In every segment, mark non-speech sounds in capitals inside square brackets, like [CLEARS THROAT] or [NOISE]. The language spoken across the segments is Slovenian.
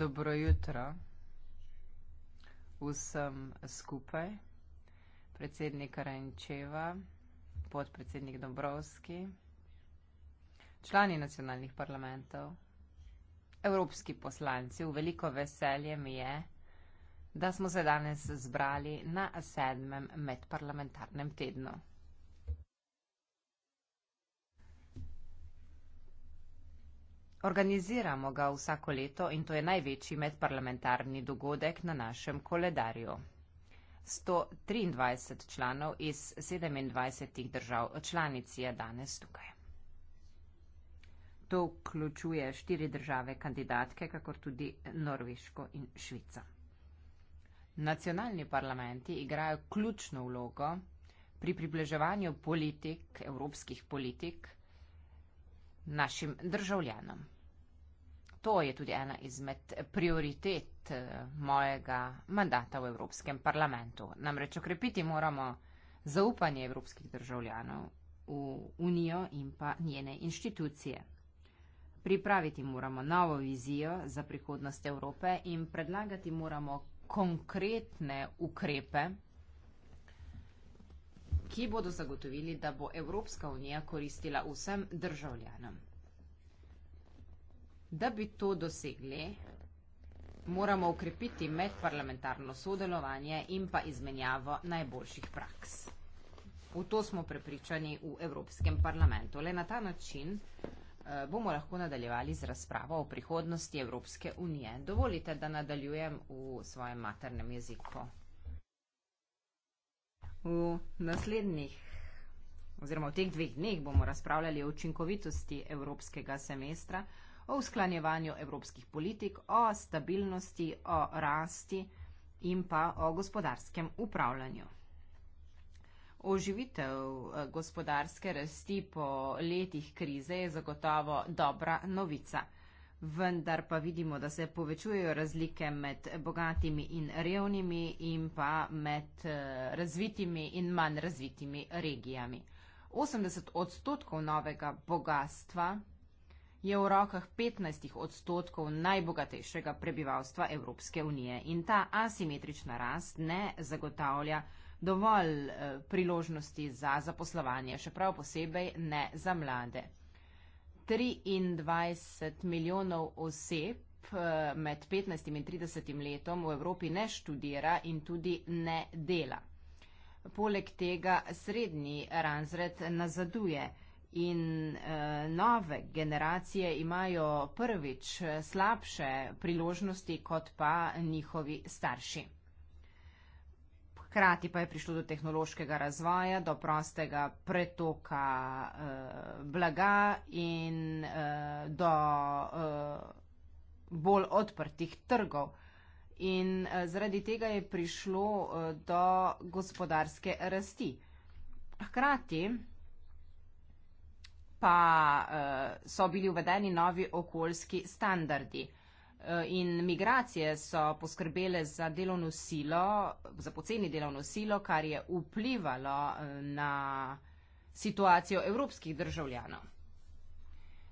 Dobro jutro vsem skupaj, predsednik Renčeva, podpredsednik Dombrovski, člani nacionalnih parlamentov, evropski poslanci, v veliko veselje mi je, da smo se danes zbrali na sedmem medparlamentarnem tednu. Organiziramo ga vsako leto in to je največji medparlamentarni dogodek na našem koledarju. 123 članov iz 27 držav članic je danes tukaj. To vključuje štiri države kandidatke, kakor tudi Norveško in Švica. Nacionalni parlamenti igrajo ključno vlogo pri približevanju politik, evropskih politik, našim državljanom. To je tudi ena izmed prioritet eh, mojega mandata v Evropskem parlamentu. Namreč okrepiti moramo zaupanje evropskih državljanov v Unijo in pa njene inštitucije. Pripraviti moramo novo vizijo za prihodnost Evrope in predlagati moramo konkretne ukrepe, ki bodo zagotovili, da bo Evropska unija koristila vsem državljanom. Da bi to dosegli, moramo ukrepiti medparlamentarno sodelovanje in pa izmenjavo najboljših praks. V to smo prepričani v Evropskem parlamentu. Le na ta način eh, bomo lahko nadaljevali z razpravo o prihodnosti Evropske unije. Dovolite, da nadaljujem v svojem maternem jeziku. V naslednjih oziroma v teh dveh dneh bomo razpravljali o učinkovitosti evropskega semestra, o usklanjevanju evropskih politik, o stabilnosti, o rasti in pa o gospodarskem upravljanju. Oživitev eh, gospodarske rasti po letih krize je zagotovo dobra novica vendar pa vidimo, da se povečujejo razlike med bogatimi in revnimi in pa med eh, razvitimi in manj razvitimi regijami. 80 odstotkov novega bogatstva je v rokah 15 odstotkov najbogatejšega prebivalstva Evropske unije in ta asimetrična rast ne zagotavlja dovolj eh, priložnosti za zaposlovanje, še prav posebej ne za mlade. 23 milijonov oseb eh, med 15 in 30 letom v Evropi ne študira in tudi ne dela. Poleg tega srednji razred nazaduje in eh, nove generacije imajo prvič eh, slabše priložnosti kot pa njihovi starši hkrati pa je prišlo do tehnološkega razvoja, do prostega pretoka eh, blaga in eh, do eh, bolj odprtih trgov. In eh, zaradi tega je prišlo eh, do gospodarske rasti. Hkrati pa eh, so bili uvedeni novi okoljski standardi. Eh, in migracije so poskrbele za delovno silo, za poceni delovno silo, kar je vplivalo eh, na situacijo evropskih državljanov.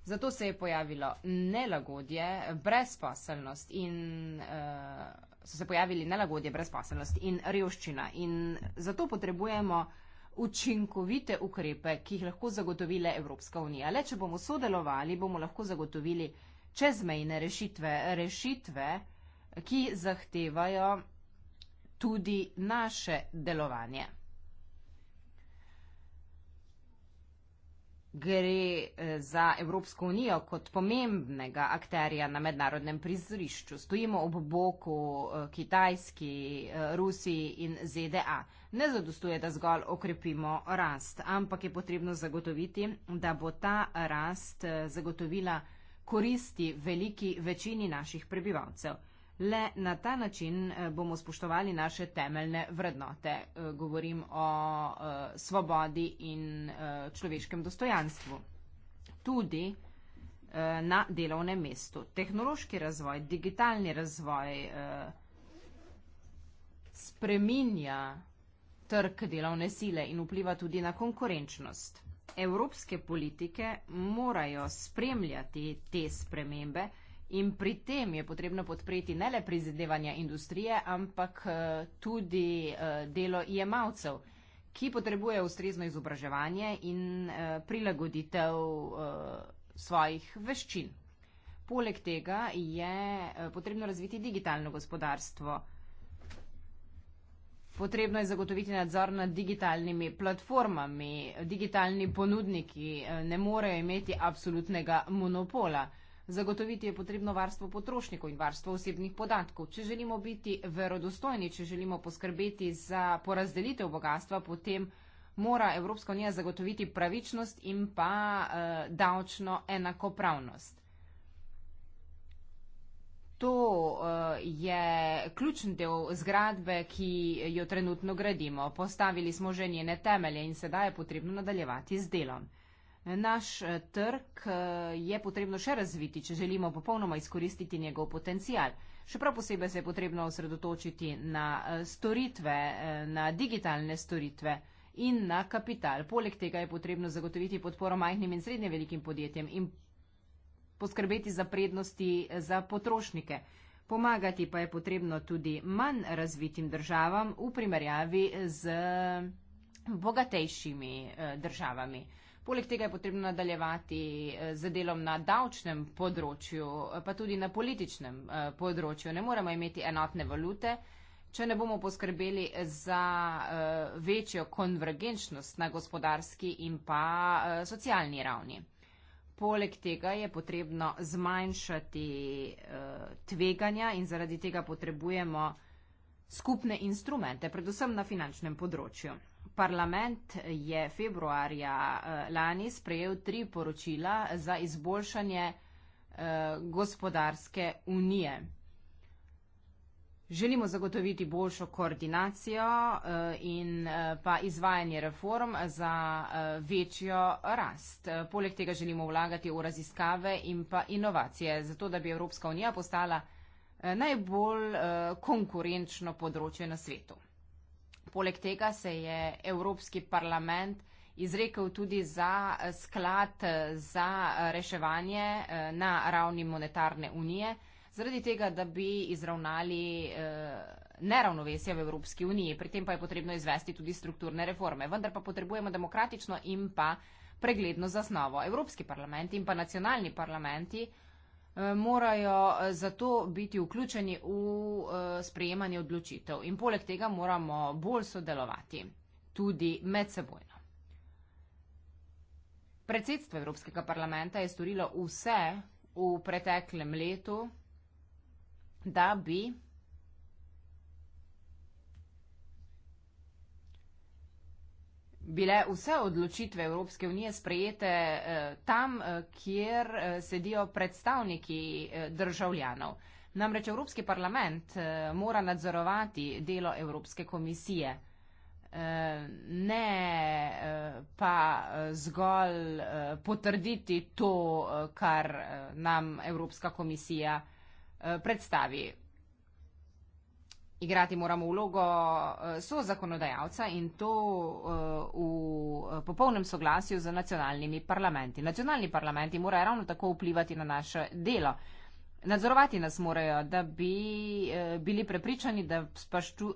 Zato se je pojavilo nelagodje, brezposelnost in uh, so se pojavili nelagodje, brezposelnost in revščina. In zato potrebujemo učinkovite ukrepe, ki jih lahko zagotovile Evropska unija. Le če bomo sodelovali, bomo lahko zagotovili čezmejne rešitve, rešitve, ki zahtevajo tudi naše delovanje. Gre eh, za Evropsko unijo kot pomembnega akterja na mednarodnem prizorišču. Stojimo ob boku eh, Kitajski, eh, Rusiji in ZDA. Ne zadostuje, da zgolj okrepimo rast, ampak je potrebno zagotoviti, da bo ta rast zagotovila koristi veliki večini naših prebivalcev. Le na ta način eh, bomo spoštovali naše temeljne vrednote. Eh, govorim o eh, svobodi in človeškem dostojanstvu. Tudi na delovnem mestu. Tehnološki razvoj, digitalni razvoj spreminja trg delovne sile in vpliva tudi na konkurenčnost evropske politike morajo spremljati te spremembe in pri tem je potrebno podpreti ne le prizadevanja industrije, ampak eh, tudi eh, delo jemalcev, ki potrebuje ustrezno izobraževanje in eh, prilagoditev svojih veščin. Poleg tega je potrebno razviti digitalno gospodarstvo. Potrebno je zagotoviti nadzor nad digitalnimi platformami. Digitalni ponudniki eh, ne morejo imeti absolutnega monopola. Zagotoviti je potrebno varstvo potrošnikov in varstvo osebnih podatkov. Če želimo biti verodostojni, če želimo poskrbeti za porazdelitev bogatstva, potem mora Evropska unija zagotoviti pravičnost in pa eh, davčno enakopravnost to eh, je ključen del zgradbe, ki jo trenutno gradimo. Postavili smo že njene temelje in sedaj je potrebno nadaljevati z delom. Naš eh, trg eh, je potrebno še razviti, če želimo popolnoma izkoristiti njegov potencial. Še prav posebej se je potrebno osredotočiti na storitve, na digitalne storitve in na kapital. Poleg tega je potrebno zagotoviti podporo majhnim in srednje velikim podjetjem in poskrbeti za prednosti eh, za potrošnike. Pomagati pa je potrebno tudi manj razvitim državam v primerjavi z eh, bogatejšimi eh, državami. Poleg tega je potrebno nadaljevati z delom na davčnem področju, pa tudi na političnem področju. Ne moremo imeti enotne valute, če ne bomo poskrbeli za večjo konvergenčnost na gospodarski in pa socialni ravni. Poleg tega je potrebno zmanjšati uh, tveganja in zaradi tega potrebujemo skupne instrumente, predvsem na finančnem področju. Parlament je februarja uh, lani sprejel tri poročila za izboljšanje uh, gospodarske unije. Želimo zagotoviti boljšo koordinacijo eh, in eh, pa izvajanje reform za eh, večjo rast. Poleg tega želimo vlagati v raziskave in pa inovacije, zato da bi Evropska unija postala najbolj konkurenčno področje na svetu. Poleg tega se je Evropski parlament izrekel tudi za sklad za reševanje na ravni monetarne unije, zaradi tega, da bi izravnali eh, neravnovesje v Evropski uniji. Pri tem pa je potrebno izvesti tudi strukturne reforme. Vendar pa potrebujemo demokratično in pa pregledno zasnovo. Evropski parlamenti in pa nacionalni parlamenti eh, morajo eh, zato biti vključeni v sprejemanje odločitev in poleg tega moramo bolj sodelovati tudi med sebojno. Predsedstvo Evropskega parlamenta je storilo vse v preteklem letu, da bi bile vse odločitve Evropske unije sprejete eh, tam, eh, kjer eh, sedijo predstavniki državljanov. Namreč Evropski parlament mora nadzorovati delo Evropske komisije, ne pa zgolj potrditi to, kar nam Evropska komisija. Eh, predstavi. Igrati moramo vlogo eh, so zakonodajalca in to eh, v popolnem soglasju z nacionalnimi parlamenti. Nacionalni parlamenti morajo ravno tako vplivati na naše delo. Nadzorovati nas morajo, da bi bili prepričani, da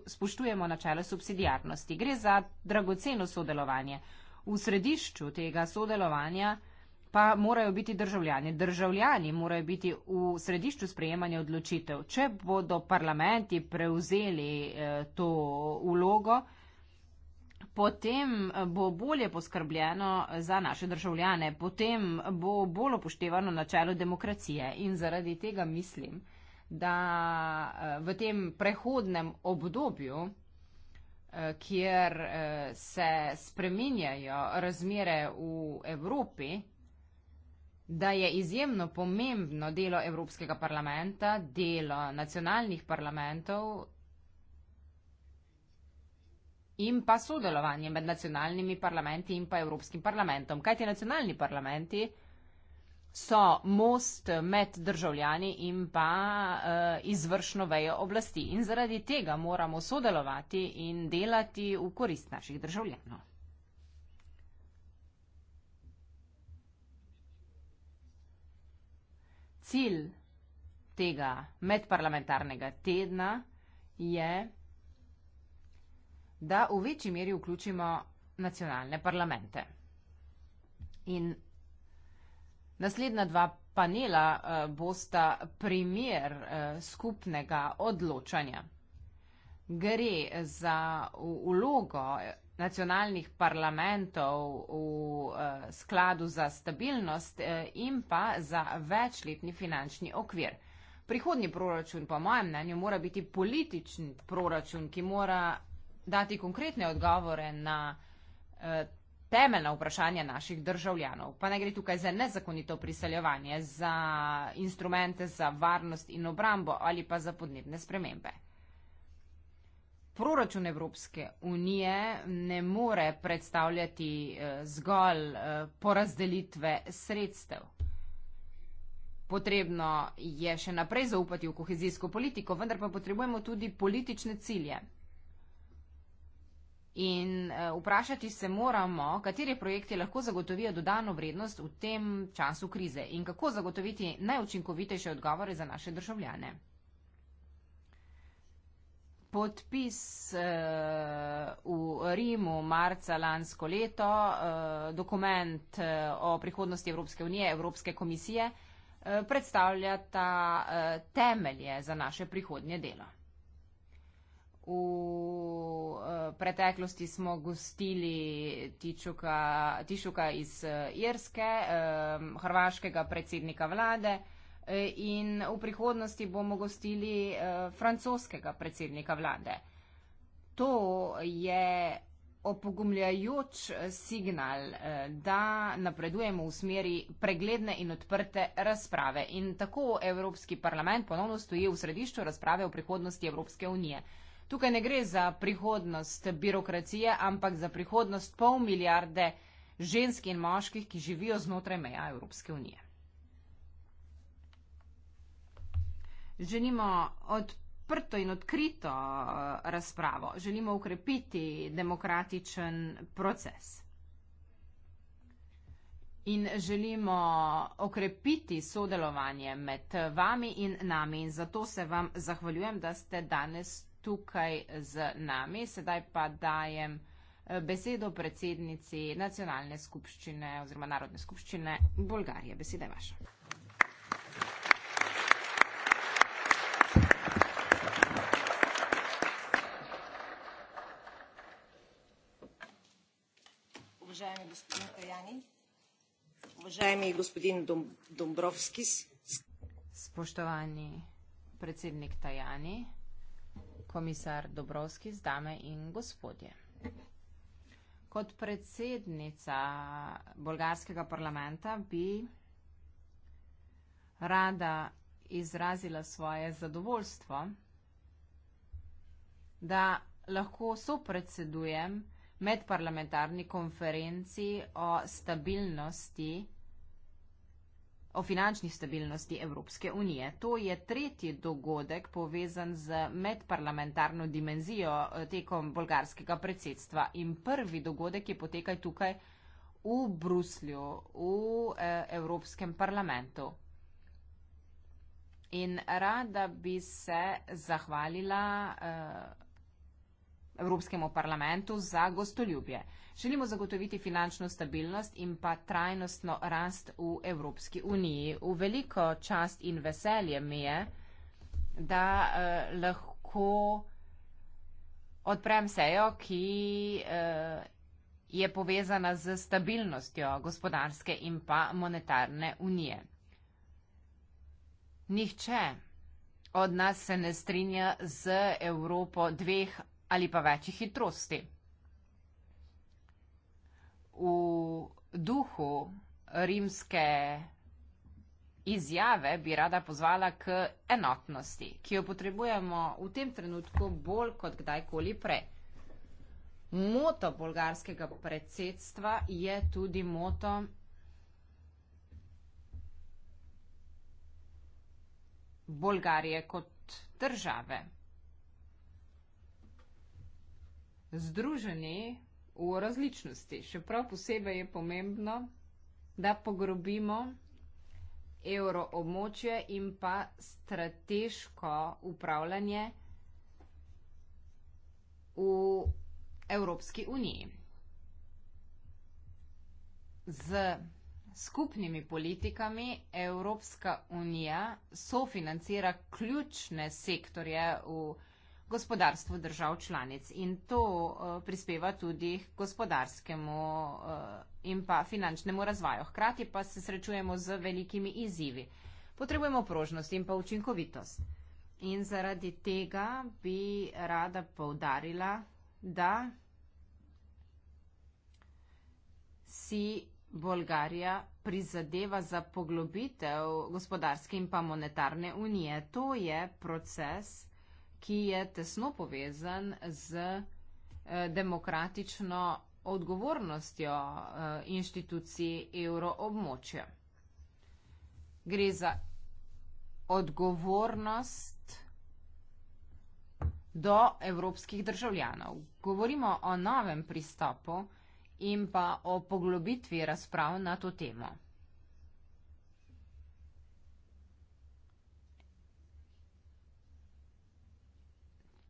spoštujemo načelo subsidijarnosti. Gre za dragoceno sodelovanje. V središču tega sodelovanja pa morajo biti državljani. Državljani morajo biti v središču sprejemanja odločitev. Če bodo parlamenti prevzeli eh, to ulogo, potem eh, bo bolje poskrbljeno eh, za naše državljane, potem bo bolj upoštevano načelo demokracije in zaradi tega mislim, da v tem prehodnem obdobju, kjer se spreminjajo razmere v Evropi, da je izjemno pomembno delo Evropskega parlamenta, delo nacionalnih parlamentov in pa sodelovanje med nacionalnimi parlamenti in pa Evropskim parlamentom. Kaj ti nacionalni parlamenti so most med državljani in pa uh, izvršno vejo oblasti. In zaradi tega moramo sodelovati in delati v korist naših državljanov. cilj tega medparlamentarnega tedna je, da v večji meri vključimo nacionalne parlamente. In naslednja dva panela eh, bosta primer eh, skupnega odločanja. Gre za vlogo nacionalnih parlamentov v eh, skladu za stabilnost eh, in pa za večletni finančni okvir. Prihodnji proračun, po mojem mnenju, mora biti političen proračun, ki mora dati konkretne odgovore na eh, temeljna vprašanja naših državljanov. Pa ne gre tukaj za nezakonito priseljevanje, za instrumente za varnost in obrambo ali pa za podnebne spremembe proračun Evropske unije ne more predstavljati eh, zgolj eh, porazdelitve sredstev. Potrebno je še naprej zaupati v kohezijsko politiko, vendar pa potrebujemo tudi politične cilje. In eh, vprašati se moramo, kateri projekti lahko zagotovijo dodano vrednost v tem času krize in kako zagotoviti najučinkovitejše odgovore za naše državljane podpis eh, v Rimu marca lansko leto, eh, dokument eh, o prihodnosti Evropske unije, Evropske komisije, predstavljata temelje za naše prihodnje delo. V preteklosti smo gostili Tišuka, tišuka iz Irske, hrvaškega predsednika vlade, in v prihodnosti bomo gostili eh, francoskega predsednika vlade. To je opogumljajoč eh, signal, eh, da napredujemo v smeri pregledne in odprte razprave. In tako Evropski parlament ponovno stoji v središču razprave o prihodnosti Evropske unije. Tukaj ne gre za prihodnost birokracije, ampak za prihodnost pol milijarde žensk in moških, ki živijo znotraj meja Evropske unije. želimo odprto in odkrito eh, razpravo, želimo ukrepiti demokratičen proces. In želimo okrepiti sodelovanje med vami in nami. In zato se vam zahvaljujem, da ste danes tukaj z nami. Sedaj pa dajem eh, besedo predsednici nacionalne skupščine oziroma narodne skupščine Bolgarije. Beseda je vaša. Уважаеми господин Таяни, уважаеми господин Дом, Домбровски. Спощавани председник Таяни, комисар Добровски, даме и господи. Kot predsednica bolgarskega parlamenta bi rada izrazila svoje zadovoljstvo, da lahko sopredsedujem medparlamentarni konferenci o stabilnosti, o finančni stabilnosti Evropske unije. To je tretji dogodek povezan z medparlamentarno dimenzijo eh, tekom bolgarskega predsedstva in prvi dogodek je potekaj tukaj v Bruslju, v eh, Evropskem parlamentu. In rada bi se zahvalila uh, Evropskemu parlamentu za gostoljubje. Želimo zagotoviti finančno stabilnost in pa trajnostno rast v Evropski uniji. V veliko čast in veselje mi je, da uh, lahko odprem sejo, ki uh, je povezana z stabilnostjo gospodarske in pa monetarne unije. Nihče od nas se ne strinja z Evropo dveh ali pa večjih hitrosti. V duhu rimske izjave bi rada pozvala k enotnosti, ki jo potrebujemo v tem trenutku bolj kot kdajkoli prej. Moto bolgarskega predsedstva je tudi moto Bolgarije kot države. Združeni v različnosti. Še prav posebej je pomembno, da pogrobimo evroobmočje in pa strateško upravljanje v Evropski uniji. Z skupnimi politikami Evropska unija sofinancira ključne sektorje v gospodarstvu držav članic in to eh, prispeva tudi k gospodarskemu eh, in pa finančnemu razvoju. Hkrati pa se srečujemo z velikimi izzivi. Potrebujemo prožnost in pa učinkovitost. In zaradi tega bi rada poudarila, da si Bolgarija prizadeva za poglobitev gospodarske in pa monetarne unije. To je proces, ki je tesno povezan z eh, demokratično odgovornostjo eh, inštitucij evroobmočja. Gre za odgovornost do evropskih državljanov. Govorimo o novem pristopu, in pa o poglobitvi razprav na to temo.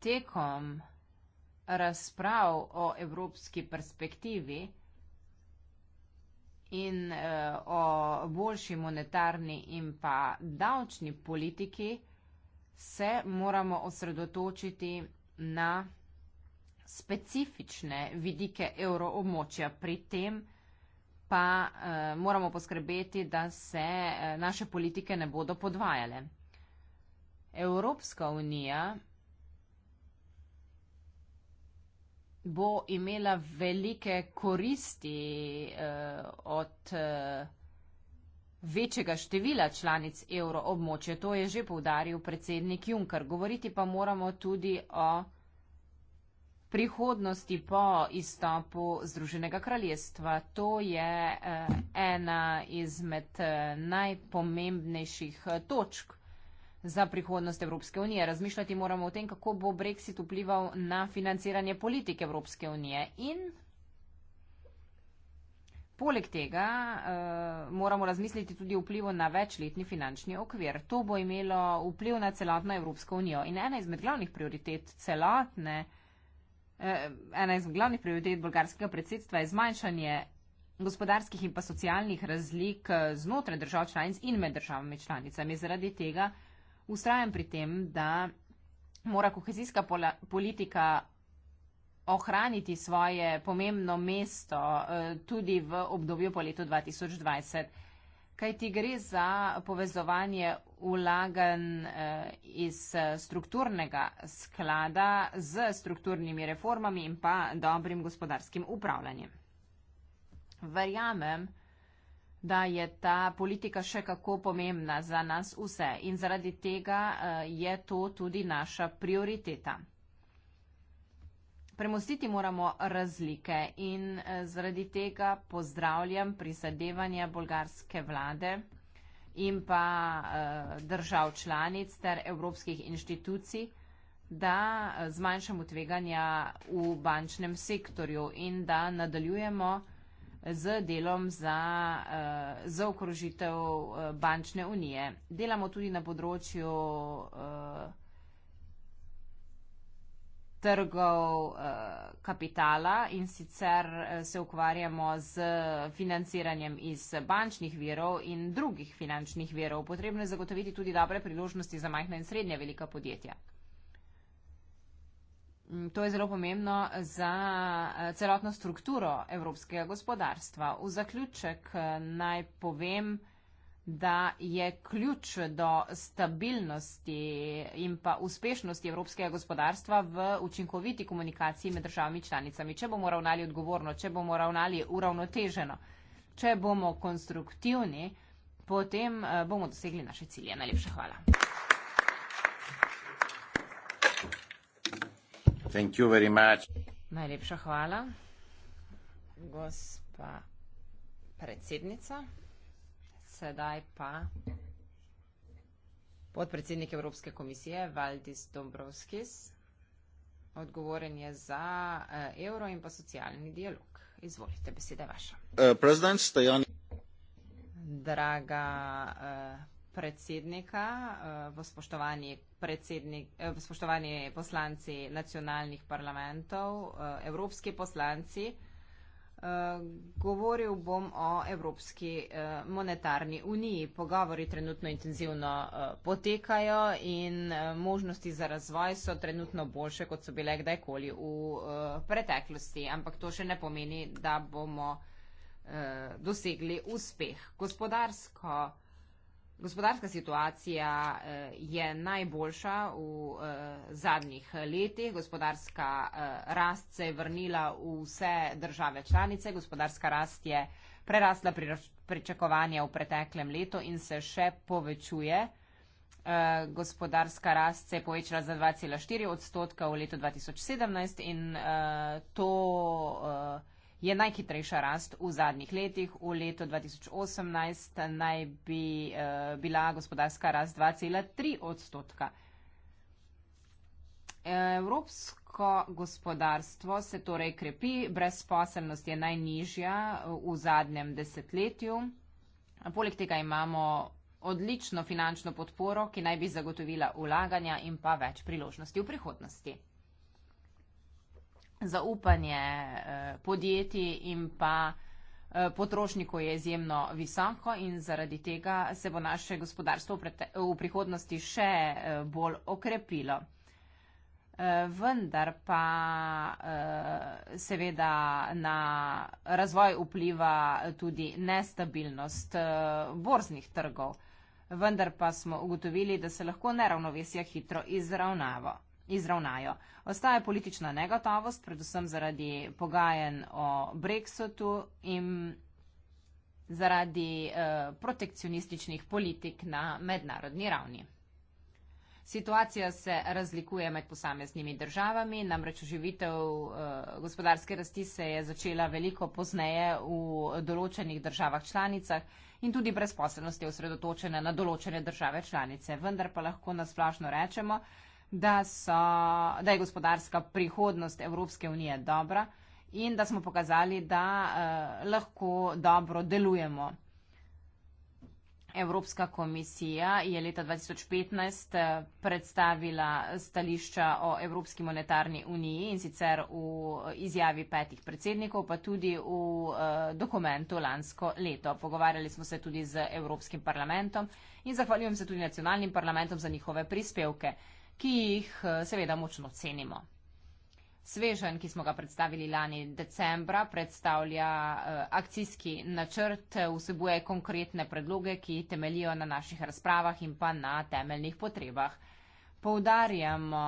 Tekom razprav o evropski perspektivi in eh, o boljši monetarni in pa davčni politiki se moramo osredotočiti na specifične vidike evroobmočja. Pri tem pa eh, moramo poskrbeti, da se eh, naše politike ne bodo podvajale. Evropska unija bo imela velike koristi eh, od eh, večjega števila članic evroobmočja. To je že povdaril predsednik Juncker. Govoriti pa moramo tudi o prihodnosti po izstopu Združenega kraljestva. To je eh, ena izmed eh, najpomembnejših eh, točk za prihodnost Evropske unije. Razmišljati moramo o tem, kako bo Brexit vplival na financiranje politike Evropske unije. In poleg tega uh, moramo razmisliti tudi vplivo na večletni finančni okvir. To bo imelo vpliv na celotno Evropsko unijo. In ena izmed glavnih prioritet celotne Eh, ena izmed glavnih prioritet bolgarskega predsedstva je zmanjšanje gospodarskih in pa socialnih razlik eh, znotraj držav članic in med državami članicami. Zaradi tega ustrajam pri tem, da mora kohezijska politika ohraniti svoje pomembno mesto eh, tudi v obdobju po letu 2020. Kaj ti gre za povezovanje vlaganj eh, iz eh, strukturnega sklada z strukturnimi reformami in pa dobrim gospodarskim upravljanjem. Verjamem, da je ta politika še kako pomembna za nas vse in zaradi tega eh, je to tudi naša prioriteta. Premostiti moramo razlike in zaradi tega pozdravljam prizadevanja bolgarske vlade in pa eh, držav članic ter evropskih inštitucij, da eh, zmanjšamo tveganja v bančnem sektorju in da nadaljujemo z delom za, eh, za okrožitev bančne unije. Delamo tudi na področju trgov eh, kapitala in sicer eh, se ukvarjamo z financiranjem iz bančnih virov in drugih finančnih virov. Potrebno je zagotoviti tudi dobre priložnosti za majhna in srednja velika podjetja. Mm, to je zelo pomembno za eh, celotno strukturo evropskega gospodarstva. V zaključek naj povem, da da je ključ do stabilnosti in pa uspešnosti evropskega gospodarstva v učinkoviti komunikaciji med državami članicami. Če bomo ravnali odgovorno, če bomo ravnali uravnoteženo, če bomo konstruktivni, potem eh, bomo dosegli naše cilje. Najlepša hvala. Thank you very much. Najlepša hvala, gospa predsednica sedaj pa podpredsednik Evropske komisije Valdis Dombrovskis. Odgovoren je za eh, evro in pa socialni dialog. Izvolite, beseda je vaša. Eh, Draga eh, predsednika, v spoštovani, predsednik, v spoštovani poslanci nacionalnih parlamentov, evropski poslanci, Eh, govoril bom o Evropski eh, monetarni uniji. Pogovori trenutno intenzivno eh, potekajo in možnosti za razvoj so trenutno boljše, kot so bile kdajkoli v preteklosti, ampak to še ne pomeni, da bomo dosegli uspeh. Gospodarsko Gospodarska situacija eh, je najboljša v eh, zadnjih eh, letih. Gospodarska rast se je vrnila v vse države članice. Gospodarska rast je prerasla pričakovanja v preteklem letu in se še povečuje. Gospodarska rast se je povečala za 2,4 odstotka v letu 2017 in to je najhitrejša rast v zadnjih letih. V letu 2018 naj bi uh, bila gospodarska rast 2,3 odstotka. Evropsko gospodarstvo se torej krepi, brezposelnost je najnižja eh, v zadnjem desetletju. Poleg tega imamo odlično finančno podporo, ki naj bi zagotovila ulaganja in pa več priložnosti v prihodnosti zaupanje eh, podjetij in pa eh, potrošnikov je izjemno visoko in zaradi tega se bo naše gospodarstvo v prihodnosti še eh, bolj okrepilo. Vendar pa seveda na razvoj vpliva tudi nestabilnost borznih trgov. Vendar pa smo ugotovili, da se lahko neravnovesja hitro izravnava izravnajo. Ostaja politična negotovost, predvsem zaradi pogajen o Brexitu in zaradi eh, protekcionističnih politik na mednarodni ravni. Situacija se razlikuje med posameznimi državami, namreč oživitev eh, gospodarske rasti se je začela veliko pozneje v določenih državah članicah in tudi brezposelnost je osredotočena na določene države članice. Vendar pa lahko nasplašno rečemo, da, so, da je gospodarska prihodnost Evropske unije dobra in da smo pokazali, da uh, lahko dobro delujemo. Evropska komisija je leta 2015 eh, predstavila stališča o Evropski monetarni uniji in sicer v eh, izjavi petih predsednikov, pa tudi v dokumentu lansko leto. Pogovarjali smo se tudi z Evropskim parlamentom in zahvaljujem se tudi nacionalnim parlamentom za njihove prispevke ki jih eh, seveda močno cenimo. Svežen, ki smo ga predstavili lani decembra, predstavlja eh, akcijski načrt, eh, vsebuje konkretne predloge, ki temelijo na naših razpravah in pa na temeljnih potrebah. Poudarjamo,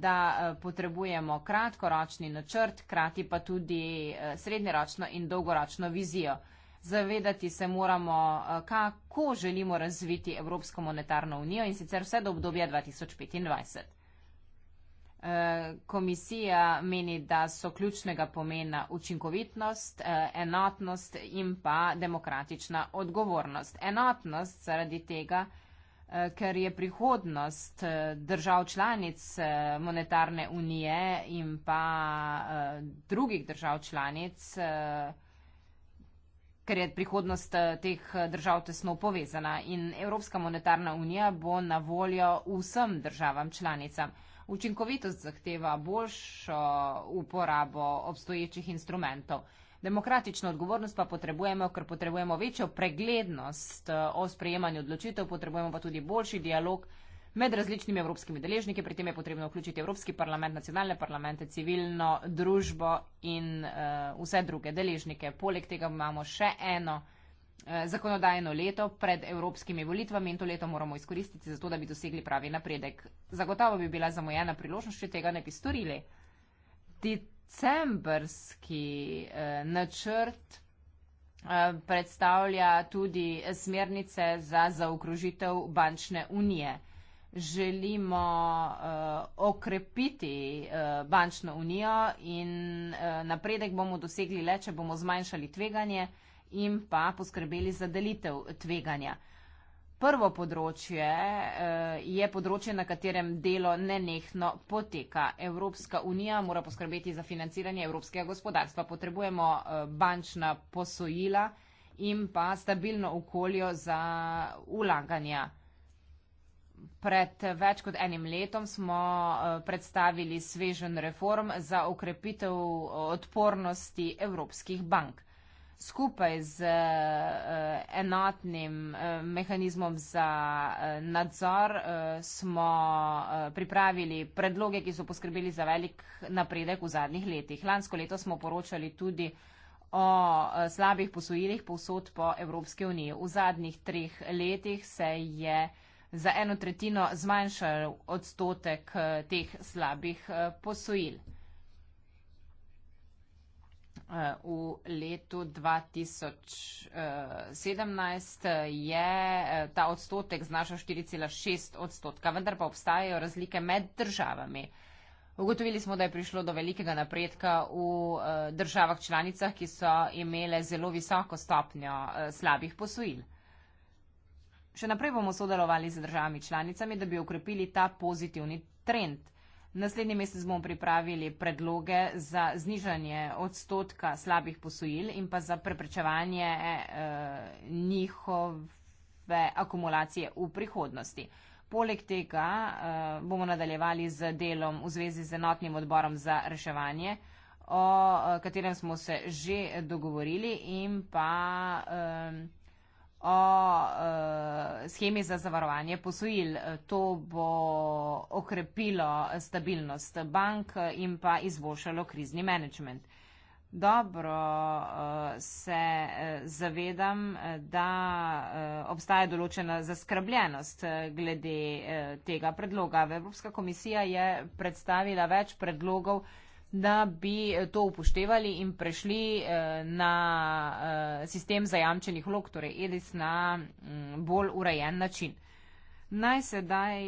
da potrebujemo kratkoročni načrt, krati pa tudi srednjeročno in dolgoročno vizijo zavedati se moramo, eh, kako želimo razviti Evropsko monetarno unijo in sicer vse do obdobja 2025. Eh, komisija meni, da so ključnega pomena učinkovitnost, eh, enotnost in pa demokratična odgovornost. Enotnost zaradi tega, ker je prihodnost držav članic monetarne unije in pa drugih držav članic ker je prihodnost eh, teh eh, držav tesno povezana in Evropska monetarna unija bo na voljo vsem državam članicam. Učinkovitost zahteva boljšo uporabo obstoječih instrumentov. Demokratično odgovornost pa potrebujemo, ker potrebujemo večjo preglednost eh, o sprejemanju odločitev, potrebujemo pa tudi boljši dialog med različnimi evropskimi deležniki. Pri tem je potrebno vključiti Evropski parlament, nacionalne parlamente, civilno družbo in uh, vse druge deležnike. Poleg tega imamo še eno uh, zakonodajno leto pred evropskimi volitvami in to leto moramo izkoristiti za to, da bi dosegli pravi napredek. Zagotovo bi bila zamujena priložnost, če tega ne bi storili. Decembrski uh, načrt predstavlja tudi smernice za zaokrožitev bančne unije želimo uh, okrepiti uh, bančno unijo in uh, napredek bomo dosegli le, če bomo zmanjšali tveganje in pa poskrbeli za delitev tveganja. Prvo področje je področje, na katerem delo nenehno poteka. Evropska unija mora poskrbeti za financiranje evropskega gospodarstva. Potrebujemo bančna posojila in pa stabilno okolje za ulaganja. Pred več kot enim letom smo eh, predstavili svežen reform za ukrepitev eh, odpornosti evropskih bank. Skupaj z eh, enotnim mehanizmom za nadzor smo pripravili predloge, ki so poskrbeli za velik napredek v zadnjih letih. Lansko leto smo poročali tudi o slabih posojilih povsod po Evropske unije. V zadnjih treh letih se je za eno tretjino zmanjšal odstotek eh, teh slabih eh, posojil. Eh, v letu 2017 je ta odstotek znašal 4,6 odstotka, vendar pa obstajajo razlike med državami. Ugotovili smo, da je prišlo do velikega napredka v državah članicah, ki so imele zelo visoko stopnjo slabih posojil. Še naprej bomo sodelovali z državami članicami, da bi ukrepili ta pozitivni trend. Naslednji mesec bomo pripravili predloge za znižanje odstotka slabih posojil in pa za preprečevanje e, njihove akumulacije v prihodnosti. Poleg tega e, bomo nadaljevali z delom v zvezi z enotnim odborom za reševanje, o eh, katerem smo se že dogovorili in pa. E, o uh, schemi za zavarovanje posojil. To bo okrepilo stabilnost bank in pa izboljšalo krizni management. Dobro eh, se eh, zavedam, da obstaja določena zaskrbljenost glede tega predloga. Evropska komisija je predstavila več predlogov, da bi eh, to upoštevali in prešli eh, na eh, sistem zajamčenih vlog, torej EDIS na mm, bolj urejen način. Naj sedaj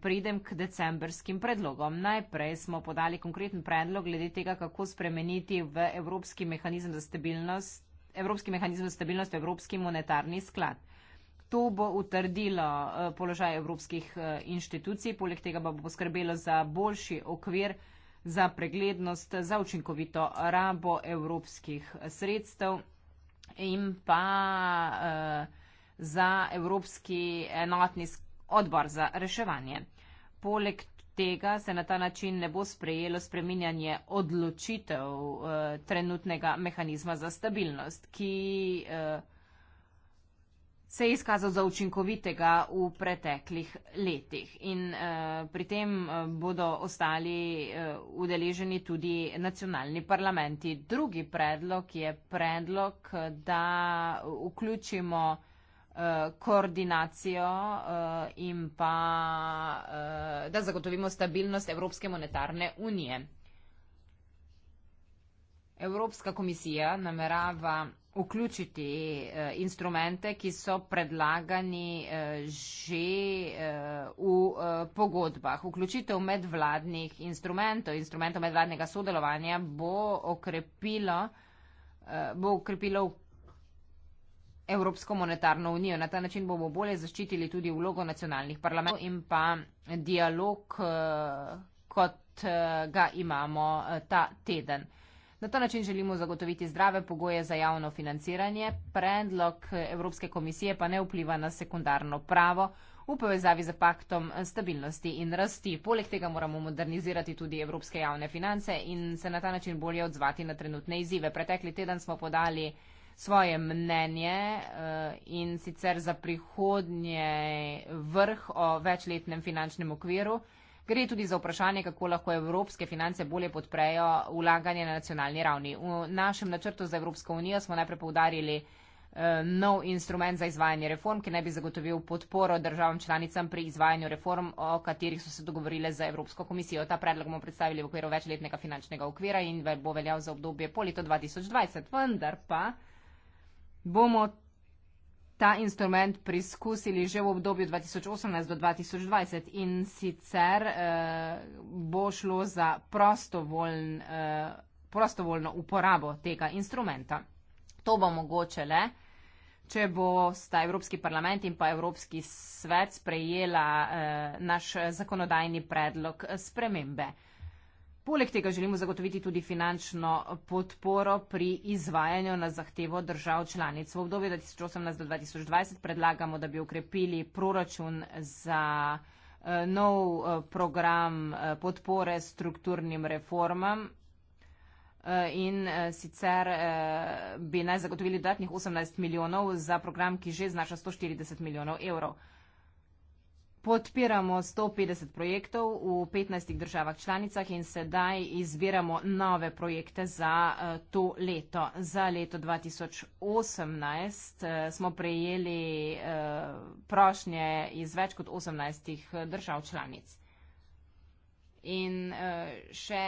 pridem k decembrskim predlogom. Najprej smo podali konkreten predlog glede tega, kako spremeniti v Evropski mehanizem za stabilnost, Evropski mehanizem za stabilnost, Evropski monetarni sklad. To bo utrdilo položaj evropskih inštitucij, poleg tega pa bo poskrbelo za boljši okvir za preglednost, za učinkovito rabo evropskih sredstev in pa uh, za Evropski enotni odbor za reševanje. Poleg tega se na ta način ne bo sprejelo spreminjanje odločitev uh, trenutnega mehanizma za stabilnost, ki uh, se je izkazal za učinkovitega v preteklih letih. In eh, pri tem eh, bodo ostali eh, udeleženi tudi nacionalni parlamenti. Drugi predlog je predlog, da vključimo eh, koordinacijo eh, in pa eh, da zagotovimo stabilnost Evropske monetarne unije. Evropska komisija namerava vključiti uh, instrumente, ki so predlagani uh, že uh, v uh, pogodbah. Vključitev medvladnih instrumentov, instrumentov medvladnega sodelovanja bo okrepilo, uh, bo okrepilo Evropsko monetarno unijo. Na ta način bomo bolje zaščitili tudi vlogo nacionalnih parlamentov in pa dialog, uh, kot uh, ga imamo uh, ta teden. Na ta način želimo zagotoviti zdrave pogoje za javno financiranje, predlog Evropske komisije pa ne vpliva na sekundarno pravo v povezavi z paktom stabilnosti in rasti. Poleg tega moramo modernizirati tudi evropske javne finance in se na ta način bolje odzvati na trenutne izzive. Pretekli teden smo podali svoje mnenje eh, in sicer za prihodnje vrh o večletnem finančnem okviru. Gre tudi za vprašanje, kako lahko evropske finance bolje podprejo vlaganje na nacionalni ravni. V našem načrtu za Evropsko unijo smo najprej povdarili eh, nov instrument za izvajanje reform, ki naj bi zagotovil podporo državam članicam pri izvajanju reform, o katerih so se dogovorile za Evropsko komisijo. Ta predlog bomo predstavili v okviru večletnega finančnega okvira in bo veljal za obdobje po leto 2020. Vendar pa bomo ta instrument preizkusili že v obdobju 2018 do 2020 in sicer eh, bo šlo za prostovoljn, eh, prostovoljno uporabo tega instrumenta. To bo mogoče le, če bo sta Evropski parlament in pa Evropski svet sprejela eh, naš eh, zakonodajni predlog spremembe. Poleg tega želimo zagotoviti tudi finančno podporo pri izvajanju na zahtevo držav članic. V obdobju 2018 do 2020 predlagamo, da bi ukrepili proračun za eh, nov eh, program eh, podpore strukturnim reformam in sicer bi naj zagotovili dodatnih 18 milijonov za program, ki že znaša 140 milijonov evrov. Podpiramo 150 projektov v 15 državah članicah in sedaj izbiramo nove projekte za eh, to leto. Za leto 2018 eh, smo prejeli eh, prošnje iz več kot 18 držav članic. In še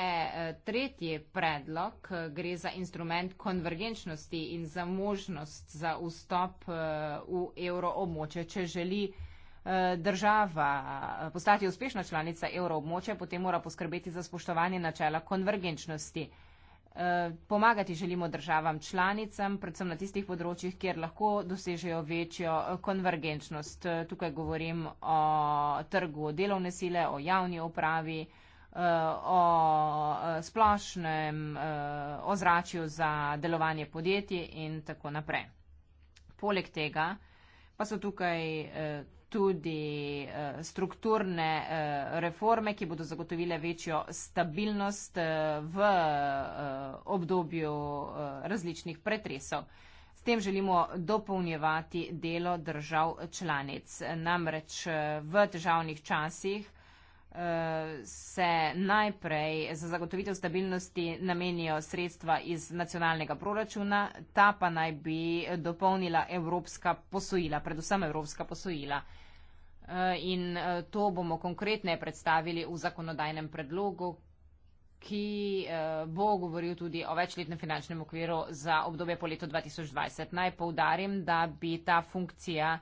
tretji predlog gre za instrument konvergenčnosti in za možnost za vstop v evroobmoče, če želi država eh, postati uspešna članica evroobmoče, potem mora poskrbeti za spoštovanje načela konvergenčnosti. Eh, pomagati želimo državam članicam, predvsem na tistih področjih, kjer lahko dosežejo večjo eh, konvergenčnost. Tukaj govorim o trgu delovne sile, o javni upravi, o splošnem ozračju za delovanje podjetij in tako naprej. Poleg tega pa so tukaj tudi eh, strukturne eh, reforme, ki bodo zagotovile večjo stabilnost eh, v obdobju različnih pretresov. S tem želimo dopolnjevati delo držav članic. Namreč v državnih časih se najprej za zagotovitev stabilnosti namenijo sredstva iz nacionalnega proračuna, ta pa naj bi dopolnila evropska posojila, predvsem evropska posojila. Eh, in eh, to bomo konkretne predstavili v zakonodajnem predlogu, ki eh, bo govoril tudi o večletnem finančnem okviru za obdobje po letu 2020. Naj poudarim, da bi ta funkcija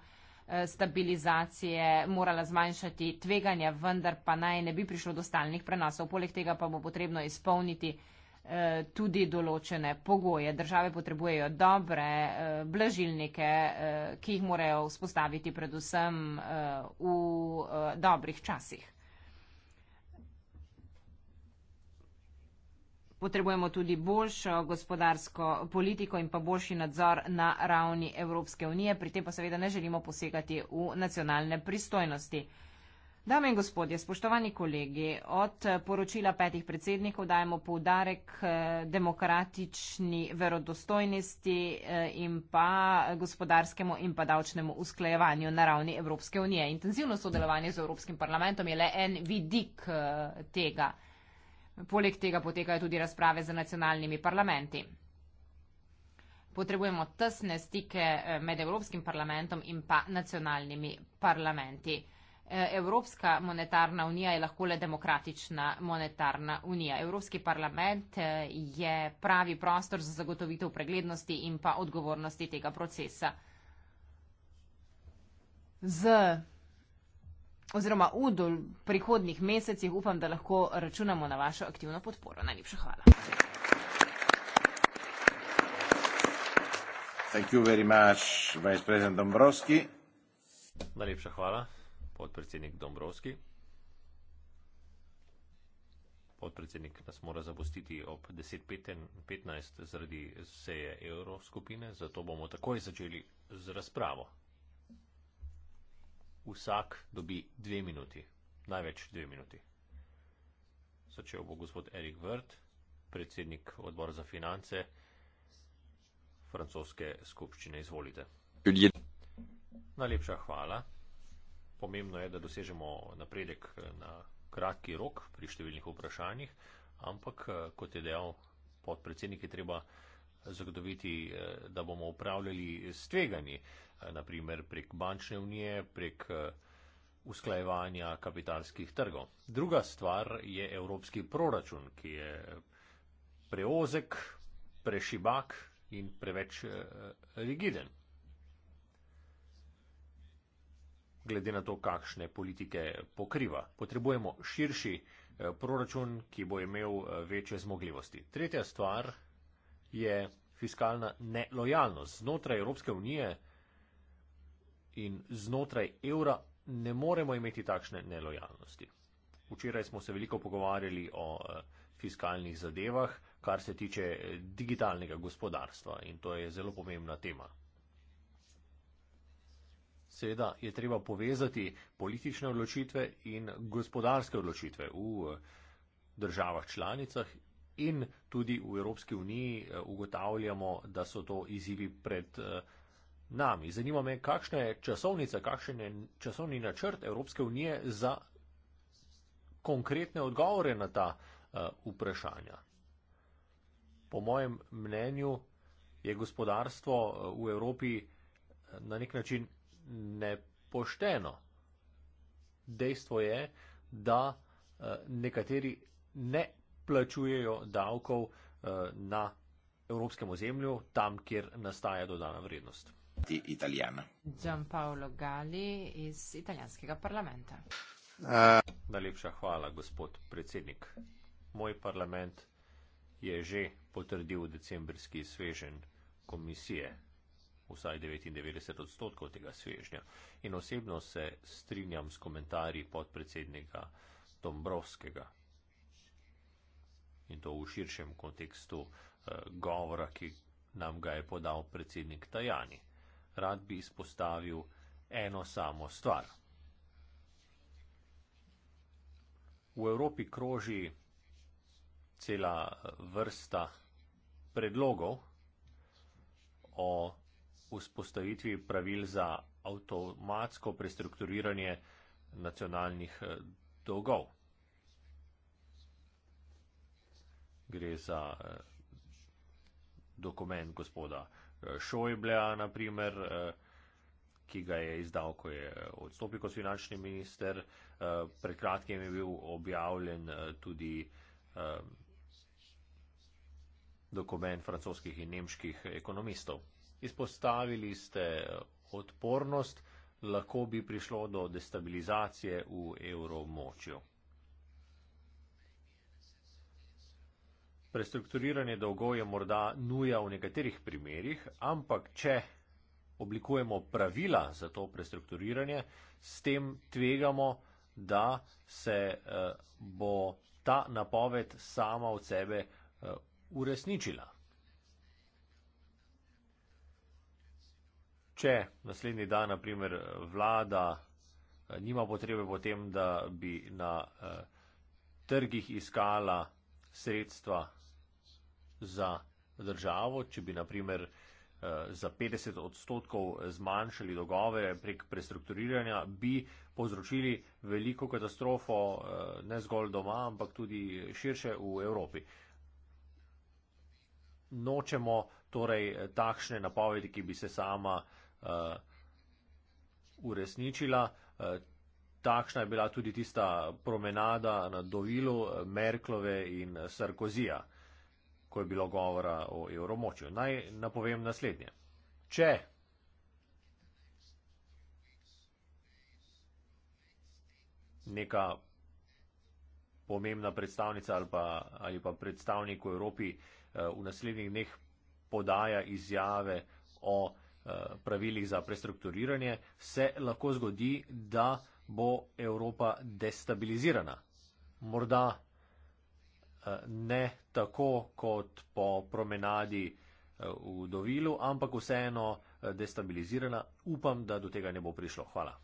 Eh, stabilizacije morala zmanjšati tveganja, vendar pa naj ne bi prišlo do stalnih prenosov. Poleg tega pa bo potrebno izpolniti eh, tudi določene pogoje. Države potrebujejo dobre eh, blažilnike, ki jih morajo vzpostaviti predvsem v dobrih časih. Potrebujemo tudi boljšo gospodarsko politiko in pa boljši nadzor na ravni Evropske unije, pri tem pa seveda ne želimo posegati v nacionalne pristojnosti. Dame in gospodje, spoštovani kolegi, od poročila petih predsednikov dajemo poudarek eh, demokratični verodostojnosti eh, in pa gospodarskemu in pa davčnemu usklajevanju na ravni Evropske unije. Intenzivno sodelovanje z Evropskim parlamentom je le en vidik eh, tega. Poleg tega potekajo tudi razprave z nacionalnimi parlamenti. Potrebujemo tesne stike eh, med Evropskim parlamentom in pa nacionalnimi parlamenti. Eh, Evropska monetarna unija je lahko le demokratična monetarna unija. Evropski parlament eh, je pravi prostor za zagotovitev preglednosti in pa odgovornosti tega procesa. Z oziroma v prihodnih mesecih upam, da lahko računamo na vašo aktivno podporo. Najlepša hvala. Much, Najlepša hvala, podpredsednik Dombrovski. Podpredsednik nas mora zapustiti ob 10.15 zaradi seje Evroskupine, zato bomo takoj začeli z razpravo vsak dobi dve minuti, največ dve minuti. Začel bo gospod Erik Vrt, predsednik odbora za finance francoske skupščine. Izvolite. Najlepša hvala. Pomembno je, da dosežemo napredek na kratki rok pri številnih vprašanjih, ampak kot je dejal podpredsednik, je treba zagotoviti, eh, da bomo upravljali s tveganji naprimer prek bančne unije, prek eh, usklajevanja kapitalskih trgov. Druga stvar je evropski proračun, ki je eh, preozek, prešibak in preveč eh, rigiden. Glede na to, kakšne politike pokriva, potrebujemo širši proračun, ki bo imel večje zmogljivosti. Tretja stvar je fiskalna nelojalnost. Znotraj Evropske unije in znotraj evra ne moremo imeti takšne nelojalnosti. Včeraj smo se veliko pogovarjali o eh, fiskalnih zadevah, kar se tiče eh, digitalnega gospodarstva in to je zelo pomembna tema. Seveda je treba povezati politične odločitve in gospodarske odločitve v eh, državah članicah in tudi v Evropski uniji ugotavljamo, da so to izzivi pred nami. Zanima me, kakšna je časovnica, kakšen je časovni načrt Evropske unije za konkretne odgovore na ta uh, vprašanja. Po mojem mnenju je gospodarstvo eh, v Evropi eh, na nek način nepošteno. Dejstvo je, da nekateri ne plačujejo davkov na evropskem ozemlju, tam, kjer nastaja dodana vrednost di italiana. Giampaolo Gali iz italijanskega parlamenta. Uh. Najlepša hvala, gospod predsednik. Moj parlament je že potrdil decembrski svežen komisije, vsaj 99 odstotkov tega svežnja. In osebno se strinjam s komentarji podpredsednika Dombrovskega. In to v širšem kontekstu uh, govora, ki nam ga je podal predsednik Tajani rad bi izpostavil eno samo stvar. V Evropi kroži cela vrsta predlogov o vzpostavitvi pravil za avtomatsko prestrukturiranje nacionalnih eh, dolgov. Gre za eh, dokument gospoda Eh, Šojbleja, naprimer, eh, ki ga je izdal, ko je odstopil kot finančni minister. Eh, pred kratkim je bil objavljen tudi dokument francoskih in nemških ekonomistov. Izpostavili ste odpornost, lahko bi prišlo do destabilizacije v evromočju. Prestrukturiranje dolgov je morda nuja v nekaterih primerjih, ampak če oblikujemo pravila za to prestrukturiranje, s tem tvegamo, da se eh, bo ta napoved sama od sebe eh, uresničila. Če naslednji dan, naprimer, vlada eh, nima potrebe potem, da bi na trgih iskala sredstva za državo, če bi naprimer eh, za 50 odstotkov zmanjšali dogove prek prestrukturiranja, bi povzročili veliko katastrofo eh, ne zgolj doma, ampak tudi širše v Evropi. Nočemo torej takšne napovedi, ki bi se sama uh, uresničila. Takšna je bila tudi tista promenada na Dovilu Merklove in Sarkozija ko je bilo govora o evromočju. Naj napovem naslednje. Če neka pomembna predstavnica ali pa, ali pa predstavnik v Evropi eh, v naslednjih dneh podaja izjave o eh, pravilih za prestrukturiranje, se lahko zgodi, da bo Evropa destabilizirana. Morda ne tako kot po promenadi eh, v Dovilu, ampak vseeno eh, destabilizirana. Upam, da do tega ne bo prišlo. Hvala.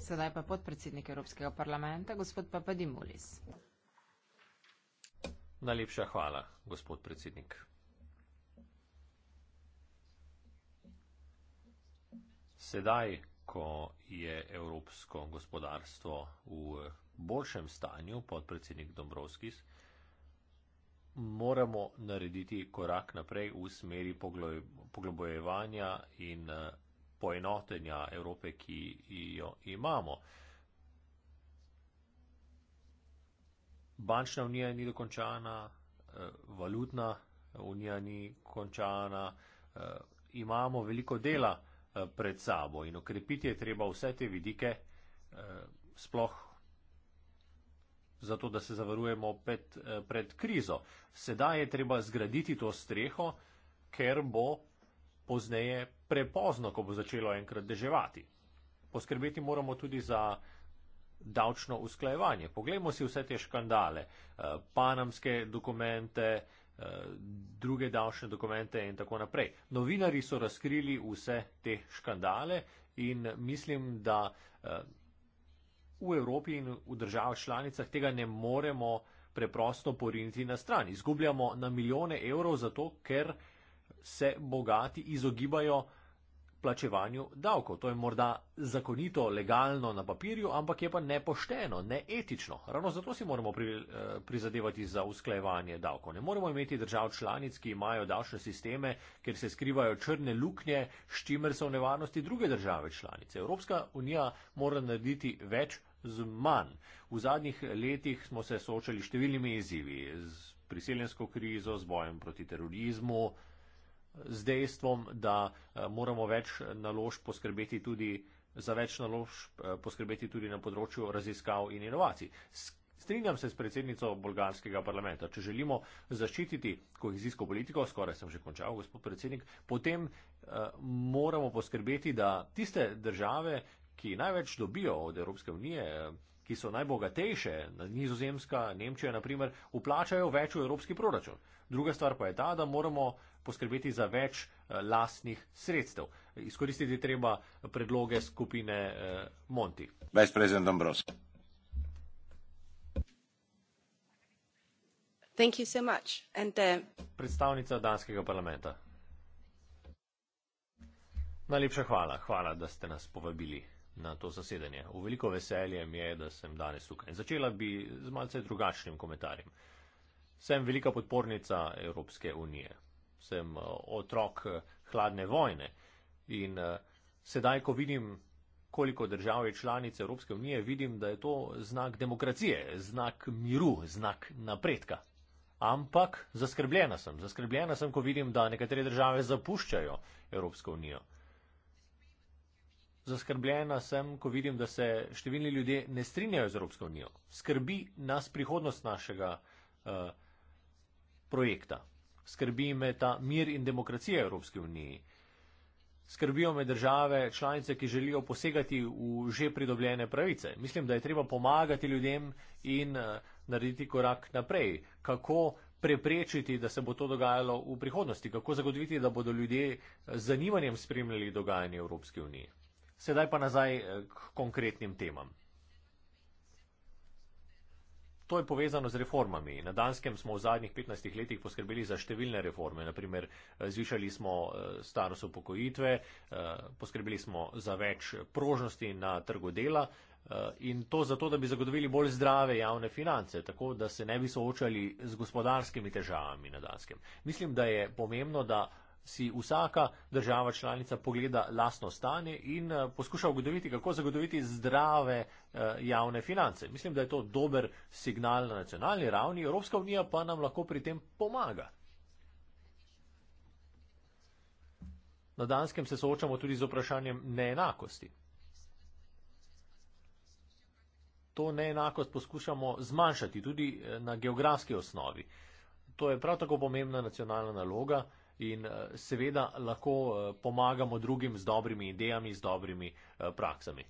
Sedaj pa podpredsednik Evropskega parlamenta, gospod Papadimulis. Najlepša hvala, gospod predsednik. Sedaj, ko je evropsko gospodarstvo v boljšem stanju, podpredsednik Dombrovskis, moramo narediti korak naprej v smeri poglobojevanja in eh, poenotenja Evrope, ki jo imamo. Bančna unija ni dokončana, eh, valutna unija ni končana, eh, imamo veliko dela pred sabo in okrepiti je treba vse te vidike, sploh zato da se zavarujemo pet, eh, pred krizo. Sedaj je treba zgraditi to streho, ker bo pozneje prepozno, ko bo začelo enkrat deževati. Poskrbeti moramo tudi za davčno usklajevanje. Poglejmo si vse te škandale, eh, panamske dokumente, eh, druge davčne dokumente in tako naprej. Novinari so razkrili vse te škandale in mislim, da v Evropi in v državah članicah tega ne moremo preprosto poriniti na stran. Izgubljamo na milijone evrov zato, ker se bogati izogibajo plačevanju davkov. To je morda zakonito, legalno na papirju, ampak je pa nepošteno, neetično. Ravno zato si moramo pri, eh, prizadevati za usklajevanje davkov. Ne moremo imeti držav članic, ki imajo davčne sisteme, kjer se skrivajo črne luknje, s čimer so v nevarnosti druge države članice. Evropska unija mora narediti več z manj. V zadnjih letih smo se soočali številnimi izzivi, z priseljensko krizo, z bojem proti terorizmu, z dejstvom, da eh, moramo več nalož poskrbeti tudi za več nalož eh, poskrbeti tudi na področju raziskav in inovacij. Strinjam se s predsednico bolgarskega parlamenta. Če želimo zaščititi kohezijsko politiko, skoraj sem že končal, gospod predsednik, potem eh, moramo poskrbeti, da tiste države, ki največ dobijo od Evropske unije, eh, ki so najbogatejše, Nizozemska, Nemčija, naprimer, uplačajo več v evropski proračun. Druga stvar pa je ta, da moramo poskrbeti za več eh, lastnih sredstev. Izkoristiti treba predloge skupine eh, Monti. So the... Eh, Predstavnica Danskega parlamenta. Najlepša hvala. Hvala, da ste nas povabili na to zasedanje. V veliko veselje mi je, da sem danes tukaj. In začela bi z malce drugačnim komentarjem. Sem velika podpornica Evropske unije. Sem eh, otrok eh, hladne vojne. In eh, sedaj, ko vidim, koliko držav je članic Evropske unije, vidim, da je to znak demokracije, znak miru, znak napredka. Ampak zaskrbljena sem. Zaskrbljena sem, ko vidim, da nekatere države zapuščajo Evropsko unijo. Zaskrbljena sem, ko vidim, da se številni ljudje ne strinjajo z Evropsko unijo. Skrbi nas prihodnost našega uh, projekta. Skrbi me ta mir in demokracija Evropske unije. Skrbijo me države, članice, ki želijo posegati v že pridobljene pravice. Mislim, da je treba pomagati ljudem in uh, narediti korak naprej. Kako preprečiti, da se bo to dogajalo v prihodnosti? Kako zagotoviti, da bodo ljudje z zanimanjem spremljali dogajanje Evropske unije? Sedaj pa nazaj eh, k konkretnim temam. To je povezano z reformami. Na Danskem smo v zadnjih 15 letih poskrbeli za številne reforme. Naprimer, eh, zvišali smo eh, starost upokojitve, poskrbeli smo za več prožnosti na trgu dela in to zato, da bi zagotovili bolj zdrave javne finance, tako da se ne bi soočali z gospodarskimi težavami na Danskem. Mislim, da je pomembno, da si vsaka država članica pogleda lastno stanje in eh, poskuša ugotoviti, kako zagotoviti zdrave eh, javne finance. Mislim, da je to dober signal na nacionalni ravni, Evropska unija pa nam lahko pri tem pomaga. Na danskem se soočamo tudi z vprašanjem neenakosti. To neenakost poskušamo zmanjšati tudi eh, na geografski osnovi. To je prav tako pomembna nacionalna naloga in eh, seveda lahko eh, pomagamo drugim z dobrimi idejami, z dobrimi eh, praksami.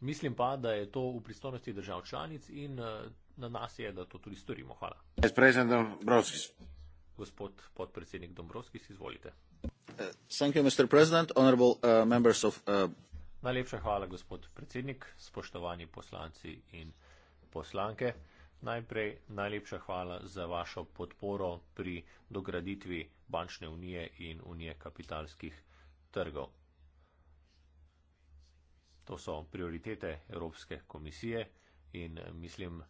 Mislim pa, da je to v pristojnosti držav članic in na nas je, da to tudi storimo. Hvala. Gospod podpredsednik Dombrovskis, izvolite. Uh, uh, uh, Najlepša hvala, gospod predsednik, spoštovani poslanci in poslanke. Najprej najlepša hvala za vašo podporo pri dograditvi bančne unije in unije kapitalskih trgov. To so prioritete Evropske komisije in eh, mislim,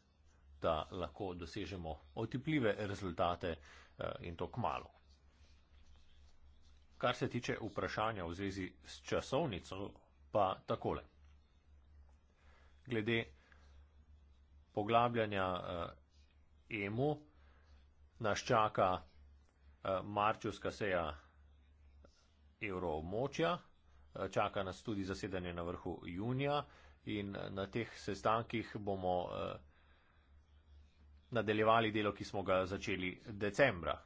da lahko dosežemo otipljive rezultate eh, in to k malu. Kar se tiče vprašanja v zvezi s časovnico, pa takole. Glede poglabljanja uh, EMU, nas čaka uh, marčevska seja evroobmočja, uh, čaka nas tudi zasedanje na vrhu junija in uh, na teh sestankih bomo uh, nadaljevali delo, ki smo ga začeli decembra.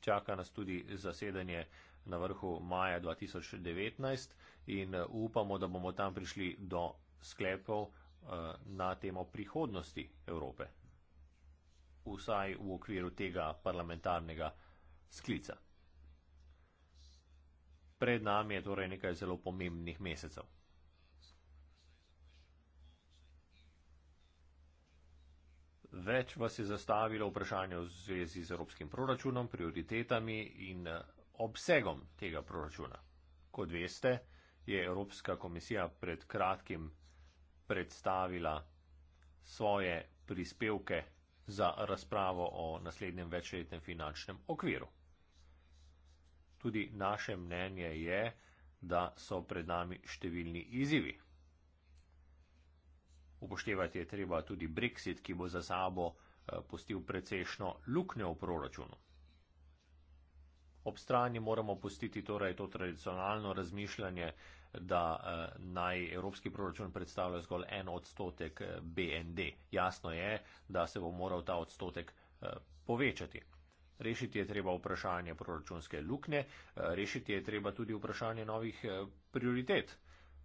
Čaka nas tudi zasedanje na vrhu maja 2019 in upamo, da bomo tam prišli do sklepov Eh, na temo prihodnosti Evrope, vsaj v okviru tega parlamentarnega sklica. Pred nami je torej nekaj zelo pomembnih mesecev. Več vas je zastavilo vprašanje v zvezi z evropskim proračunom, prioritetami in eh, obsegom tega proračuna. Kot veste, je Evropska komisija pred kratkim predstavila svoje prispevke za razpravo o naslednjem večletnem finančnem okviru. Tudi naše mnenje je, da so pred nami številni izzivi. Upoštevati je treba tudi Brexit, ki bo za sabo eh, postil precejšno luknjo v proračunu. Ob strani moramo postiti torej to tradicionalno razmišljanje, da eh, naj evropski proračun predstavlja zgolj en odstotek eh, BND. Jasno je, da se bo moral ta odstotek eh, povečati. Rešiti je treba vprašanje proračunske luknje, rešiti je treba tudi vprašanje novih prioritet.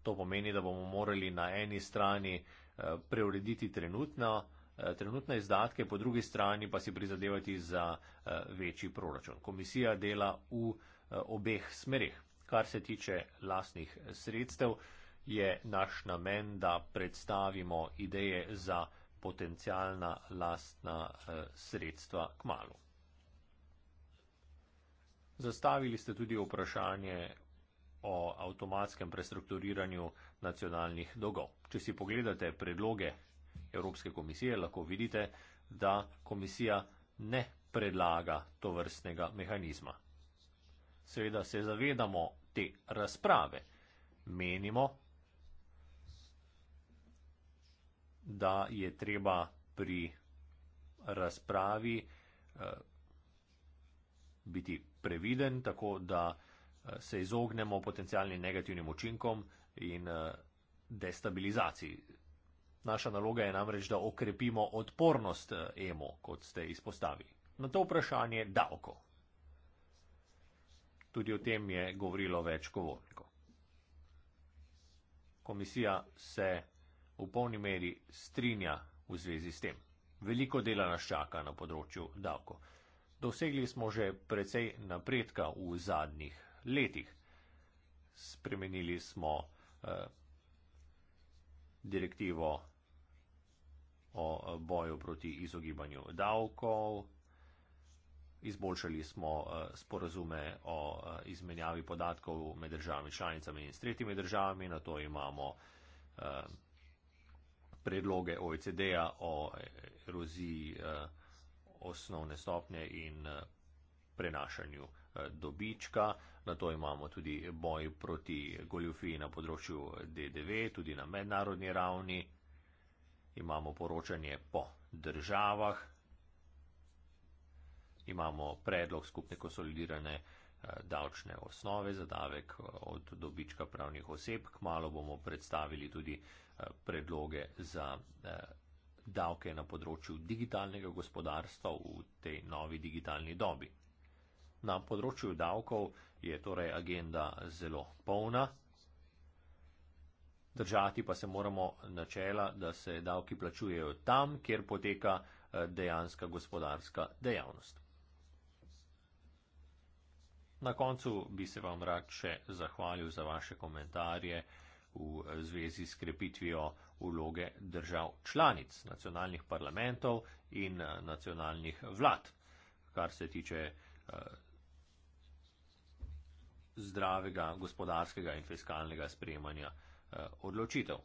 To pomeni, da bomo morali na eni strani preurediti trenutno, trenutne izdatke, po drugi strani pa si prizadevati za večji proračun. Komisija dela v obeh smerih. Kar se tiče lastnih sredstev, je naš namen, da predstavimo ideje za potencijalna lastna eh, sredstva k malu. Zastavili ste tudi vprašanje o avtomatskem prestrukturiranju nacionalnih dolgov. Če si pogledate predloge Evropske komisije, lahko vidite, da komisija ne predlaga to vrstnega mehanizma. Seveda se zavedamo te razprave. Menimo, da je treba pri razpravi eh, biti previden, tako da eh, se izognemo potencijalnim negativnim učinkom in eh, destabilizaciji. Naša naloga je namreč, da okrepimo odpornost emo, kot ste izpostavili. Na to vprašanje davko. Tudi o tem je govorilo več govornikov. Komisija se v polni meri strinja v zvezi s tem. Veliko dela nas čaka na področju davko. Dosegli smo že precej napredka v zadnjih letih. Spremenili smo eh, direktivo o eh, boju proti izogibanju davkov, Izboljšali smo eh, sporazume o eh, izmenjavi podatkov med državami članicami in s tretjimi državami, na to imamo eh, predloge OECD-a o eroziji osnovne stopnje in prenašanju dobička, na to imamo tudi boj proti goljufiji na področju DDV, tudi na mednarodni ravni, imamo poročanje po državah, imamo predlog skupne konsolidirane eh, davčne osnove za davek eh, od dobička pravnih oseb. Kmalo bomo predstavili tudi eh, predloge za davke na področju digitalnega gospodarstva v tej novi digitalni dobi. Na področju davkov je torej agenda zelo polna. Držati pa se moramo načela, da se davki plačujejo tam, kjer poteka dejanska gospodarska dejavnost. Na koncu bi se vam rad še zahvalil za vaše komentarje v zvezi s krepitvijo vloge držav članic, nacionalnih parlamentov in eh, nacionalnih vlad, kar se tiče eh, zdravega gospodarskega in fiskalnega sprejemanja eh, odločitev.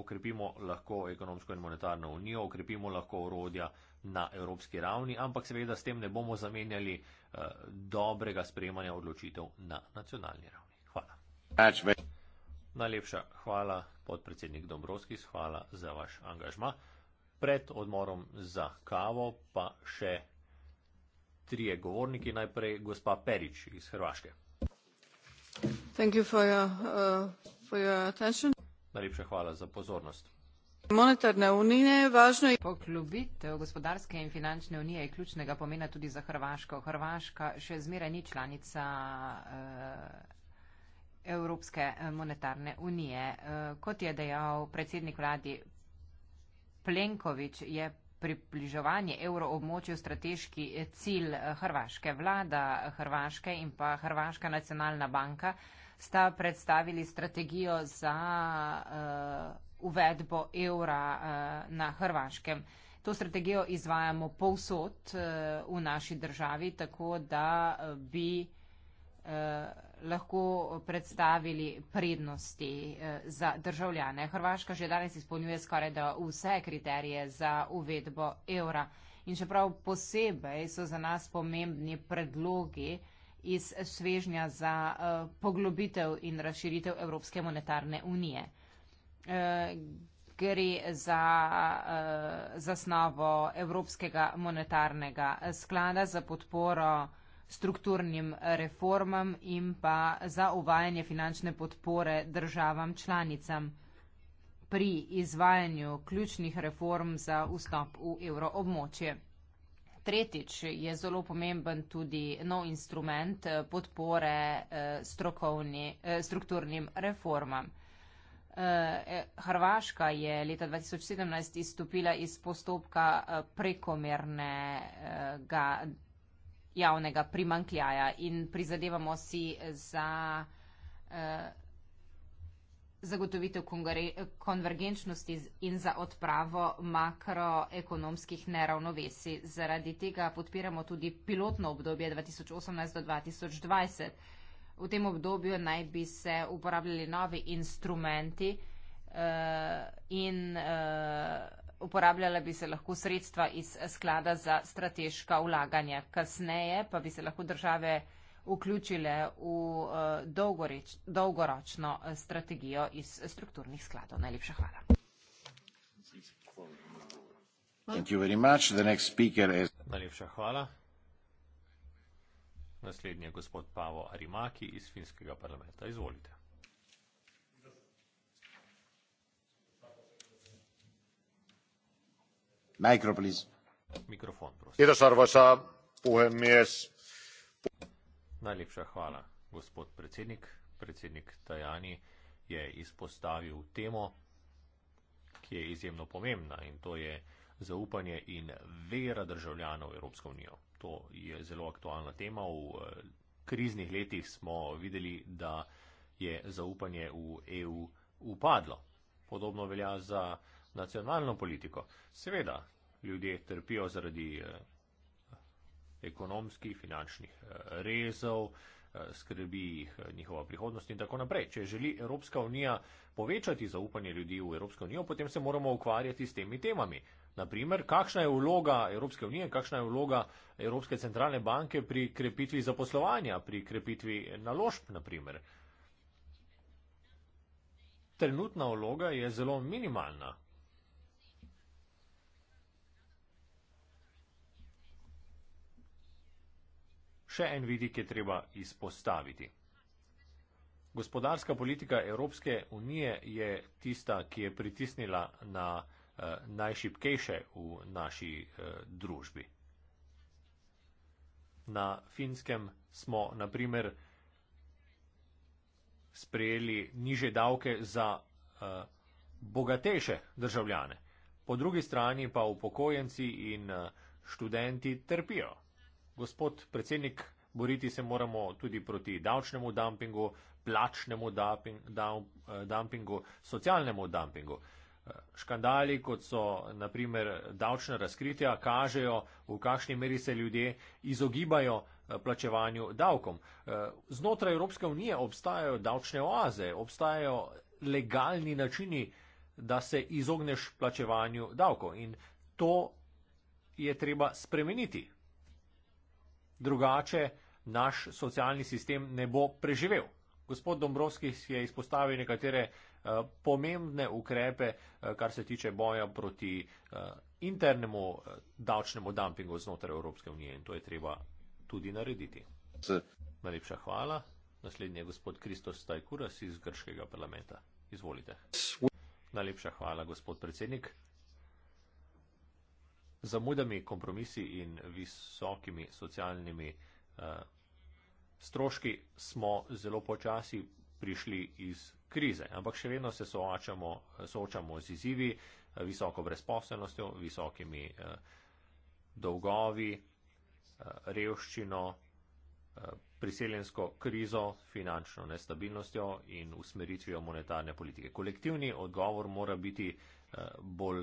Okrepimo lahko ekonomsko in monetarno unijo, okrepimo lahko orodja, na evropski ravni, ampak seveda s tem ne bomo zamenjali uh, dobrega sprejemanja odločitev na nacionalni ravni. Hvala. Najlepša hvala, podpredsednik Dombrovski, hvala za vaš angažma. Pred odmorom za kavo pa še trije govorniki, najprej gospa Perič iz Hrvaške. Uh, Najlepša hvala za pozornost monetarne unije važno je poklubitev gospodarske in finančne unije je ključnega pomena tudi za Hrvaško. Hrvaška še zmeraj ni članica uh, Evropske eh, monetarne unije. Uh, kot je dejal predsednik vladi Plenković, je približevanje evroobmočju strateški cilj Hrvaške. Vlada Hrvaške in pa Hrvaška nacionalna banka sta predstavili strategijo za uh, uvedbo evra eh, na Hrvaškem. To strategijo izvajamo povsod eh, v naši državi, tako da eh, bi lahko predstavili prednosti za državljane. Hrvaška že danes izpolnjuje skoraj da vse kriterije za uvedbo evra. In čeprav posebej so za nas pomembni predlogi iz svežnja za poglobitev in razširitev Evropske monetarne unije. Eh, gre za eh, zasnovo Evropskega monetarnega eh, sklada za podporo strukturnim reformam in pa za uvajanje finančne podpore državam članicam pri izvajanju ključnih reform za vstop v evroobmočje. Tretjič je zelo pomemben tudi nov instrument podpore strokovni, strukturnim reformam. Eh, Hrvaška je leta 2017 izstopila iz postopka eh, prekomernega eh, javnega primankljaja in prizadevamo si za zagotovitev konvergenčnosti in za odpravo makroekonomskih neravnovesij. Zaradi tega podpiramo tudi pilotno obdobje 2018 do 2020 v tem obdobju naj bi se uporabljali novi instrumenti uh, in uh, uporabljala bi se lahko sredstva iz sklada za strateška ulaganja. Kasneje pa bi se lahko države vključile v uh, eh, dolgoreč, dolgoročno strategijo iz strukturnih skladov. Najlepša hvala. Najlepša hvala. Naslednji je gospod Pavo Arimaki iz finskega parlamenta. Izvolite. Mikro, Mikrofon, prosim. Najlepša hvala, gospod predsednik. Predsednik Tajani je izpostavil temo, ki je izjemno pomembna in to je zaupanje in vera državljanov Evropske unije to je zelo aktualna tema. V eh, kriznih letih smo videli, da je zaupanje v EU upadlo. Podobno velja za nacionalno politiko. Seveda, ljudje trpijo zaradi eh, ekonomskih, finančnih eh, rezov, skrbi jih njihova prihodnost in tako naprej. Če želi Evropska unija povečati zaupanje ljudi v Evropsko unijo, potem se moramo ukvarjati s temi temami. Naprimer, kakšna je vloga Evropske unije, kakšna je vloga Evropske centralne banke pri krepitvi zaposlovanja, pri krepitvi naložb, naprimer. Trenutna vloga je zelo minimalna. Še en vidik je treba izpostaviti. Gospodarska politika Evropske unije je tista, ki je pritisnila na. Eh, najšipkejše v naši eh, družbi. Na finskem smo, na primer, sprejeli niže davke za eh, bogatejše državljane, po drugi strani pa upokojenci in študenti trpijo. Gospod predsednik, boriti se moramo tudi proti davčnemu dumpingu, plačnemu dumpingu, socialnemu dumpingu. Škandali, kot so naprimer davčna razkritja, kažejo, v kakšni meri se ljudje izogibajo eh, plačevanju davkom. Eh, znotraj Evropske unije obstajajo davčne oaze, obstajajo legalni načini, da se izogneš plačevanju davkov in to je treba spremeniti. Drugače naš socialni sistem ne bo preživel. Gospod Dombrovski je izpostavil nekatere Eh, pomembne ukrepe, eh, kar se tiče boja proti eh, internemu davčnemu dumpingu znotraj Evropske unije in to je treba tudi narediti. Najlepša hvala. Naslednji je gospod Kristos Stajkuras iz Grškega parlamenta. Izvolite. Najlepša hvala, gospod predsednik. Zamudami, kompromisi in visokimi socialnimi uh, stroški smo zelo počasi prišli iz krize, ampak še vedno se soočamo, soočamo z izzivi, eh, visoko brezposelnostjo, visokimi eh, dolgovi, eh, revščino, priseljensko krizo, finančno nestabilnostjo in usmeritvijo monetarne politike. Kolektivni odgovor mora biti bolj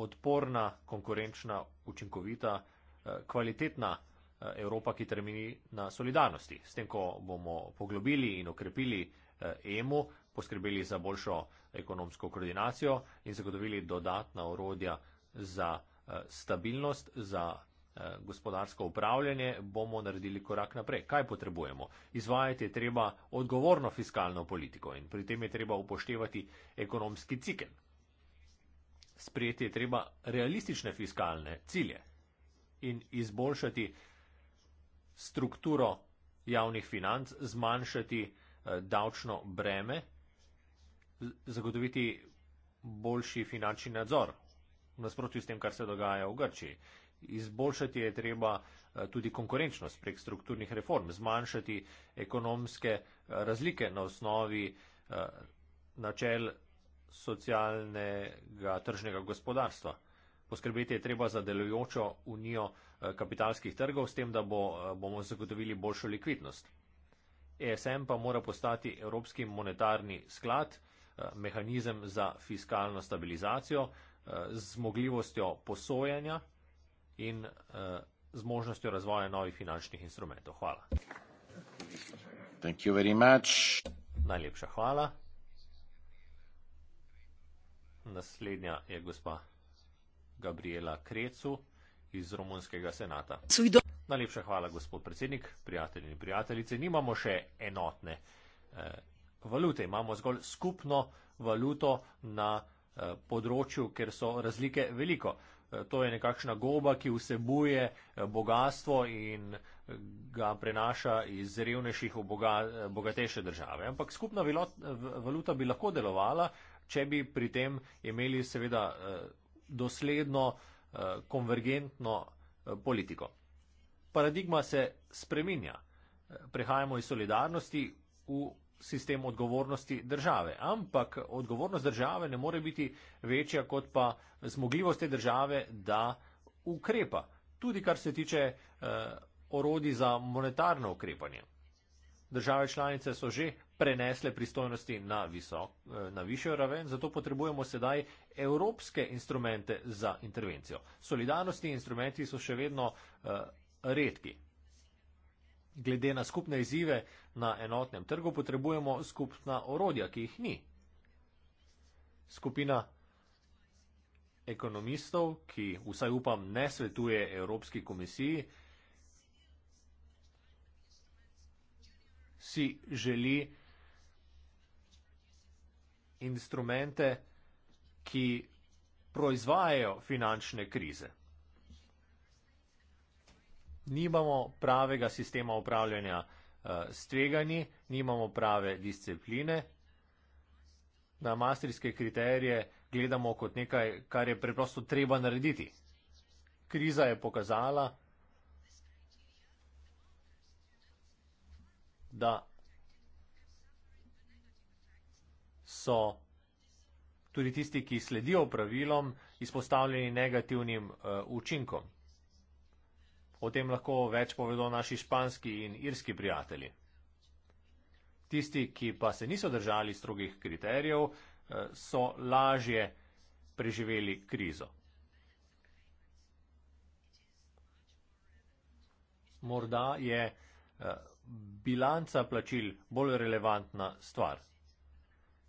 odporna, konkurenčna, učinkovita, kvalitetna Evropa, ki termini na solidarnosti. S tem, ko bomo poglobili in okrepili Eh, EMU, poskrbeli za boljšo ekonomsko koordinacijo in zagotovili dodatna orodja za eh, stabilnost, za eh, gospodarsko upravljanje, bomo naredili korak naprej. Kaj potrebujemo? Izvajati je treba odgovorno fiskalno politiko in pri tem je treba upoštevati ekonomski cikel. Sprejeti je treba realistične fiskalne cilje in izboljšati strukturo javnih financ, zmanjšati uh, Eh, davčno breme, zagotoviti boljši finančni nadzor, nasprotju s tem, kar se dogaja v Grčiji. Izboljšati je treba eh, tudi konkurenčnost prek strukturnih reform, zmanjšati ekonomske eh, razlike na osnovi načel socialnega tržnega gospodarstva. Poskrbeti je treba za delujočo unijo kapitalskih trgov, s tem, da bo, bomo zagotovili boljšo likvidnost. ESM pa mora postati Evropski monetarni sklad, eh, mehanizem za fiskalno stabilizacijo eh, z zmogljivostjo posojanja in eh, z možnostjo razvoja novih finančnih instrumentov. Hvala. Najlepša hvala. Naslednja je gospa Gabriela Krecu iz Romunskega senata. Suido. Najlepša hvala, gospod predsednik, prijatelji in prijateljice. Nimamo še enotne eh, valute, imamo zgolj skupno valuto na eh, področju, ker so razlike veliko. Eh, to je nekakšna goba, ki vsebuje eh, bogatstvo in eh, ga prenaša iz revnejših v boga, eh, bogatejše države. Ampak skupna velot, eh, valuta bi lahko delovala, če bi pri tem imeli seveda eh, dosledno eh, Eh, konvergentno eh, politiko. Paradigma se spreminja. Eh, prehajamo iz solidarnosti v sistem odgovornosti države. Ampak odgovornost države ne more biti večja kot pa zmogljivost te države, da ukrepa. Tudi kar se tiče eh, orodi za monetarno ukrepanje. Države članice so že prenesle pristojnosti na, visok, eh, na višjo raven, zato potrebujemo sedaj evropske instrumente za intervencijo. Solidarnostni instrumenti so še vedno uh, redki. Glede na skupne izzive na enotnem trgu potrebujemo skupna orodja, ki jih ni. Skupina ekonomistov, ki vsaj upam ne svetuje Evropski komisiji, si želi instrumente, ki proizvajajo finančne krize. Nimamo pravega sistema upravljanja uh, s tveganji, nimamo prave discipline. Na mastrijske kriterije gledamo kot nekaj, kar je preprosto treba narediti. Kriza je pokazala, da so tudi tisti, ki sledijo pravilom, izpostavljeni negativnim uh, učinkom. O tem lahko več povedo naši španski in irski prijatelji. Tisti, ki pa se niso držali strogih kriterijev, eh, so lažje preživeli krizo. Morda je eh, bilanca plačil bolj relevantna stvar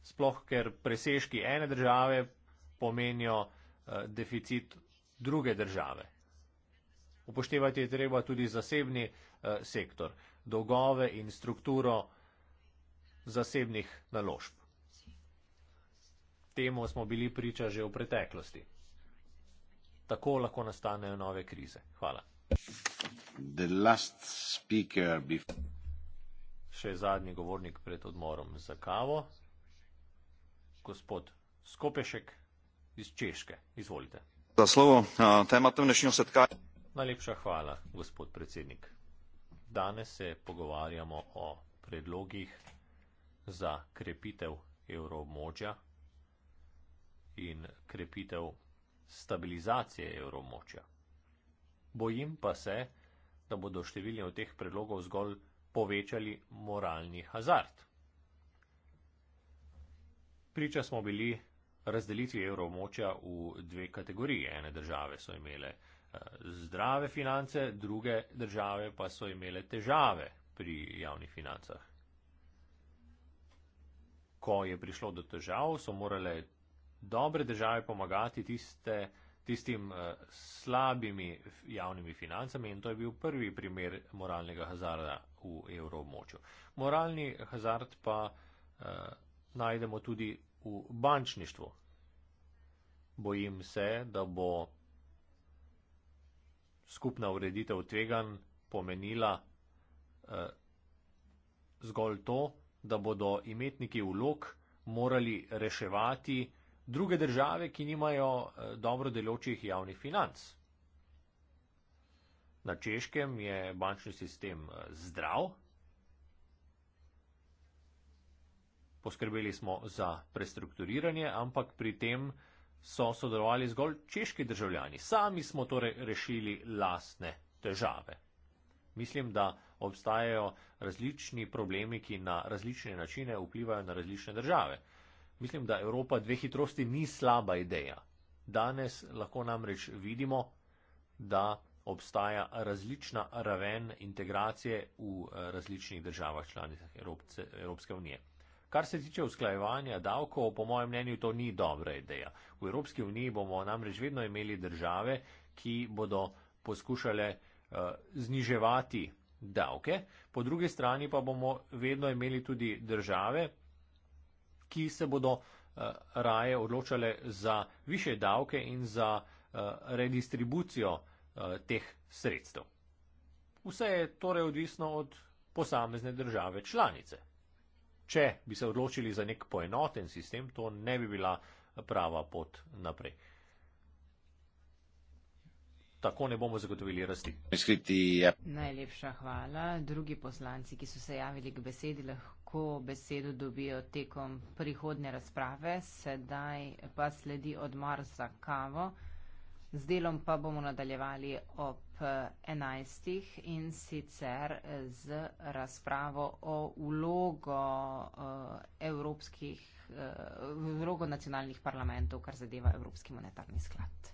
sploh ker presežki ene države pomenijo eh, deficit druge države. Upoštevati je treba tudi zasebni eh, sektor, dolgove in strukturo zasebnih naložb. Temu smo bili priča že v preteklosti. Tako lahko nastanejo nove krize. Hvala. Še zadnji govornik pred odmorom za kavo gospod Skopešek iz Češke. Izvolite. Za slovo tema temnešnjo setkanje. Najlepša hvala, gospod predsednik. Danes se pogovarjamo o predlogih za krepitev evromočja in krepitev stabilizacije evromočja. Bojim pa se, da bodo številni od teh predlogov zgolj povečali moralni hazard. Priča smo bili razdelitvi evroobmočja v dve kategoriji. Ene države so imele eh, zdrave finance, druge države pa so imele težave pri javnih financah. Ko je prišlo do težav, so morale dobre države pomagati tiste, tistim eh, slabimi javnimi financami in to je bil prvi primer moralnega hazarda v evroobmočju. Moralni hazard pa eh, najdemo tudi v bančništvu. Bojim se, da bo skupna ureditev tveganj pomenila eh, zgolj to, da bodo imetniki vlog morali reševati druge države, ki nimajo eh, dobro deločih javnih financ. Na češkem je bančni sistem eh, zdrav, poskrbeli smo za prestrukturiranje, ampak pri tem so sodelovali zgolj češki državljani. Sami smo torej rešili lastne težave. Mislim, da obstajajo različni problemi, ki na različne načine vplivajo na različne države. Mislim, da Evropa dve hitrosti ni slaba ideja. Danes lahko namreč vidimo, da obstaja različna raven integracije v eh, različnih državah članicah Evropske unije. Kar se tiče usklajevanja davkov, po mojem mnenju to ni dobra ideja. V Evropski uniji bomo namreč vedno imeli države, ki bodo poskušale uh, zniževati davke, po drugi strani pa bomo vedno imeli tudi države, ki se bodo uh, raje odločale za više davke in za uh, redistribucijo uh, teh sredstev. Vse je torej odvisno od posamezne države članice če bi se odločili za nek poenoten sistem, to ne bi bila prava pot naprej. Tako ne bomo zagotovili rasti. Ja. Najlepša hvala. Drugi poslanci, ki so se javili k besedi, lahko besedo dobijo tekom prihodne razprave. Sedaj pa sledi odmor za kavo. Z delom pa bomo nadaljevali ob 11. Eh, in sicer eh, z razpravo o vlogo eh, evropskih, vlogo nacionalnih parlamentov, kar zadeva Evropski monetarni sklad.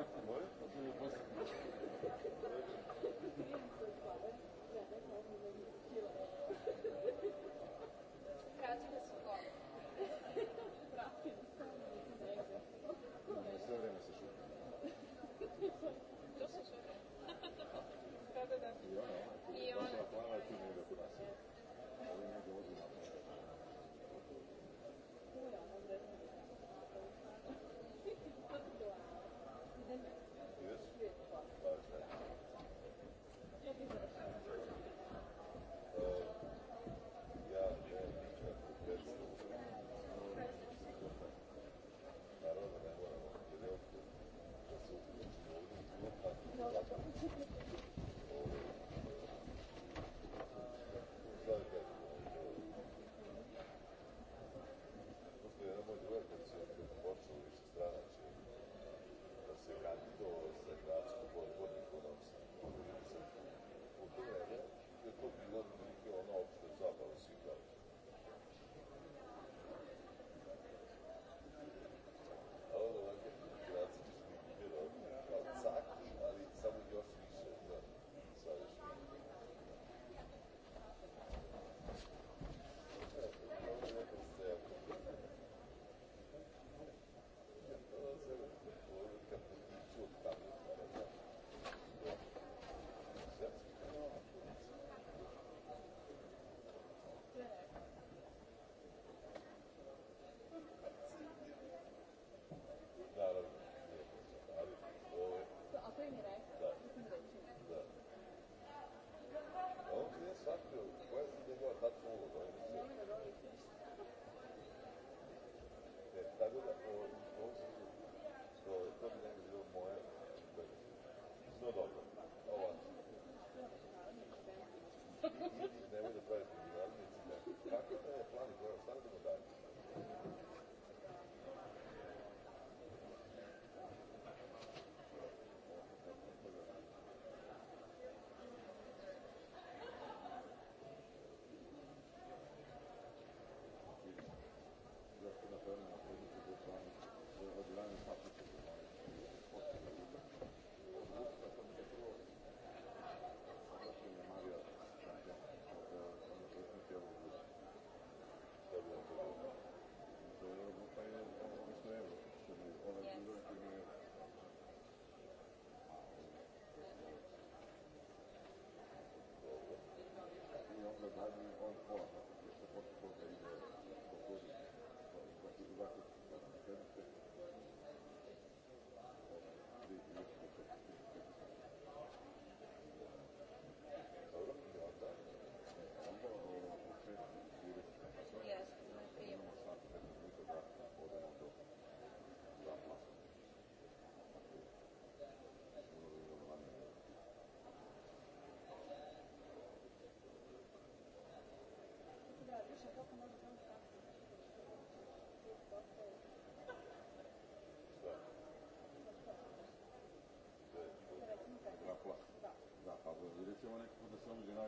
Gracias.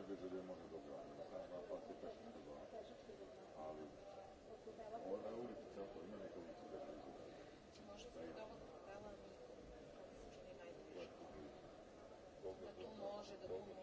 najveće gdje može dobrati. Znači, da pa se pešno se dobrati. Ali, ovo je ulici celko, ima neka ulica gdje se dobrati. Može se i dobro da tu može da tu može.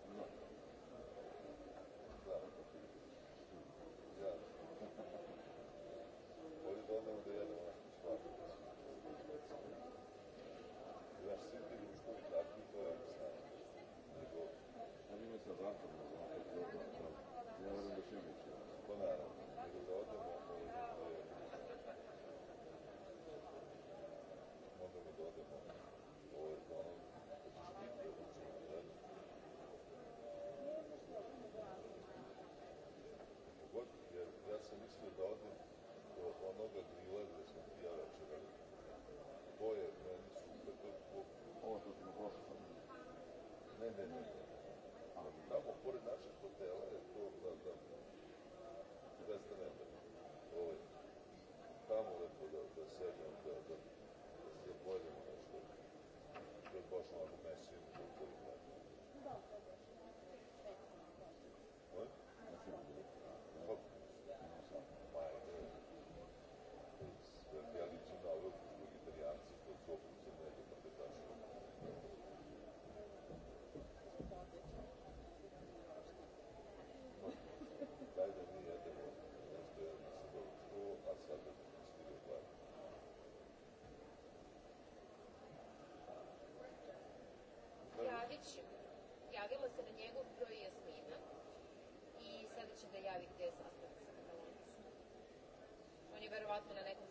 verovatno na nekom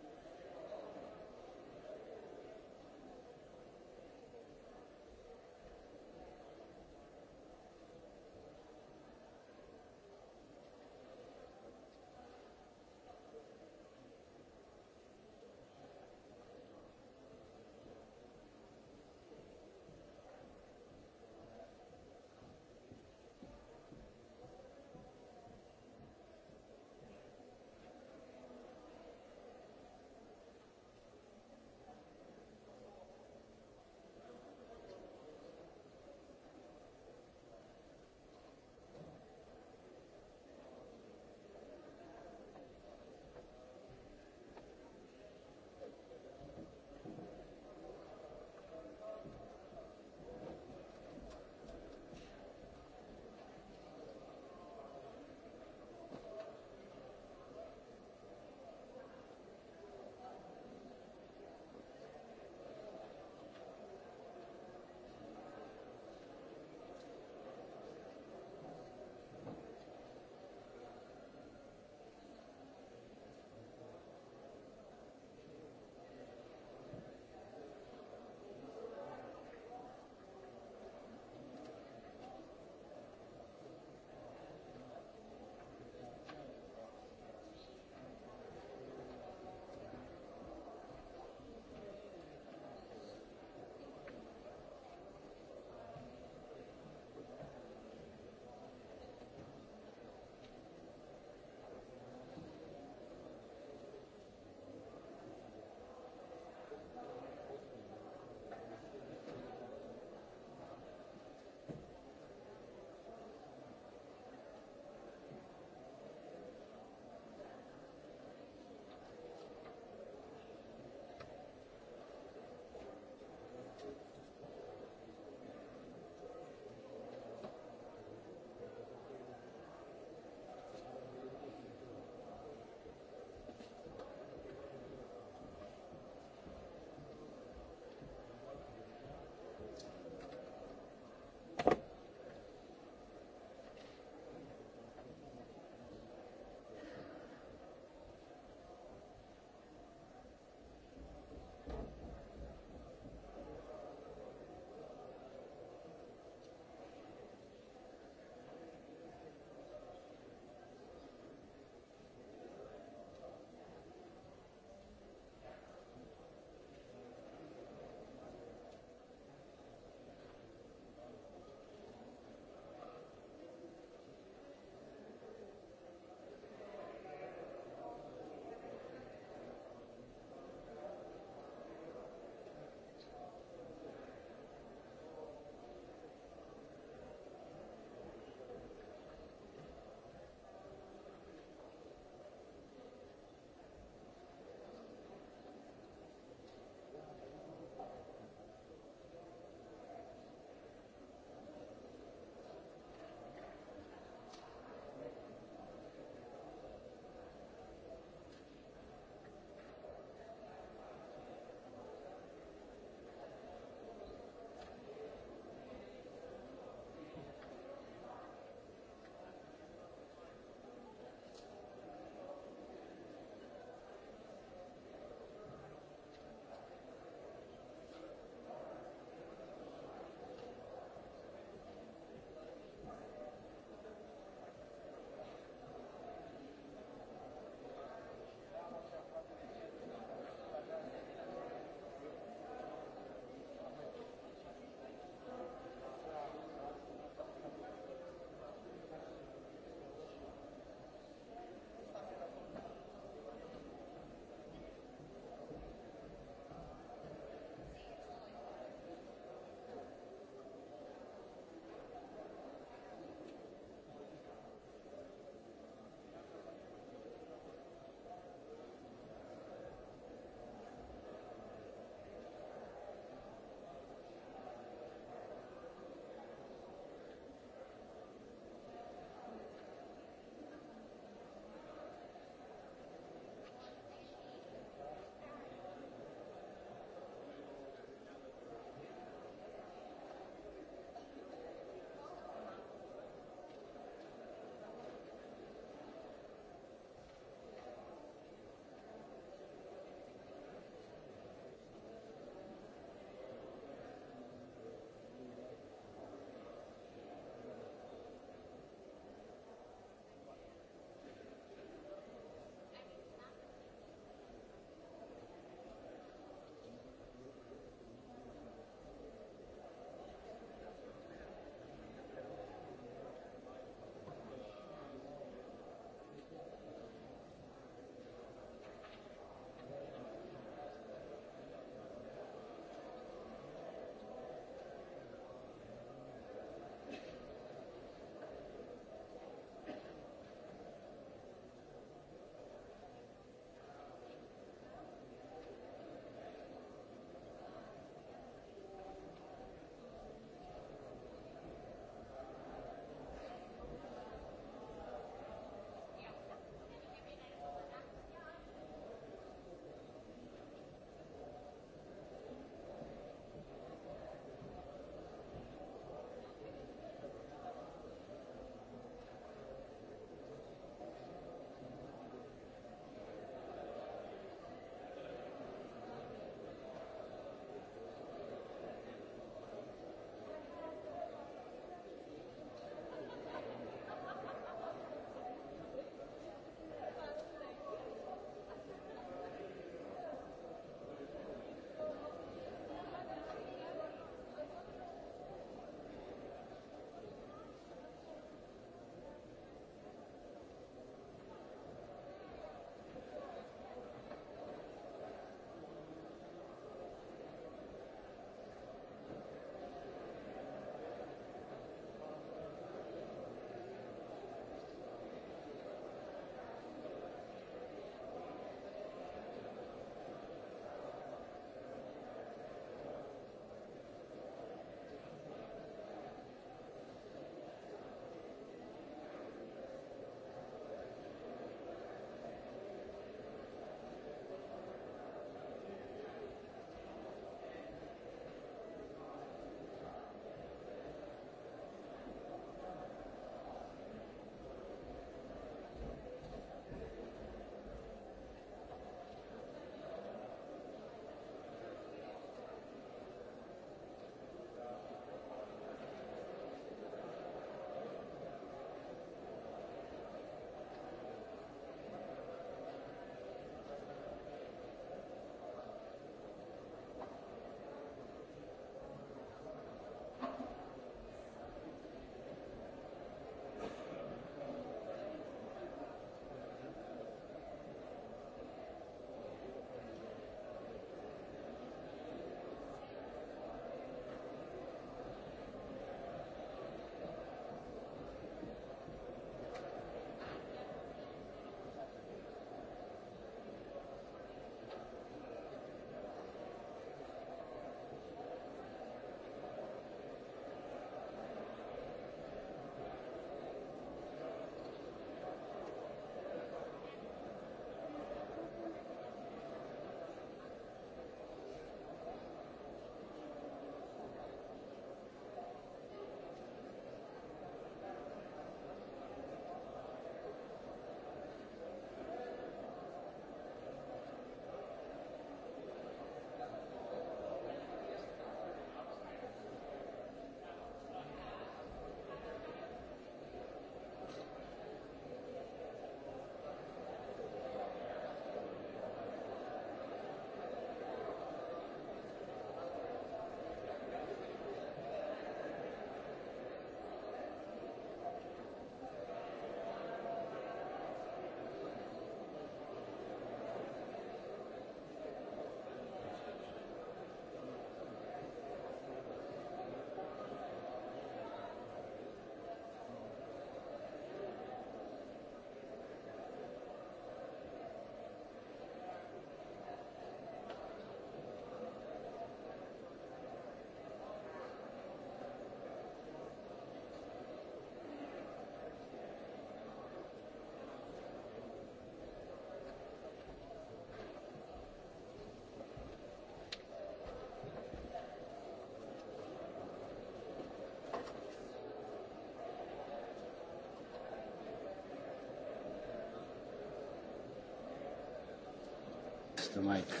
ste majka.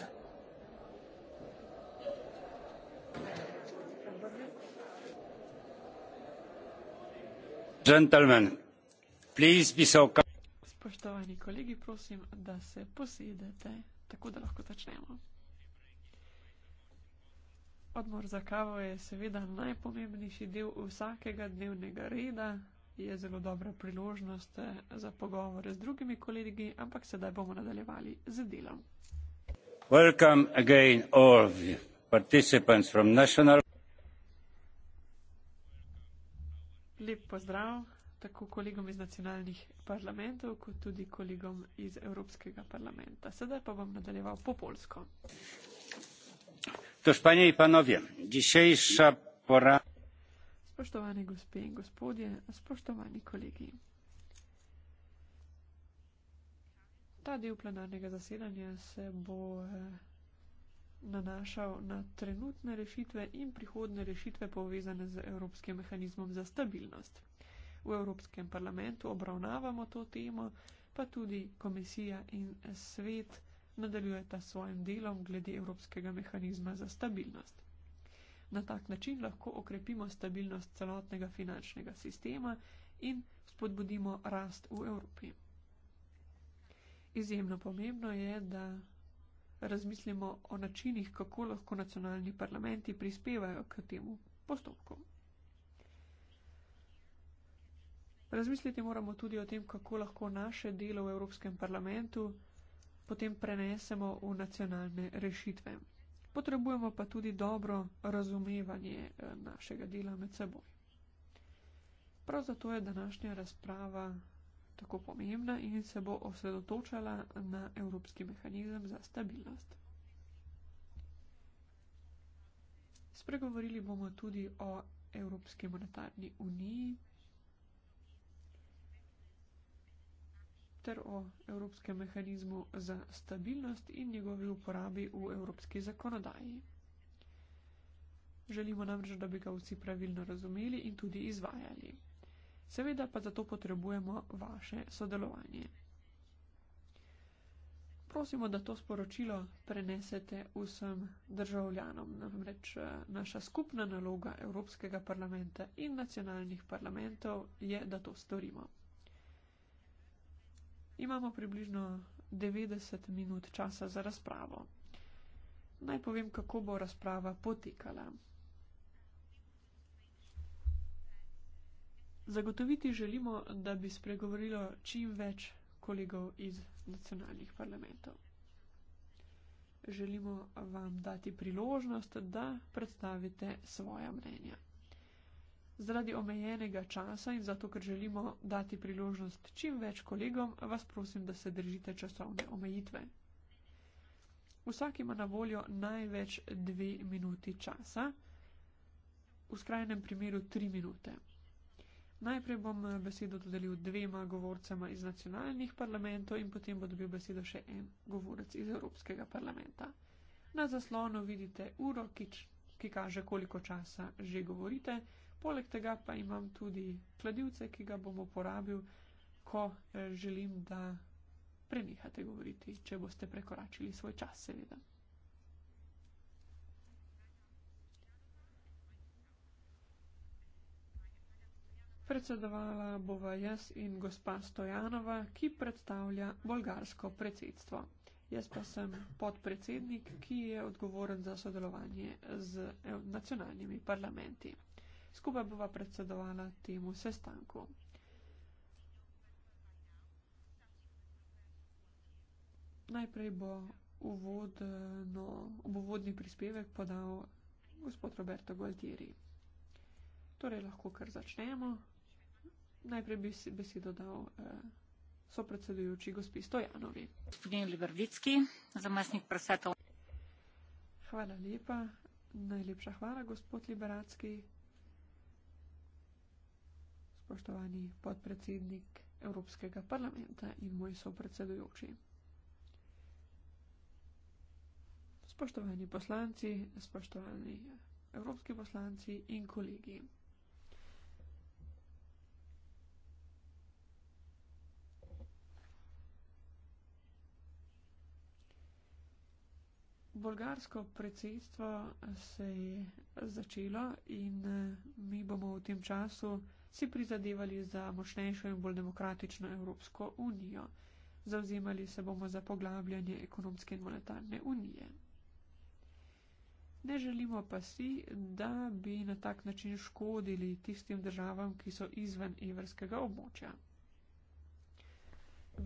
Spoštovani kolegi, prosim, da se posedete, tako da lahko začnemo. Odmor za kavo je seveda najpomembnejši del vsakega dnevnega reda, je zelo dobra priložnost eh, za pogovore z drugimi kolegi, ampak sedaj bomo nadaljevali z delom welcome again all the participants from national Lep pozdrav tako kolegom iz nacionalnih parlamentov, kot tudi kolegom iz Evropskega parlamenta. Sedaj pa bom nadaljeval po polsko. Tož, panje in panovje, dišejša pora. Spoštovane gospe in gospodje, spoštovani kolegi. ta del plenarnega zasedanja se bo eh, nanašal na trenutne rešitve in prihodne rešitve povezane z Evropskim mehanizmom za stabilnost. V Evropskem parlamentu obravnavamo to temo, pa tudi komisija in svet nadaljujeta s svojim delom glede Evropskega mehanizma za stabilnost. Na tak način lahko okrepimo stabilnost celotnega finančnega sistema in spodbudimo rast v Evropi. Izjemno pomembno je, da razmislimo o načinih, kako lahko nacionalni parlamenti prispevajo k temu postopku. Razmisliti moramo tudi o tem, kako lahko naše delo v Evropskem parlamentu potem prenesemo v nacionalne rešitve. Potrebujemo pa tudi dobro razumevanje eh, našega dela med seboj. Prav zato je današnja razprava tako pomembna in se bo osredotočala na evropski mehanizem za stabilnost. Spregovorili bomo tudi o Evropski monetarni uniji ter o Evropskem mehanizmu za stabilnost in njegovi uporabi v evropski zakonodaji. Želimo namreč, da bi ga vsi pravilno razumeli in tudi izvajali. Seveda pa zato potrebujemo vaše sodelovanje. Prosimo, da to sporočilo prenesete vsem državljanom. Namreč eh, naša skupna naloga Evropskega parlamenta in nacionalnih parlamentov je, da to storimo. Imamo približno 90 minut časa za razpravo. Naj povem, kako bo razprava potekala. Zagotoviti želimo, da bi spregovorilo čim več kolegov iz nacionalnih parlamentov. Želimo vam dati priložnost, da predstavite svoja mnenja. Zaradi omejenega časa in zato, ker želimo dati priložnost čim več kolegom, vas prosim, da se držite časovne omejitve. Vsak ima na voljo največ dve minuti časa, v skrajnem primeru tri minute. Najprej bom eh, besedo dodelil dvema govorcema iz nacionalnih parlamentov in potem bo dobil besedo še en govorec iz Evropskega parlamenta. Na zaslonu vidite uro, ki, ki kaže, koliko časa že govorite. Poleg tega pa imam tudi kladivce, ki ga bom uporabil, ko eh, želim, da prenehate govoriti, če boste prekoračili svoj čas, seveda. Predsedovala bova jaz in gospa Stojanova, ki predstavlja bolgarsko predsedstvo. Jaz pa sem podpredsednik, ki je odgovoren za sodelovanje z eh, nacionalnimi parlamenti. Skupaj bova predsedovala temu sestanku. Najprej bo uvodno, obvodni prispevek podal gospod Roberto Gualtieri. Torej lahko kar začnemo najprej bi si besedo dal eh, so predsedujoči gospi Stojanovi. Hvala lepa. Najlepša hvala, gospod Liberacki. Spoštovani podpredsednik Evropskega parlamenta in moj sopredsedujoči. Spoštovani poslanci, spoštovani evropski poslanci in kolegi. Bolgarsko predsedstvo se je začelo in eh, mi bomo v tem času si prizadevali za močnejšo in bolj demokratično Evropsko unijo. Zauzemali se bomo za poglabljanje ekonomske in monetarne unije. Ne želimo pa si, da bi na tak način škodili tistim državam, ki so izven evrskega območja.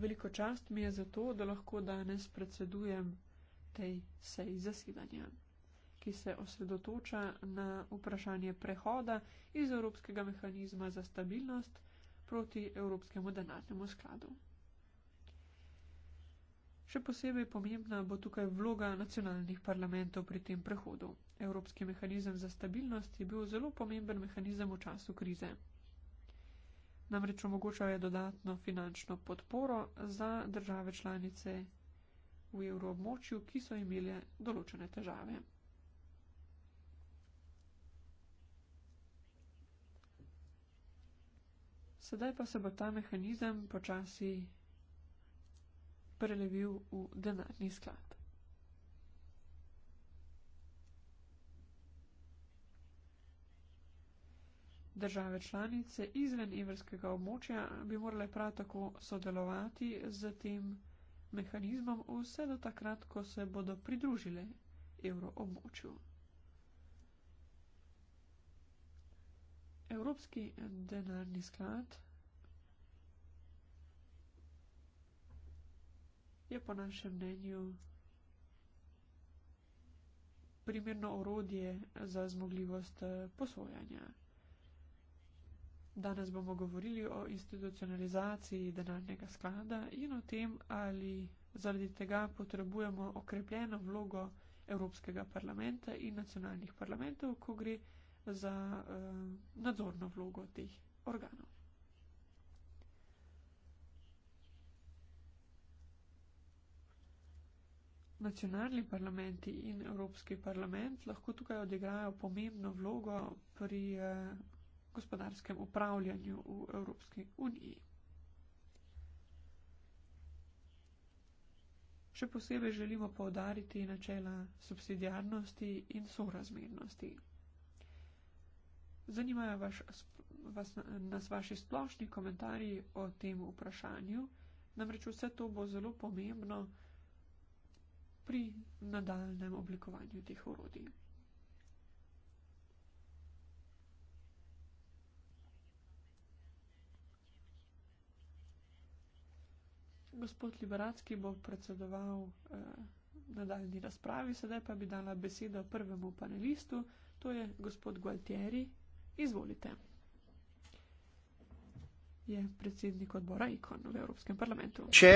Veliko čast mi je zato, da lahko danes predsedujem tej seji zasedanja, ki se osredotoča na vprašanje prehoda iz Evropskega mehanizma za stabilnost proti Evropskemu denarnemu skladu. Še posebej pomembna bo tukaj vloga nacionalnih parlamentov pri tem prehodu. Evropski mehanizem za stabilnost je bil zelo pomemben mehanizem v času krize. Namreč omogočal je dodatno finančno podporo za države članice v evroobmočju, ki so imele določene težave. Sedaj pa se bo ta mehanizem počasi prelevil v denarni sklad. Države članice izven evrskega območja bi morale prav tako sodelovati z tem mehanizmom mehanizmom vse do takrat, ko se bodo pridružile evroobmočju. Evropski denarni sklad je po našem mnenju primerno orodje za zmogljivost posojanja. Danes bomo govorili o institucionalizaciji denarnega sklada in o tem, ali zaradi tega potrebujemo okrepljeno vlogo Evropskega parlamenta in nacionalnih parlamentov, ko gre za uh, nadzorno vlogo teh organov. Nacionalni parlamenti in Evropski parlament lahko tukaj odigrajo pomembno vlogo pri eh, gospodarskem upravljanju v Evropski uniji. Še posebej želimo povdariti načela subsidijarnosti in sorazmernosti. Zanimajo vaš, vas, nas vaši splošni komentarji o tem vprašanju, namreč vse to bo zelo pomembno pri nadaljnem oblikovanju teh urodij. gospod Liberacki bo predsedoval eh, nadaljni razpravi, sedaj pa bi dala besedo prvemu panelistu, to je gospod Gualtieri. Izvolite. Je predsednik odbora IKON v Evropskem parlamentu. Če,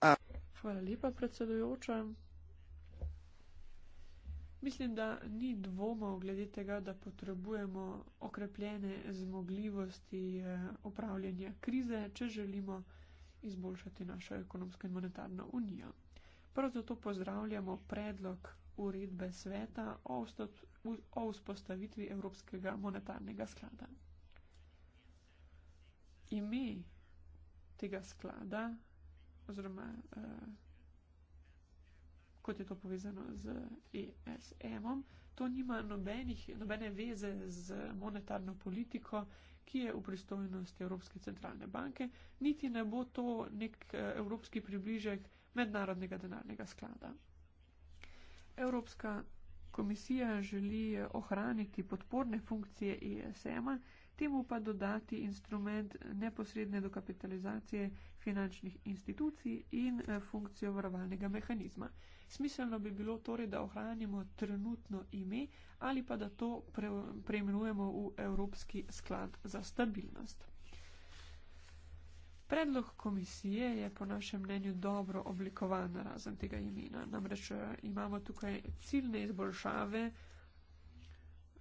a... Hvala lepa, predsedujoča. Mislim, da ni dvoma glede tega, da potrebujemo okrepljene zmogljivosti eh, upravljanja krize, če želimo izboljšati našo ekonomsko in monetarno unijo. Prav zato pozdravljamo predlog uredbe sveta o vzpostavitvi Evropskega monetarnega sklada. Ime tega sklada, oziroma eh, kot je to povezano z ESM-om, to nima nobenih, nobene veze z monetarno politiko ki je v pristojnosti Evropske centralne banke, niti ne bo to nek eh, evropski približek mednarodnega denarnega sklada. Evropska komisija želi eh, ohraniti podporne funkcije ESM-a, temu pa dodati instrument neposredne dokapitalizacije finančnih institucij in eh, funkcijo varovalnega mehanizma. Smiselno bi bilo torej, da ohranimo trenutno ime ali pa da to pre, preimenujemo v Evropski sklad za stabilnost. Predlog komisije je po našem mnenju dobro oblikovan razen tega imena. Namreč eh, imamo tukaj ciljne izboljšave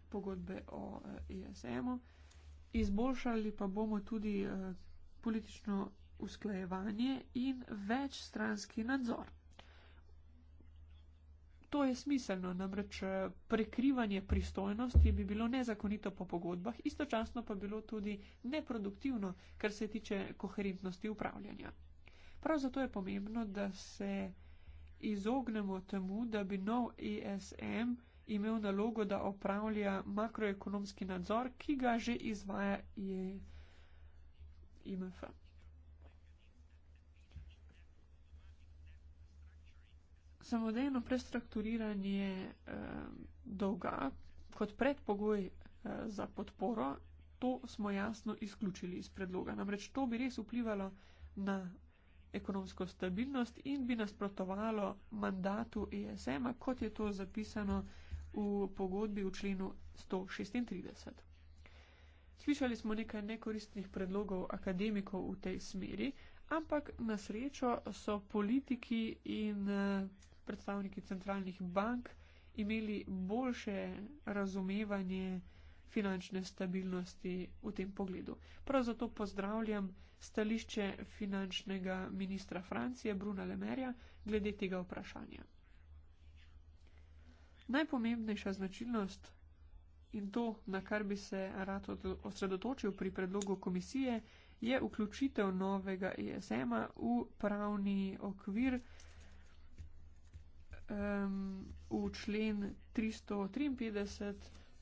pogodbe o ESM-u, eh, izboljšali pa bomo tudi politično usklajevanje in večstranski nadzor. To je smiselno, namreč eh, prekrivanje pristojnosti bi bilo nezakonito po pogodbah, istočasno pa bilo tudi neproduktivno, kar se tiče koherentnosti upravljanja. Prav zato je pomembno, da se izognemo temu, da bi nov ESM imel nalogo, da opravlja makroekonomski nadzor, ki ga že izvaja IMF. E samodejno prestrukturiranje eh, dolga kot predpogoj eh, za podporo, to smo jasno izključili iz predloga. Namreč to bi res vplivalo na ekonomsko stabilnost in bi nasprotovalo mandatu ESM-a, kot je to zapisano v pogodbi v členu 136. Slišali smo nekaj nekoristnih predlogov akademikov v tej smeri, ampak na srečo so politiki in eh, predstavniki centralnih bank imeli boljše razumevanje finančne stabilnosti v tem pogledu. Prav zato pozdravljam stališče finančnega ministra Francije Bruna Lemerja glede tega vprašanja. Najpomembnejša značilnost in to, na kar bi se rad osredotočil pri predlogu komisije, je vključitev novega ESM-a v pravni okvir um, v člen 353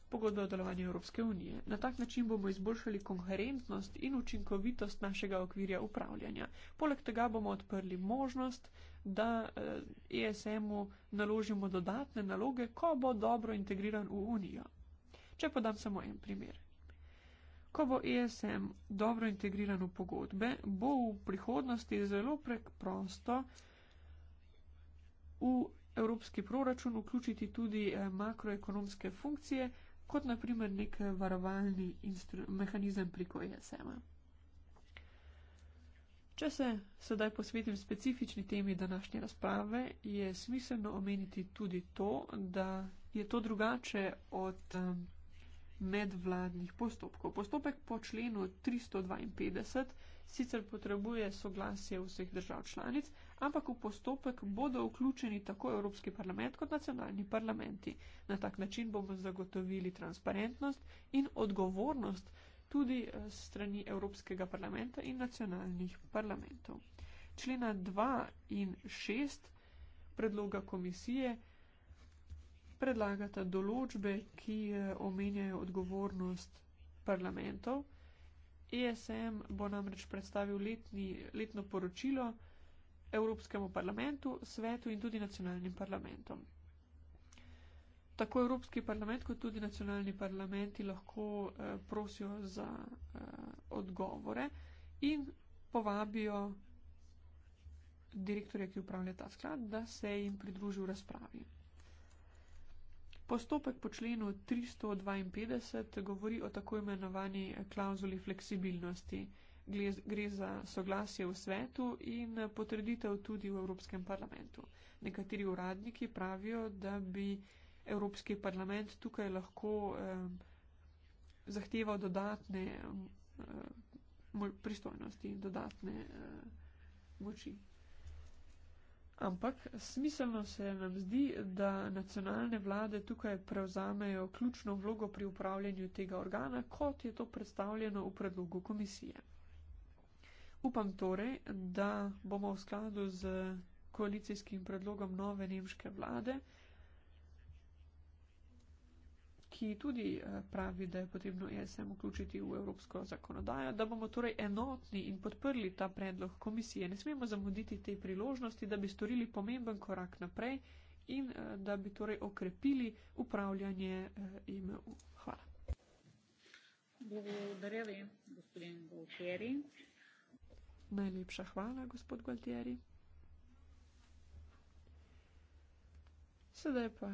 pogodbe o delovanju Evropske unije. Na tak način bomo izboljšali konkurentnost in učinkovitost našega okvirja upravljanja. Poleg tega bomo odprli možnost, da ESM-u eh, e naložimo dodatne naloge, ko bo dobro integriran v unijo. Če podam samo en primer. Ko bo ESM dobro integriran v pogodbe, bo v prihodnosti zelo preprosto v evropski proračun vključiti tudi eh, makroekonomske funkcije, kot naprimer nek eh, varovalni mehanizem preko ESM-a. Če se sedaj posvetim specifični temi današnje razprave, je smiselno omeniti tudi to, da je to drugače od eh, medvladnih postopkov. Postopek po členu 352 sicer potrebuje soglasje vseh držav članic, ampak v postopek bodo vključeni tako Evropski parlament kot nacionalni parlamenti. Na tak način bomo zagotovili transparentnost in odgovornost tudi eh, strani Evropskega parlamenta in nacionalnih parlamentov. Člena 2 in 6 predloga komisije predlagata določbe, ki eh, omenjajo odgovornost parlamentov. ESM bo namreč predstavil letni, letno poročilo, Evropskemu parlamentu, svetu in tudi nacionalnim parlamentom. Tako Evropski parlament kot tudi nacionalni parlamenti lahko eh, prosijo za eh, odgovore in povabijo direktorja, ki upravlja ta sklad, da se jim pridruži v razpravi. Postopek po členu 352 govori o tako imenovani eh, klauzuli fleksibilnosti. Eh, gre za soglasje v svetu in potreditev tudi v Evropskem parlamentu. Nekateri uradniki pravijo, da bi Evropski parlament tukaj lahko eh, zahteval dodatne eh, pristojnosti in dodatne eh, moči. Ampak smiselno se nam zdi, da nacionalne vlade tukaj prevzamejo ključno vlogo pri upravljanju tega organa, kot je to predstavljeno v predlogu komisije. Upam torej, da bomo v skladu z koalicijskim predlogom nove nemške vlade, ki tudi eh, pravi, da je potrebno ESM vključiti v evropsko zakonodajo, da bomo torej enotni in podprli ta predlog komisije. Ne smemo zamuditi te priložnosti, da bi storili pomemben korak naprej in eh, da bi torej okrepili upravljanje EMU. Eh, Hvala. Благодаря ви, господин Голкери. Najlepša hvala, gospod Gualtieri. Sedaj pa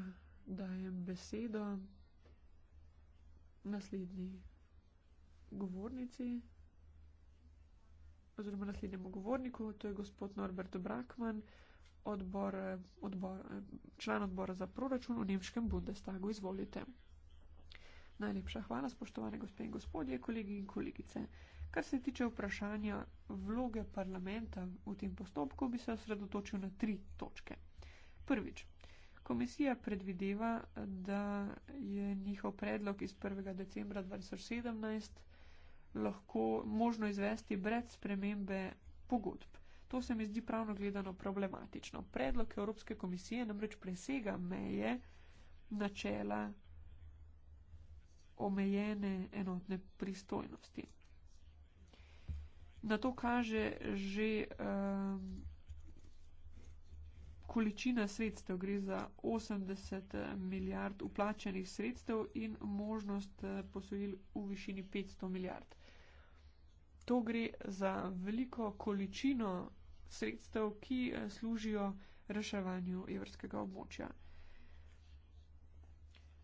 dajem besedo naslednji govornici oziroma naslednjemu govorniku, to je gospod Norbert Brakman, odbor, odbor, član odbora za proračun v Nemškem Bundestagu. Izvolite. Najlepša hvala, spoštovane gospe in gospodje, kolegi in kolegice. Kar se tiče vprašanja vloge parlamenta v tem postopku, bi se osredotočil na tri točke. Prvič, komisija predvideva, da je njihov predlog iz 1. decembra 2017 lahko možno izvesti brez spremembe pogodb. To se mi zdi pravno gledano problematično. Predlog Evropske komisije namreč presega meje načela omejene enotne pristojnosti. Na to kaže že um, količina sredstev, gre za 80 eh, milijard uplačenih sredstev in možnost eh, posojil v višini 500 milijard. To gre za veliko količino sredstev, ki eh, služijo reševanju evrskega območja.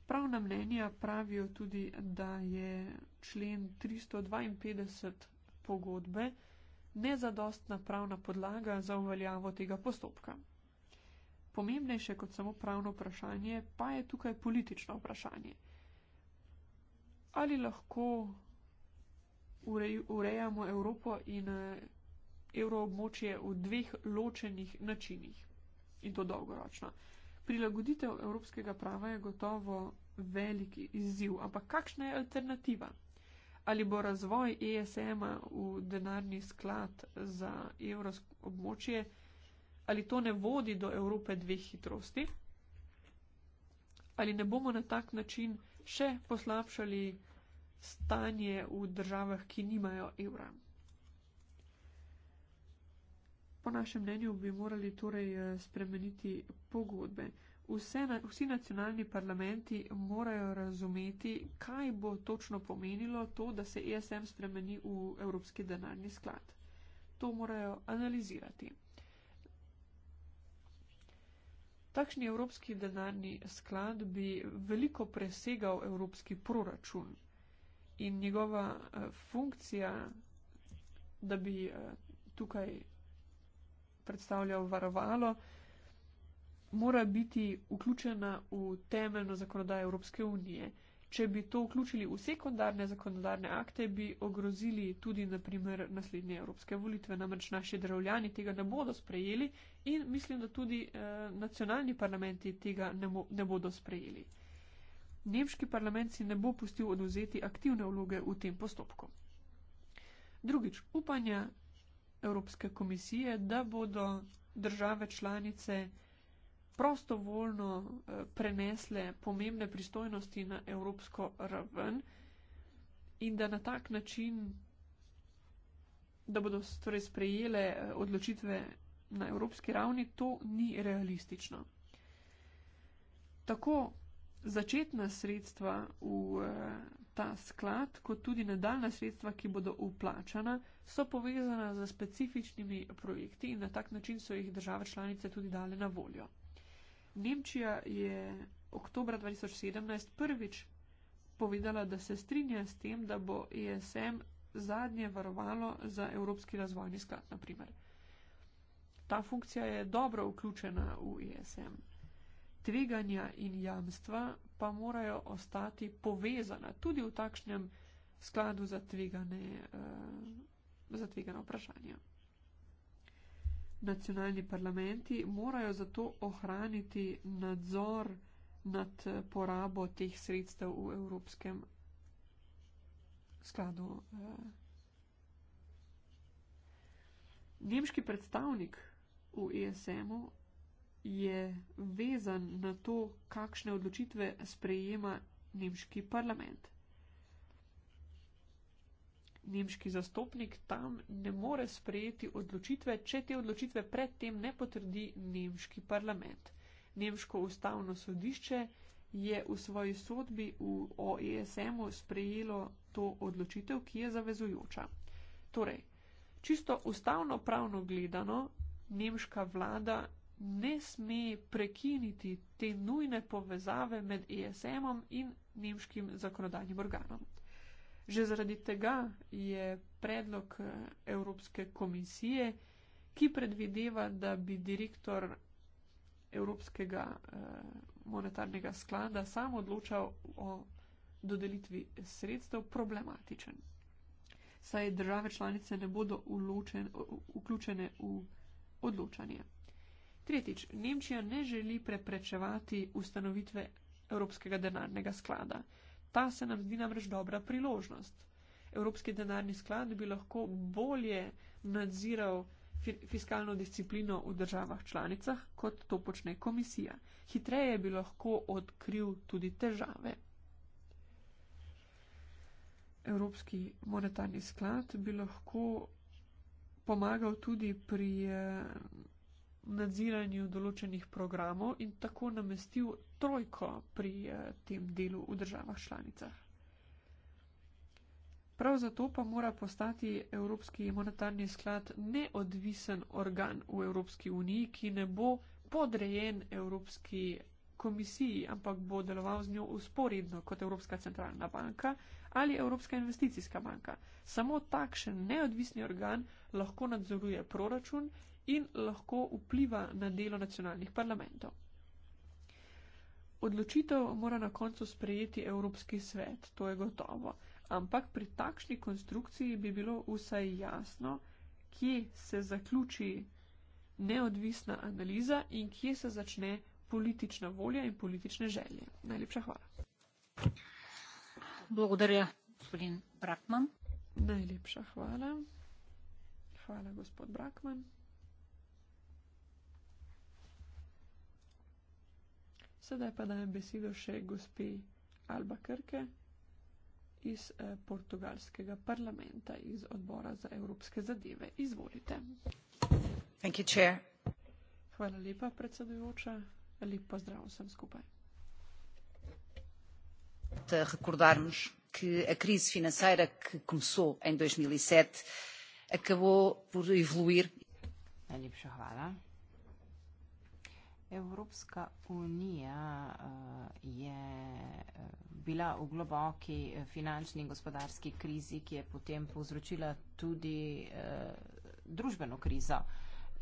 Pravna mnenja pravijo tudi, da je člen 352 pogodbe nezadostna pravna podlaga za uveljavo tega postopka. Pomembnejše kot samo pravno vprašanje pa je tukaj politično vprašanje. Ali lahko urejamo Evropo in eh, evroobmočje v dveh ločenih načinih in to dolgoročno. Prilagoditev evropskega prava je gotovo veliki izziv, ampak kakšna je alternativa? ali bo razvoj ESM-a v denarni sklad za evropsko območje, ali to ne vodi do Evrope dveh hitrosti, ali ne bomo na tak način še poslabšali stanje v državah, ki nimajo evra. Po našem mnenju bi morali torej eh, spremeniti pogodbe. Vse, vsi nacionalni parlamenti morajo razumeti, kaj bo točno pomenilo to, da se ESM spremeni v Evropski denarni sklad. To morajo analizirati. Takšni Evropski denarni sklad bi veliko presegal Evropski proračun in njegova eh, funkcija, da bi eh, tukaj predstavljal varovalo, mora biti vključena v temeljno zakonodajo Evropske unije. Če bi to vključili v sekundarne zakonodarne akte, bi ogrozili tudi naprimer naslednje evropske volitve, namreč naši državljani tega ne bodo sprejeli in mislim, da tudi eh, nacionalni parlamenti tega ne, bo, ne bodo sprejeli. Nemški parlament si ne bo pustil oduzeti aktivne vloge v tem postopku. Drugič, upanja Evropske komisije, da bodo države članice prostovoljno eh, prenesle pomembne pristojnosti na evropsko raven in da na tak način, da bodo torej sprejele eh, odločitve na evropski ravni, to ni realistično. Tako začetna sredstva v eh, ta sklad, kot tudi nadaljna sredstva, ki bodo uplačana, so povezana z specifičnimi projekti in na tak način so jih države članice tudi dale na voljo. Nemčija je oktober 2017 prvič povedala, da se strinja s tem, da bo ESM zadnje varovalo za Evropski razvojni sklad, naprimer. Ta funkcija je dobro vključena v ESM. Tveganja in jamstva pa morajo ostati povezana tudi v takšnem skladu za tvegane, uh, za tvegane vprašanja nacionalni parlamenti morajo zato ohraniti nadzor nad porabo teh sredstev v Evropskem skladu. Eh. Nemški predstavnik v ESM-u je vezan na to, kakšne odločitve sprejema nemški parlament nemški zastopnik tam ne more sprejeti odločitve, če te odločitve predtem ne potrdi nemški parlament. Nemško ustavno sodišče je v svoji sodbi v OESM-u sprejelo to odločitev, ki je zavezujoča. Torej, čisto ustavno pravno gledano, nemška vlada ne sme prekiniti te nujne povezave med ESM-om in nemškim zakonodajnim organom. Že zaradi tega je predlog eh, Evropske komisije, ki predvideva, da bi direktor Evropskega eh, monetarnega sklada sam odločal o dodelitvi sredstev, problematičen. Saj države članice ne bodo uločen, vključene v odločanje. Tretjič, Nemčija ne želi preprečevati ustanovitve Evropskega denarnega sklada. Ta se nam zdi namreč dobra priložnost. Evropski denarni sklad bi lahko bolje nadziral fiskalno disciplino v državah članicah, kot to počne komisija. Hitreje bi lahko odkril tudi težave. Evropski monetarni sklad bi lahko pomagal tudi pri eh, nadziranju določenih programov in tako namestil trojko pri eh, tem delu v državah članicah. Prav zato pa mora postati Evropski monetarni sklad neodvisen organ v Evropski uniji, ki ne bo podrejen Evropski komisiji, ampak bo deloval z njo usporedno kot Evropska centralna banka ali Evropska investicijska banka. Samo takšen neodvisni organ lahko nadzoruje proračun in lahko vpliva na delo nacionalnih parlamentov. Odločitev mora na koncu sprejeti Evropski svet, to je gotovo, ampak pri takšni konstrukciji bi bilo vsaj jasno, kje se zaključi neodvisna analiza in kje se začne politična volja in politične želje. Najlepša hvala. Blagodarja, gospodin Brakman. Najlepša hvala. Hvala, gospod Brakman. Sedaj pa dajem besedo še gospe Alba Krke iz eh, portugalskega parlamenta, iz odbora za evropske zadeve. Izvolite. Thank you, chair. Hvala lepa, predsedujoča. Lep pozdrav vsem skupaj. Te recordarmos que a crise financeira que começou em 2007 e acabou por evoluir. Najlepša hvala. Evropska unija eh, je eh, bila v globoki eh, finančni in gospodarski krizi, ki je potem povzročila tudi družbeno krizo.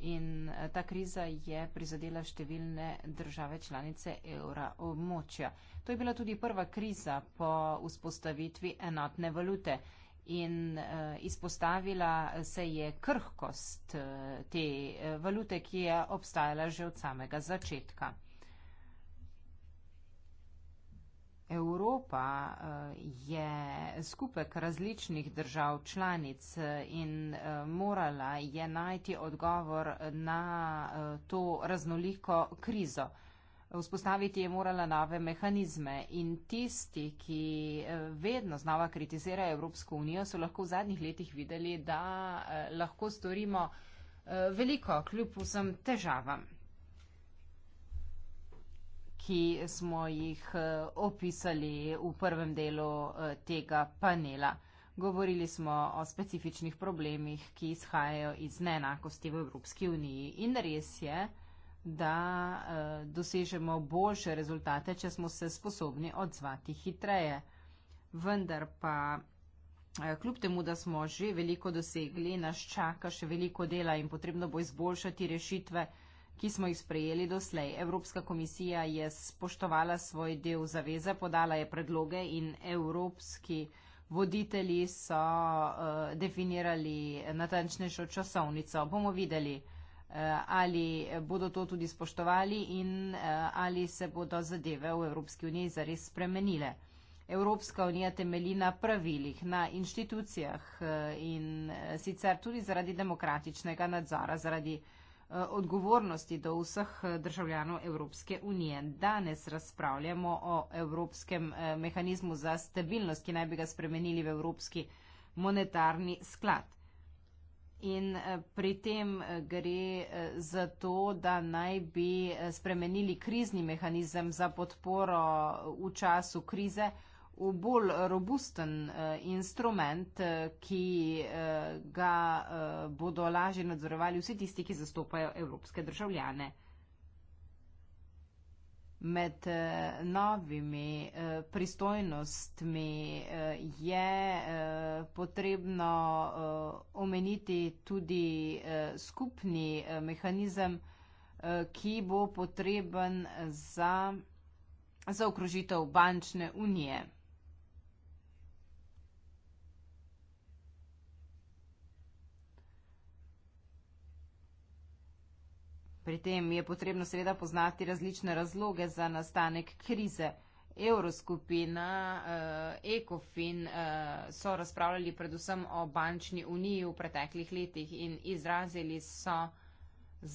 In ta kriza je prizadela številne države članice evra območja. To je bila tudi prva kriza po vzpostavitvi enotne valute in eh, izpostavila se je krhkost eh, te eh, valute, ki je obstajala že od samega začetka. Evropa je skupek različnih držav članic in morala je najti odgovor na to raznoliko krizo vzpostaviti je morala nove mehanizme in tisti, ki eh, vedno znova kritizirajo Evropsko unijo, so lahko v zadnjih letih videli, da eh, lahko storimo eh, veliko kljub vsem težavam, ki smo jih opisali v prvem delu tega panela. Govorili smo o specifičnih problemih, ki izhajajo iz neenakosti v Evropski uniji in res je, da eh, dosežemo boljše rezultate, če smo se sposobni odzvati hitreje. Vendar pa eh, kljub temu, da smo že veliko dosegli, nas čaka še veliko dela in potrebno bo izboljšati rešitve, ki smo jih sprejeli doslej. Evropska komisija je spoštovala svoj del zaveze, podala je predloge in evropski voditelji so eh, definirali natančnejšo časovnico. Bomo videli. Eh, ali bodo to tudi spoštovali in eh, ali se bodo zadeve v Evropski uniji zares spremenile. Evropska unija temelji na pravilih, na inštitucijah eh, in sicer tudi zaradi demokratičnega nadzora, zaradi odgovornosti do vseh državljanov Evropske unije. Danes razpravljamo o Evropskem mehanizmu za stabilnost, ki naj bi ga spremenili v Evropski monetarni sklad. In eh, pri tem eh, gre eh, za to, da naj bi spremenili krizni mehanizem za podporo v času krize v bolj robusten instrument, ki ga bodo lažje nadzorovali vsi tisti, ki zastopajo evropske državljane. Med eh, novimi eh, pristojnostmi eh, je potrebno omeniti tudi skupni mehanizem, ki bo potreben za zaokrožitev bančne unije. Pri tem je potrebno seveda poznati različne razloge za nastanek krize. Evroskupina, ECOFIN eh, eh, so razpravljali predvsem o bančni uniji v preteklih letih in izrazili so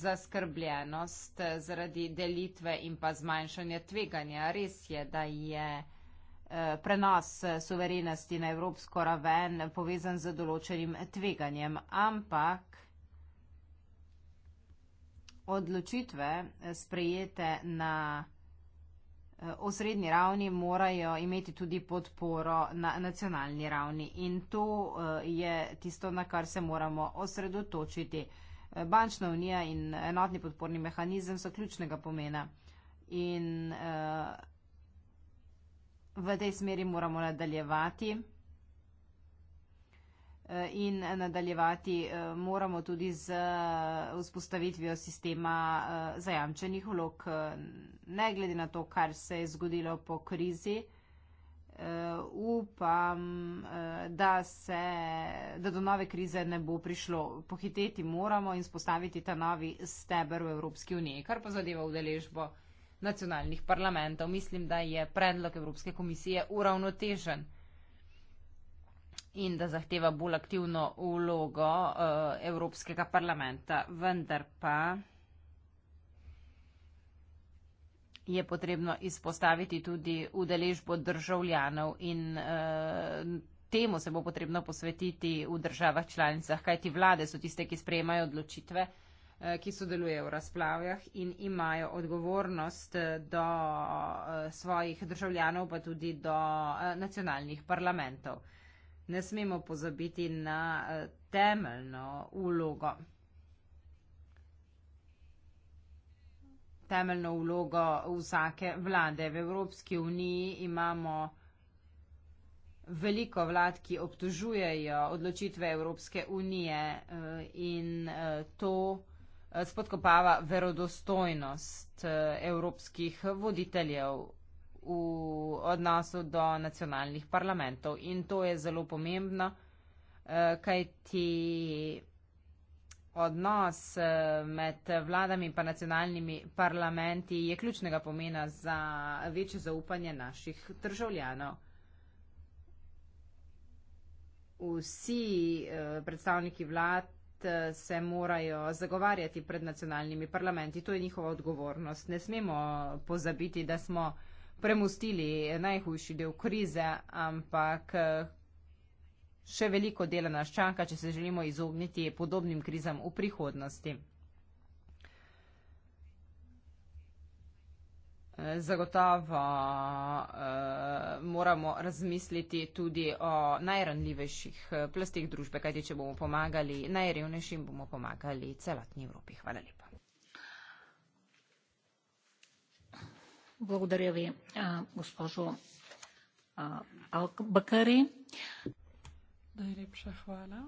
zaskrbljenost eh, zaradi delitve in pa zmanjšanja tveganja. Res je, da je prenos suverenosti na evropsko raven povezan z določenim tveganjem, ampak odločitve eh, sprejete na eh, osrednji ravni morajo imeti tudi podporo na nacionalni ravni in to eh, je tisto, na kar se moramo osredotočiti. Bančna unija in enotni podporni mehanizem so ključnega pomena in v tej smeri moramo nadaljevati. Eh, in nadaljevati eh, moramo tudi z eh, vzpostavitvijo sistema zajamčenih vlog, ne glede na to, kar se je zgodilo po krizi. Upam, da, se, da do nove krize ne bo prišlo. Pohiteti moramo in spostaviti ta novi steber v Evropski uniji, kar pa zadeva udeležbo nacionalnih parlamentov. Mislim, da je predlog Evropske komisije uravnotežen in da zahteva bolj aktivno vlogo uh, Evropskega parlamenta. Vendar pa je potrebno izpostaviti tudi udeležbo državljanov in uh, temu se bo potrebno posvetiti v državah članicah, kajti vlade so tiste, ki sprejemajo odločitve, uh, ki sodelujejo v razplavjah in imajo odgovornost do uh, svojih državljanov, pa tudi do uh, nacionalnih parlamentov ne smemo pozabiti na eh, temeljno vlogo. Temeljno vlogo vsake vlade. V Evropski uniji imamo veliko vlad, ki obtožujejo odločitve Evropske unije eh, in eh, to spodkopava verodostojnost evropskih voditeljev v odnosu do nacionalnih parlamentov. In to je zelo pomembno, eh, kajti odnos eh, med vladami in pa nacionalnimi parlamenti je ključnega pomena za večje zaupanje naših državljanov. Vsi eh, predstavniki vlad se morajo zagovarjati pred nacionalnimi parlamenti. To je njihova odgovornost. Ne smemo pozabiti, da smo premustili najhujši del krize, ampak še veliko dela nas čaka, če se želimo izogniti podobnim krizam v prihodnosti. Zagotovo uh, moramo razmisliti tudi o najranljivejših plastih družbe, kajti če bomo pomagali najrevnejšim, bomo pomagali celotni Evropi. Hvala lepa. Благодаря ви, госпожо Албакари. Najlepša hvala.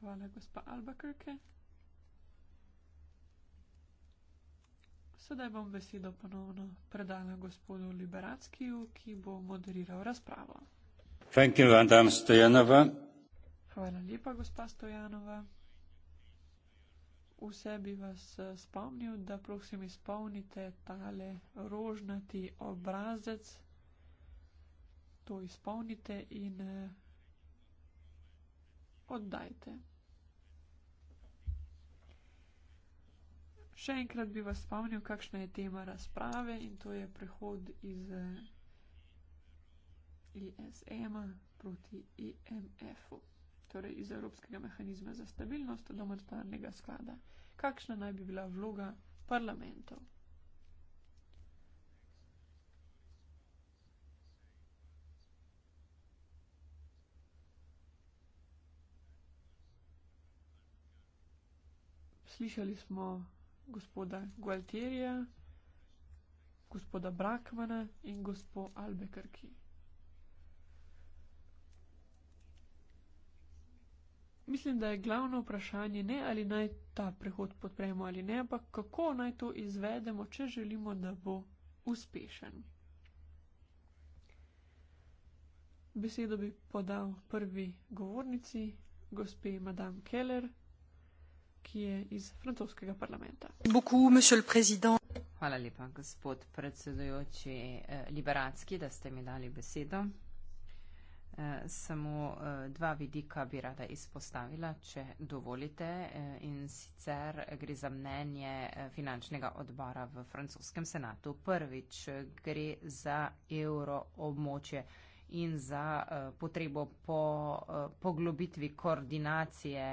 Hvala, gospa Albakrke. Sedaj bom besedo ponovno predala gospodu Liberackiju, ki bo moderiral razpravo. Thank you, Madam Stojanova. Hvala lepa, gospa Stojanova vse bi vas eh, spomnil, da prosim izpolnite tale rožnati obrazec. To izpolnite in eh, oddajte. Še enkrat bi vas spomnil, kakšna je tema razprave in to je prehod iz eh, ISM-a proti IMF-u torej iz Evropskega mehanizma za stabilnost do monetarnega sklada. Kakšna naj bi bila vloga parlamentov? Slišali smo gospoda Gualtierja, gospoda Brakmana in gospo Albekrki. Mislim, da je glavno vprašanje ne ali naj ta prehod podpremo ali ne, ampak kako naj to izvedemo, če želimo, da bo uspešen. Besedo bi podal prvi govornici, gospe Madame Keller, ki je iz francoskega parlamenta. Hvala lepa, gospod predsedujoči eh, Liberacki, da ste mi dali besedo. Eh, samo eh, dva vidika bi rada izpostavila, če dovolite, eh, in sicer gre za mnenje finančnega odbora v francoskem senatu. Prvič gre za evro območje in za potrebo po poglobitvi koordinacije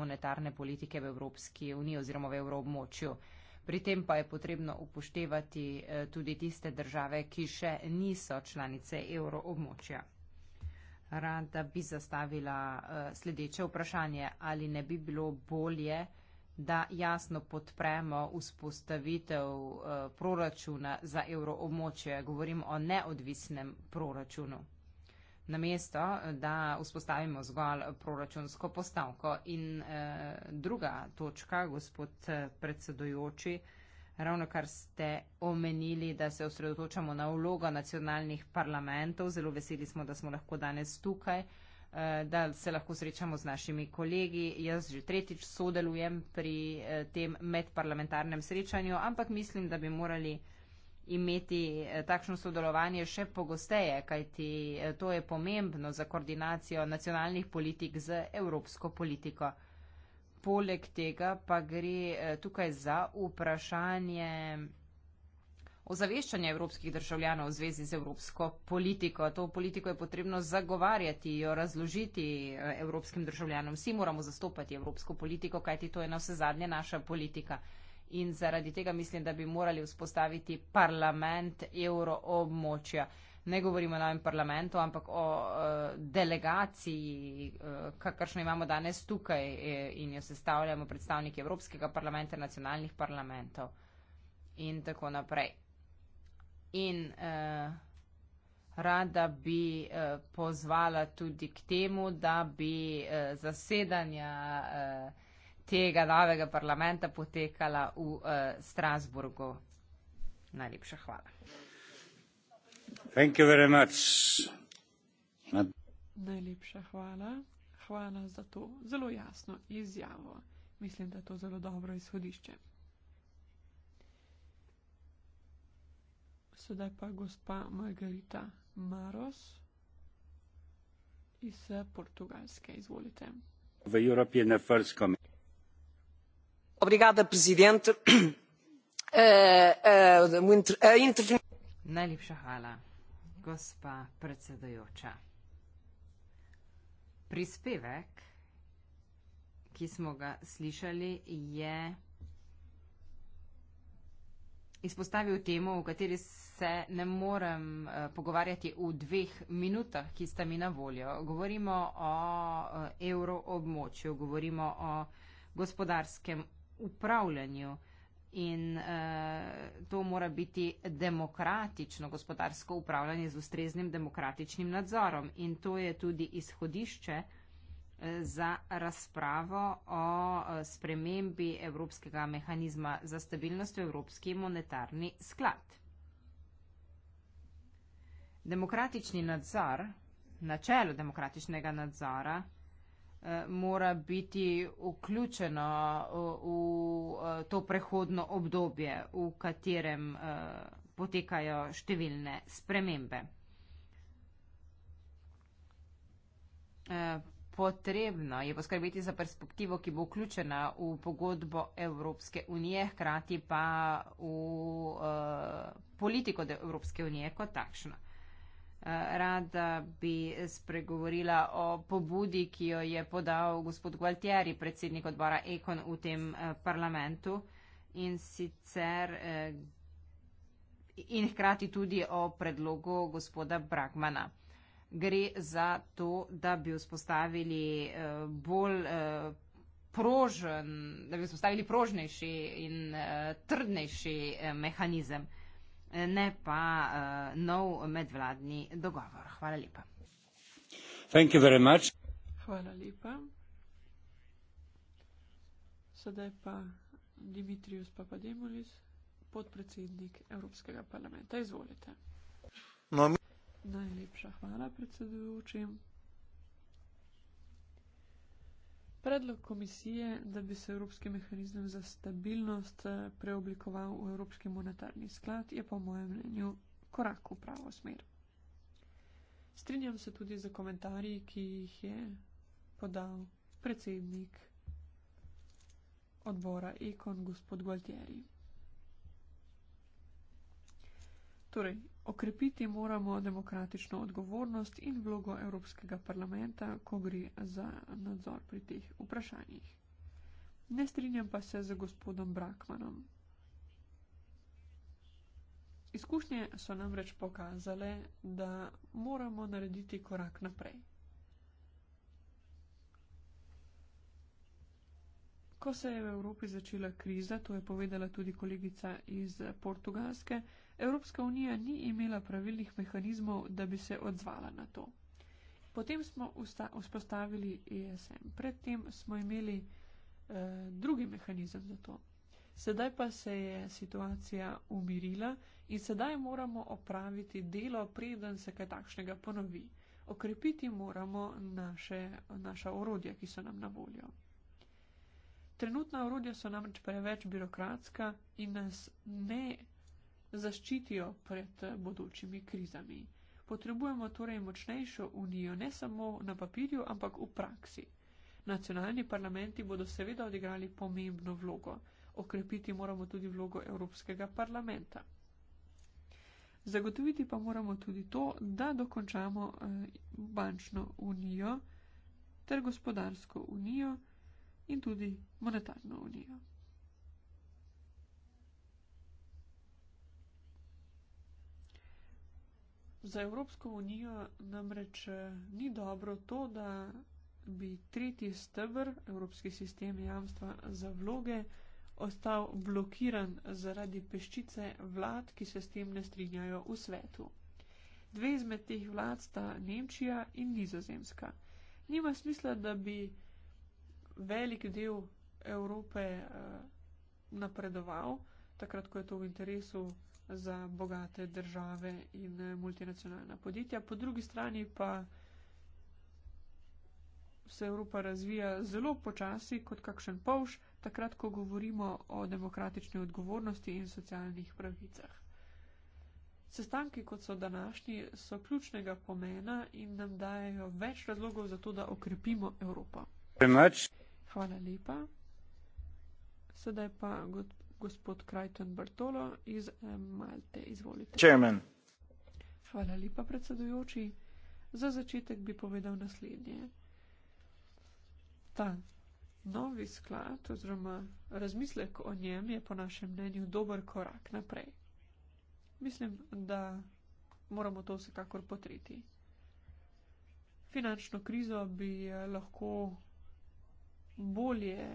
monetarne politike v Evropski uniji oziroma v evroobmočju. Pri tem pa je potrebno upoštevati tudi tiste države, ki še niso članice evroobmočja rada bi zastavila eh, sledeče vprašanje. Ali ne bi bilo bolje, da jasno podpremo vzpostavitev eh, proračuna za evroobmočje, govorim o neodvisnem proračunu, namesto, eh, da vzpostavimo zgolj proračunsko postavko. In druga točka, gospod predsedujoči, Ravno kar ste omenili, da se osredotočamo na vlogo nacionalnih parlamentov, zelo veseli smo, da smo lahko danes tukaj, eh, da se lahko srečamo z našimi kolegi. Jaz že tretjič sodelujem pri eh, tem medparlamentarnem srečanju, ampak mislim, da bi morali imeti eh, takšno sodelovanje še pogosteje, kajti to je pomembno za koordinacijo nacionalnih politik z evropsko politiko. Poleg tega pa gre eh, tukaj za vprašanje ozaveščanja evropskih državljanov v zvezi z evropsko politiko. To politiko je potrebno zagovarjati, jo razložiti eh, evropskim državljanom. Vsi moramo zastopati evropsko politiko, kajti to je na vse zadnje naša politika. In zaradi tega mislim, da bi morali vzpostaviti parlament evroobmočja ne govorimo o novem parlamentu, ampak o uh, delegaciji, uh, eh, kakršno imamo danes tukaj eh, in jo sestavljamo predstavniki Evropskega parlamenta, nacionalnih parlamentov in tako naprej. In uh, rada bi uh, pozvala tudi k temu, da bi uh, zasedanja uh, tega novega parlamenta potekala v uh, Strasburgu. Najlepša hvala. Najlepša hvala. Hvala za to zelo jasno izjavo. Mislim, da je to zelo dobro izhodišče. Sedaj pa gospa Margarita Maros iz eh, Portugalske. Izvolite. V Evropi je na prskom. Obrigada, predsednik. [CLEARS THROAT] Eh, eh, Najlepša hvala gospa predsedojoča. Prispevek, ki smo ga slišali, je izpostavil temo, o kateri se ne morem eh, pogovarjati v dveh minutah, ki sta mi na voljo. Govorimo o eh, evroobmočju, govorimo o gospodarskem upravljanju in uh, to mora biti demokratično gospodarsko upravljanje z ustreznim demokratičnim nadzorom. In to je tudi izhodišče eh, za razpravo o eh, spremembi Evropskega mehanizma za stabilnost v Evropski monetarni sklad. Demokratični nadzor, načelo demokratičnega nadzora Eh, mora biti vključeno eh, v eh, to prehodno obdobje, v katerem potekajo številne spremembe. Potrebno je poskrbeti za perspektivo, ki bo vključena v pogodbo Evropske unije, hkrati pa v politiko Evropske unije kot takšno. Rada bi spregovorila o pobudi, ki jo je podal gospod Gualtieri, predsednik odbora Ekon v tem eh, parlamentu in sicer eh, in hkrati tudi o predlogu gospoda Bragmana. Gre za to, da bi vzpostavili eh, bolj prožen, da bi vzpostavili prožnejši in trdnejši mehanizem ne pa uh, nov medvladni dogovor. Hvala lepa. Hvala lepa. Sedaj pa Dimitrijus Papademolis, podpredsednik Evropskega parlamenta. Izvolite. No, mi... Najlepša hvala predsedujočim. Predlog komisije, da bi se Evropski mehanizem za stabilnost eh, preoblikoval v Evropski monetarni sklad, je po mojem mnenju korak v pravo smer. Strinjam se tudi za komentarji, ki jih je podal predsednik odbora Ekon, gospod Gualtieri. Torej, okrepiti moramo demokratično odgovornost in vlogo Evropskega parlamenta, ko gre za nadzor pri teh vprašanjih. Ne strinjam pa se z gospodom Brakmanom. Izkušnje so nam reč pokazale, da moramo narediti korak naprej. Ko se je v Evropi začela kriza, to je povedala tudi kolegica iz Portugalske, Evropska unija ni imela pravilnih mehanizmov, da bi se odzvala na to. Potem smo usta, vzpostavili ESM. Predtem smo imeli eh, drugi mehanizem za to. Sedaj pa se je situacija umirila in sedaj moramo opraviti delo, preden se kaj takšnega ponovi. Okrepiti moramo naše, naša orodja, ki so nam na voljo. Trenutna orodja so namreč preveč birokratska in nas ne zaščitijo pred eh, bodočimi krizami. Potrebujemo torej močnejšo unijo ne samo na papirju, ampak v praksi. Nacionalni parlamenti bodo seveda odigrali pomembno vlogo. Okrepiti moramo tudi vlogo Evropskega parlamenta. Zagotoviti pa moramo tudi to, da dokončamo eh, bančno unijo ter gospodarsko unijo in tudi monetarno unijo. Za Evropsko unijo namreč eh, ni dobro to, da bi tretji stebr, Evropski sistem jamstva za vloge, ostal blokiran zaradi peščice vlad, ki se s tem ne strinjajo v svetu. Dve izmed teh vlad sta Nemčija in Nizozemska. Nima smisla, da bi velik del Evrope eh, napredoval, takrat, ko je to v interesu za bogate države in eh, multinacionalna podjetja, po drugi strani pa se Evropa razvija zelo počasi kot kakšen povš, takrat, ko govorimo o demokratični odgovornosti in socialnih pravicah. Sestanki, kot so današnji, so ključnega pomena in nam dajo več razlogov za to, da okrepimo Evropo. Hvala lepa. Sedaj pa gospod gospod Krajten Bartolo iz eh, Malte. Izvolite. Chairman. Hvala lepa, predsedujoči. Za začetek bi povedal naslednje. Ta novi sklad oziroma razmislek o njem je po našem mnenju dober korak naprej. Mislim, da moramo to vsekakor potreti. Finančno krizo bi eh, lahko bolje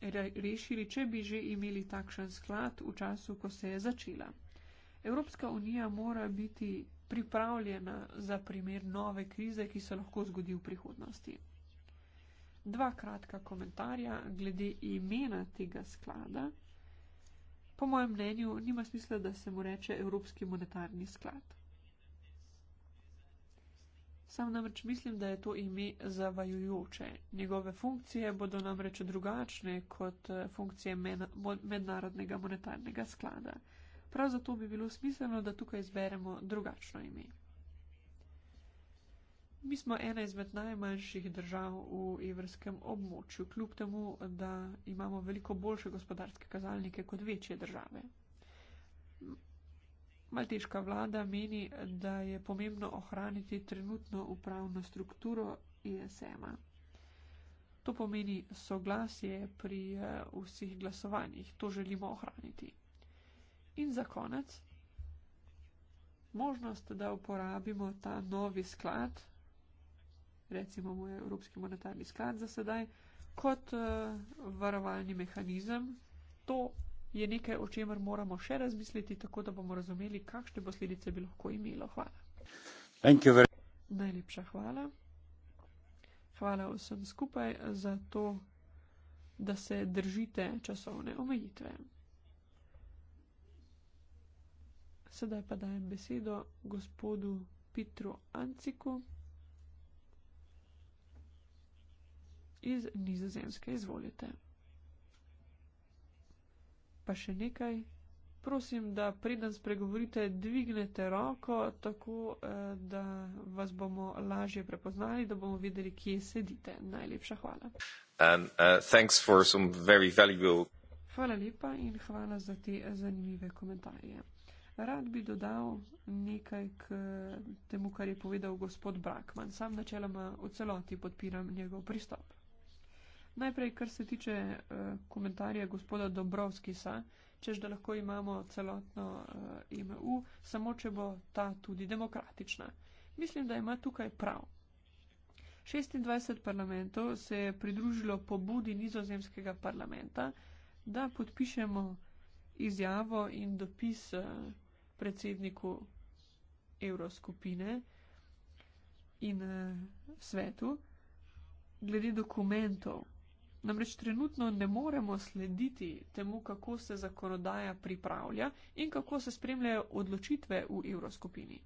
rešili, če bi že imeli takšen sklad v času, ko se je začela. Evropska unija mora biti pripravljena za primer nove krize, ki se lahko zgodi v prihodnosti. Dva kratka komentarja glede imena tega sklada. Po mojem mnenju nima smisla, da se mu reče Evropski monetarni sklad. Sam namreč mislim, da je to ime zavajujoče. Njegove funkcije bodo namreč drugačne kot eh, funkcije mednarodnega monetarnega sklada. Prav zato bi bilo smiselno, da tukaj izberemo drugačno ime. Mi smo ena izmed najmanjših držav v evrskem območju, kljub temu, da imamo veliko boljše gospodarske kazalnike kot večje države. Maltiška vlada meni, da je pomembno ohraniti trenutno upravno strukturo ISM-a. E to pomeni soglasje pri eh, vseh glasovanjih, to želimo ohraniti. In za konec, možnost, da uporabimo ta novi sklad, recimo moj Evropski monetarni sklad za sedaj, kot eh, varovalni mehanizem, to je nekaj, o čemer moramo še razmisliti, tako da bomo razumeli, kakšne posledice bi lahko imelo. Hvala. Very... Najlepša hvala. Hvala vsem skupaj za to, da se držite časovne omejitve. Sedaj pa dajem besedo gospodu Petru Anciku iz Nizozemske. Izvolite. Pa še nekaj. Prosim, da preden spregovorite, dvignete roko, tako eh, da vas bomo lažje prepoznali, da bomo videli, kje sedite. Najlepša hvala. And, uh, for some very valuable... Hvala lepa in hvala za te zanimive komentarje. Rad bi dodal nekaj k temu, kar je povedal gospod Brakman. Sam načeloma v celoti podpiram njegov pristop. Najprej, kar se tiče uh, komentarja gospoda Dobrovskisa, čež da lahko imamo celotno uh, eh, IMU, samo če bo ta tudi demokratična. Mislim, da ima tukaj prav. 26 parlamentov se je pridružilo pobudi nizozemskega parlamenta, da podpišemo izjavo in dopis eh, predsedniku Evroskupine in svetu glede dokumentov, Namreč trenutno ne moremo slediti temu, kako se zakonodaja pripravlja in kako se spremljajo odločitve v evroskupini.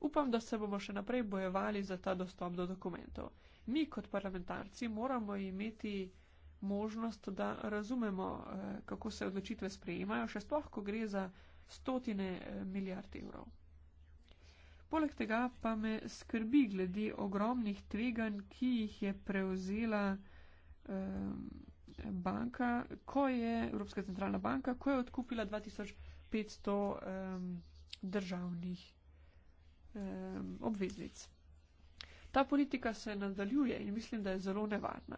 Upam, da se bomo še naprej bojevali za ta dostop do dokumentov. Mi kot parlamentarci moramo imeti možnost, da razumemo, eh, kako se odločitve sprejemajo, še sploh, ko gre za stotine eh, milijard evrov. Poleg tega pa me skrbi glede ogromnih tveganj, ki jih je prevzela eh, banka, ko je Evropska centralna banka, ko je odkupila 2500 eh, državnih eh, obveznic. Ta politika se nadaljuje in mislim, da je zelo nevarna.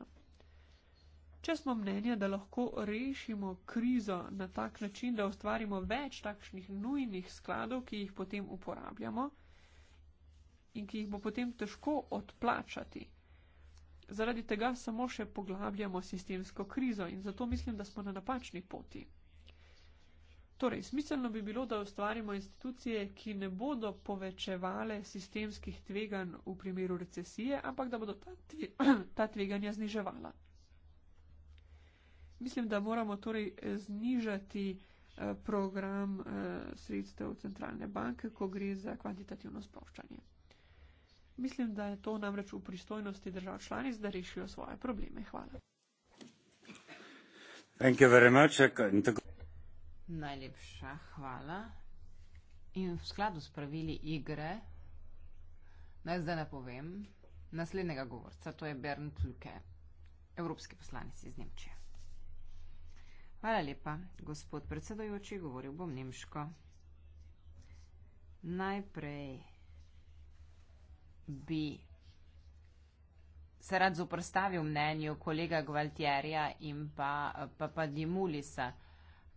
Če smo mnenja, da lahko rešimo krizo na tak način, da ustvarimo več takšnih nujnih skladov, ki jih potem uporabljamo in ki jih bo potem težko odplačati, zaradi tega samo še poglabljamo sistemsko krizo in zato mislim, da smo na napačni poti. Torej, smiselno bi bilo, da ustvarimo institucije, ki ne bodo povečevale sistemskih tveganj v primeru recesije, ampak da bodo ta, tve, [CLEARS THROAT] ta tveganja zniževala. Mislim, da moramo torej eh, znižati eh, program eh, sredstev centralne banke, ko gre za kvantitativno sproščanje. Mislim, da je to namreč v pristojnosti držav članic, da rešijo svoje probleme. Hvala. Najlepša hvala. In v skladu s pravili igre, naj zdaj napovem naslednjega govorca, to je Bernd Luke, evropski poslanec iz Nemčije. Hvala lepa, gospod predsedojoči, govoril bom nemško. Najprej bi se rad zoprstavil mnenju kolega Gvaltjerja in pa Papadimulisa,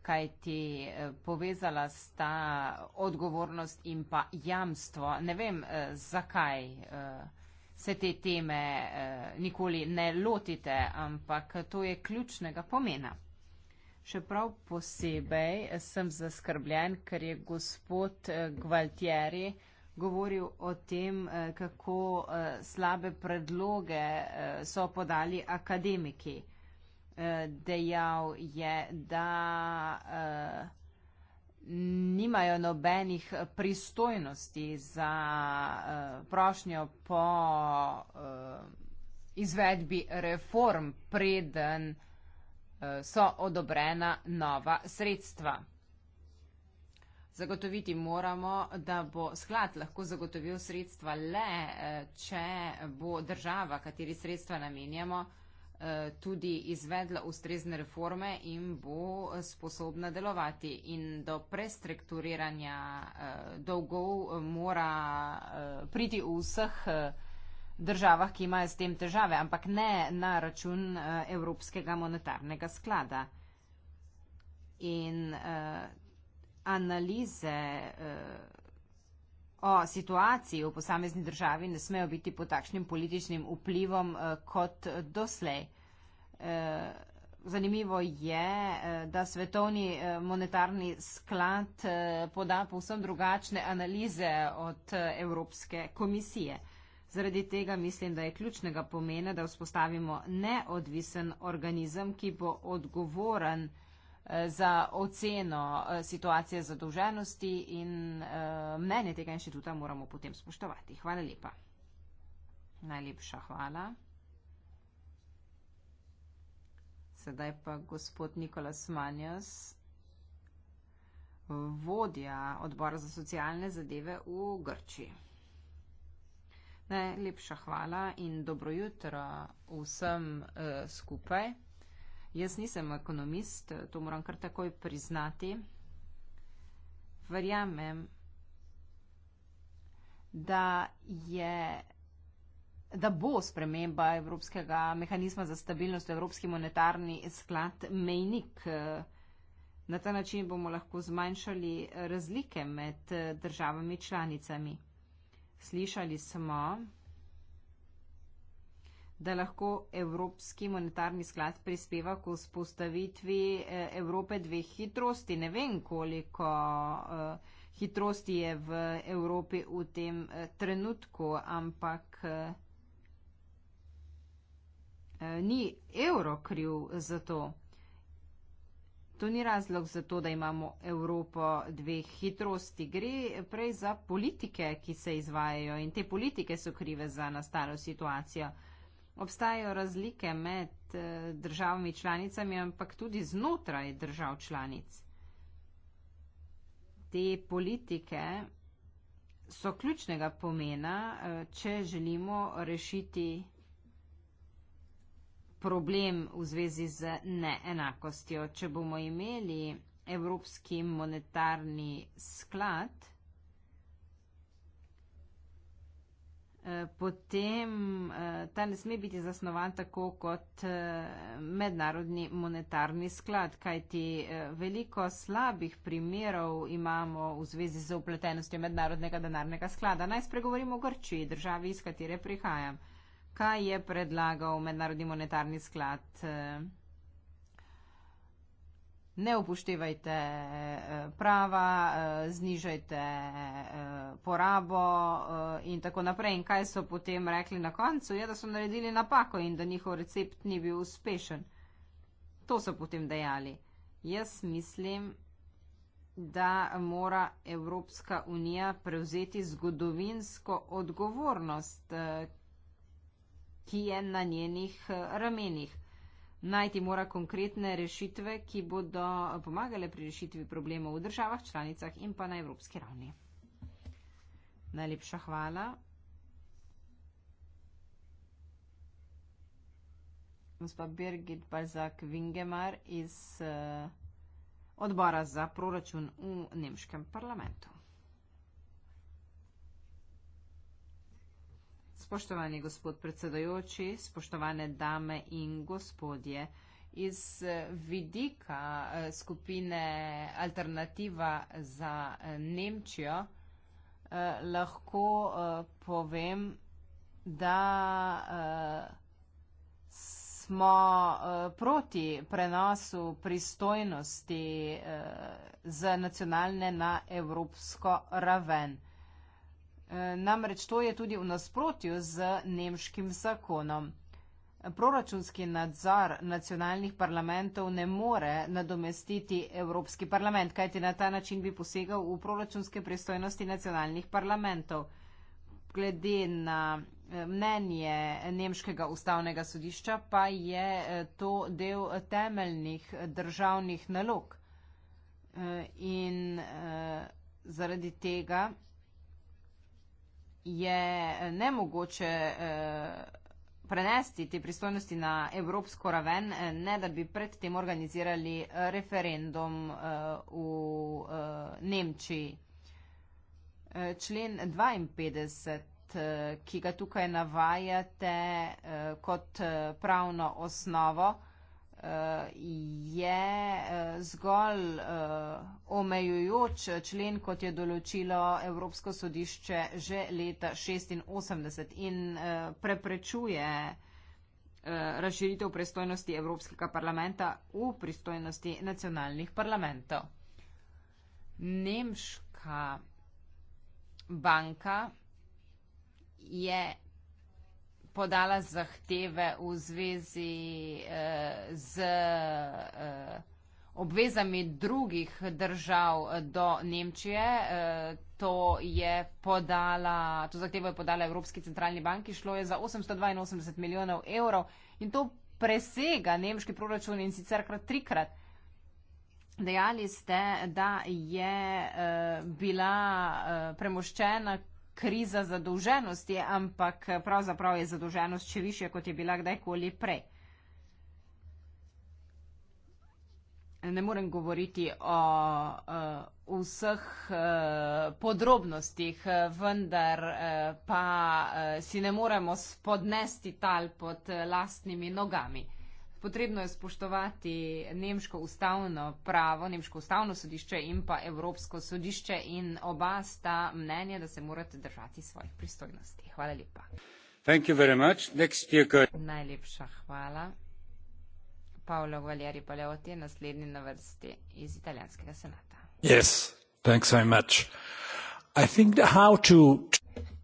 kaj ti eh, povezala sta odgovornost in pa jamstvo. Ne vem, eh, zakaj eh, se te teme nikoli ne lotite, ampak to je ključnega pomena. Še prav posebej sem zaskrbljen, ker je gospod Gvaltjeri govoril o tem, eh, kako eh, slabe predloge eh, so podali akademiki. Dejal je, da nimajo nobenih pristojnosti za prošnjo po izvedbi reform preden so odobrena nova sredstva. Zagotoviti moramo, da bo sklad lahko zagotovil sredstva le, eh, če bo država, kateri sredstva namenjamo, eh, tudi izvedla ustrezne reforme in bo sposobna delovati. In do prestrukturiranja eh, dolgov mora priti v vseh državah, ki imajo s tem težave, ampak ne na račun Evropskega monetarnega sklada. In uh, analize eh, o situaciji v posamezni državi ne smejo biti pod takšnim političnim vplivom eh, kot doslej. Eh, zanimivo je, da svetovni monetarni sklad poda povsem drugačne analize od Evropske komisije. Zaradi tega mislim, da je ključnega pomena, da vzpostavimo neodvisen organizem, ki bo odgovoren za oceno eh, situacije zadolženosti in eh, mnenje tega inštituta moramo potem spoštovati. Hvala lepa. Najlepša hvala. Sedaj pa gospod Nikolas Manjas, vodja odbora za socialne zadeve v Grči. Najlepša hvala in dobro jutro vsem uh, skupaj. Jaz nisem ekonomist, to moram kar takoj priznati. Verjamem, da je da bo sprememba Evropskega mehanizma za stabilnost v Evropski monetarni sklad mejnik. Na ta način bomo lahko zmanjšali razlike med državami članicami. Slišali smo, da lahko Evropski monetarni sklad prispeva k vzpostavitvi eh, Evrope dveh hitrosti. Ne vem, koliko eh, hitrosti je v Evropi v tem eh, trenutku, ampak ni evro kriv za to. To ni razlog za to, da imamo Evropo dveh hitrosti. Gre prej za politike, ki se izvajajo in te politike so krive za nastalo situacijo obstajajo razlike med eh, državami članicami, ampak tudi znotraj držav članic. Te politike so ključnega pomena, eh, če želimo rešiti problem v zvezi z neenakostjo. Če bomo imeli Evropski monetarni sklad, potem eh, ta ne sme biti zasnovan tako kot eh, mednarodni monetarni sklad, kajti eh, veliko slabih primerov imamo v zvezi z upletenostjo mednarodnega denarnega sklada. Naj spregovorimo o Grčiji, državi, iz katere prihajam. Kaj je predlagal mednarodni monetarni sklad? ne upoštevajte eh, prava, eh, znižajte eh, porabo in tako naprej. In kaj so potem rekli na koncu? Je, da so naredili napako in da njihov recept ni bil uspešen. To so potem dejali. Jaz mislim, da mora Evropska unija prevzeti zgodovinsko odgovornost, ki je na njenih ramenih. Najti mora konkretne rešitve, ki bodo pomagale pri rešitvi problemov v državah, članicah in pa na evropski ravni. Najlepša hvala. Gospa Birgit Balzak-Wingemar iz eh, odbora za proračun v nemškem parlamentu. Spoštovani gospod predsedajoči, spoštovane dame in gospodje, iz eh, vidika eh, skupine Alternativa za eh, Nemčijo lahko povem, da smo proti prenosu pristojnosti z nacionalne na evropsko raven. Namreč to je tudi v nasprotju z nemškim zakonom. Proračunski nadzor nacionalnih parlamentov ne more nadomestiti Evropski parlament, kajti na ta način bi posegal v proračunske pristojnosti nacionalnih parlamentov. Glede na eh, mnenje Nemškega ustavnega sodišča pa je eh, to del temeljnih državnih nalog. Eh, in zaradi tega je eh, nemogoče eh, prenesti te pristojnosti na evropsko raven, eh, ne da bi predtem organizirali referendum v Nemčiji. Člen 52, ki ga tukaj navajate kot pravno osnovo, Eh, je eh, zgolj eh, omejujoč člen, kot je določilo Evropsko sodišče že leta 86 in preprečuje razširitev pristojnosti Evropskega parlamenta v pristojnosti nacionalnih parlamentov. Nemška banka je podala zahteve v zvezi eh, z eh, obvezami drugih držav do Nemčije. Eh, to, je podala, to zahtevo je podala Evropski centralni banki, šlo je za 882 milijonov evrov in to presega nemški proračun in sicer krat trikrat. Dejali ste, da je eh, bila eh, premoščena kriza zadolženosti, ampak pravzaprav je zadolženost še više, kot je bila kdajkoli prej. Ne morem govoriti o uh, vseh uh, podrobnostih, vendar uh, pa uh, si ne moremo spodnesti tal pod uh, lastnimi nogami. Potrebno je spoštovati nemško ustavno pravo, nemško ustavno sodišče in pa Evropsko sodišče in oba sta mnenja, da se morate držati svojih pristojnosti. Hvala lepa. Najlepša hvala. Paolo Valjeri Paleoti je naslednji na vrsti iz italijanskega senata. Yes, to...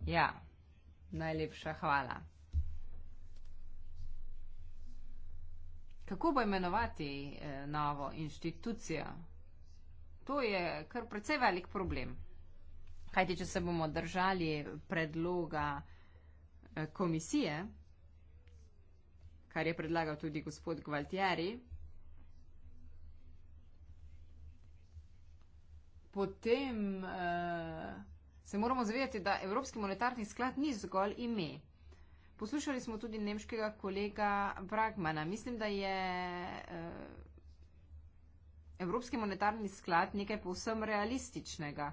Ja, najlepša hvala. Kako bo imenovati eh, novo inštitucijo? To je kar precej velik problem. Kajti, če se bomo držali predloga eh, komisije, kar je predlagal tudi gospod Gvaltieri, potem eh, se moramo zavedati, da Evropski monetarni sklad ni zgolj ime. Poslušali smo tudi nemškega kolega Bragmana. Mislim, da je eh, Evropski monetarni sklad nekaj povsem realističnega.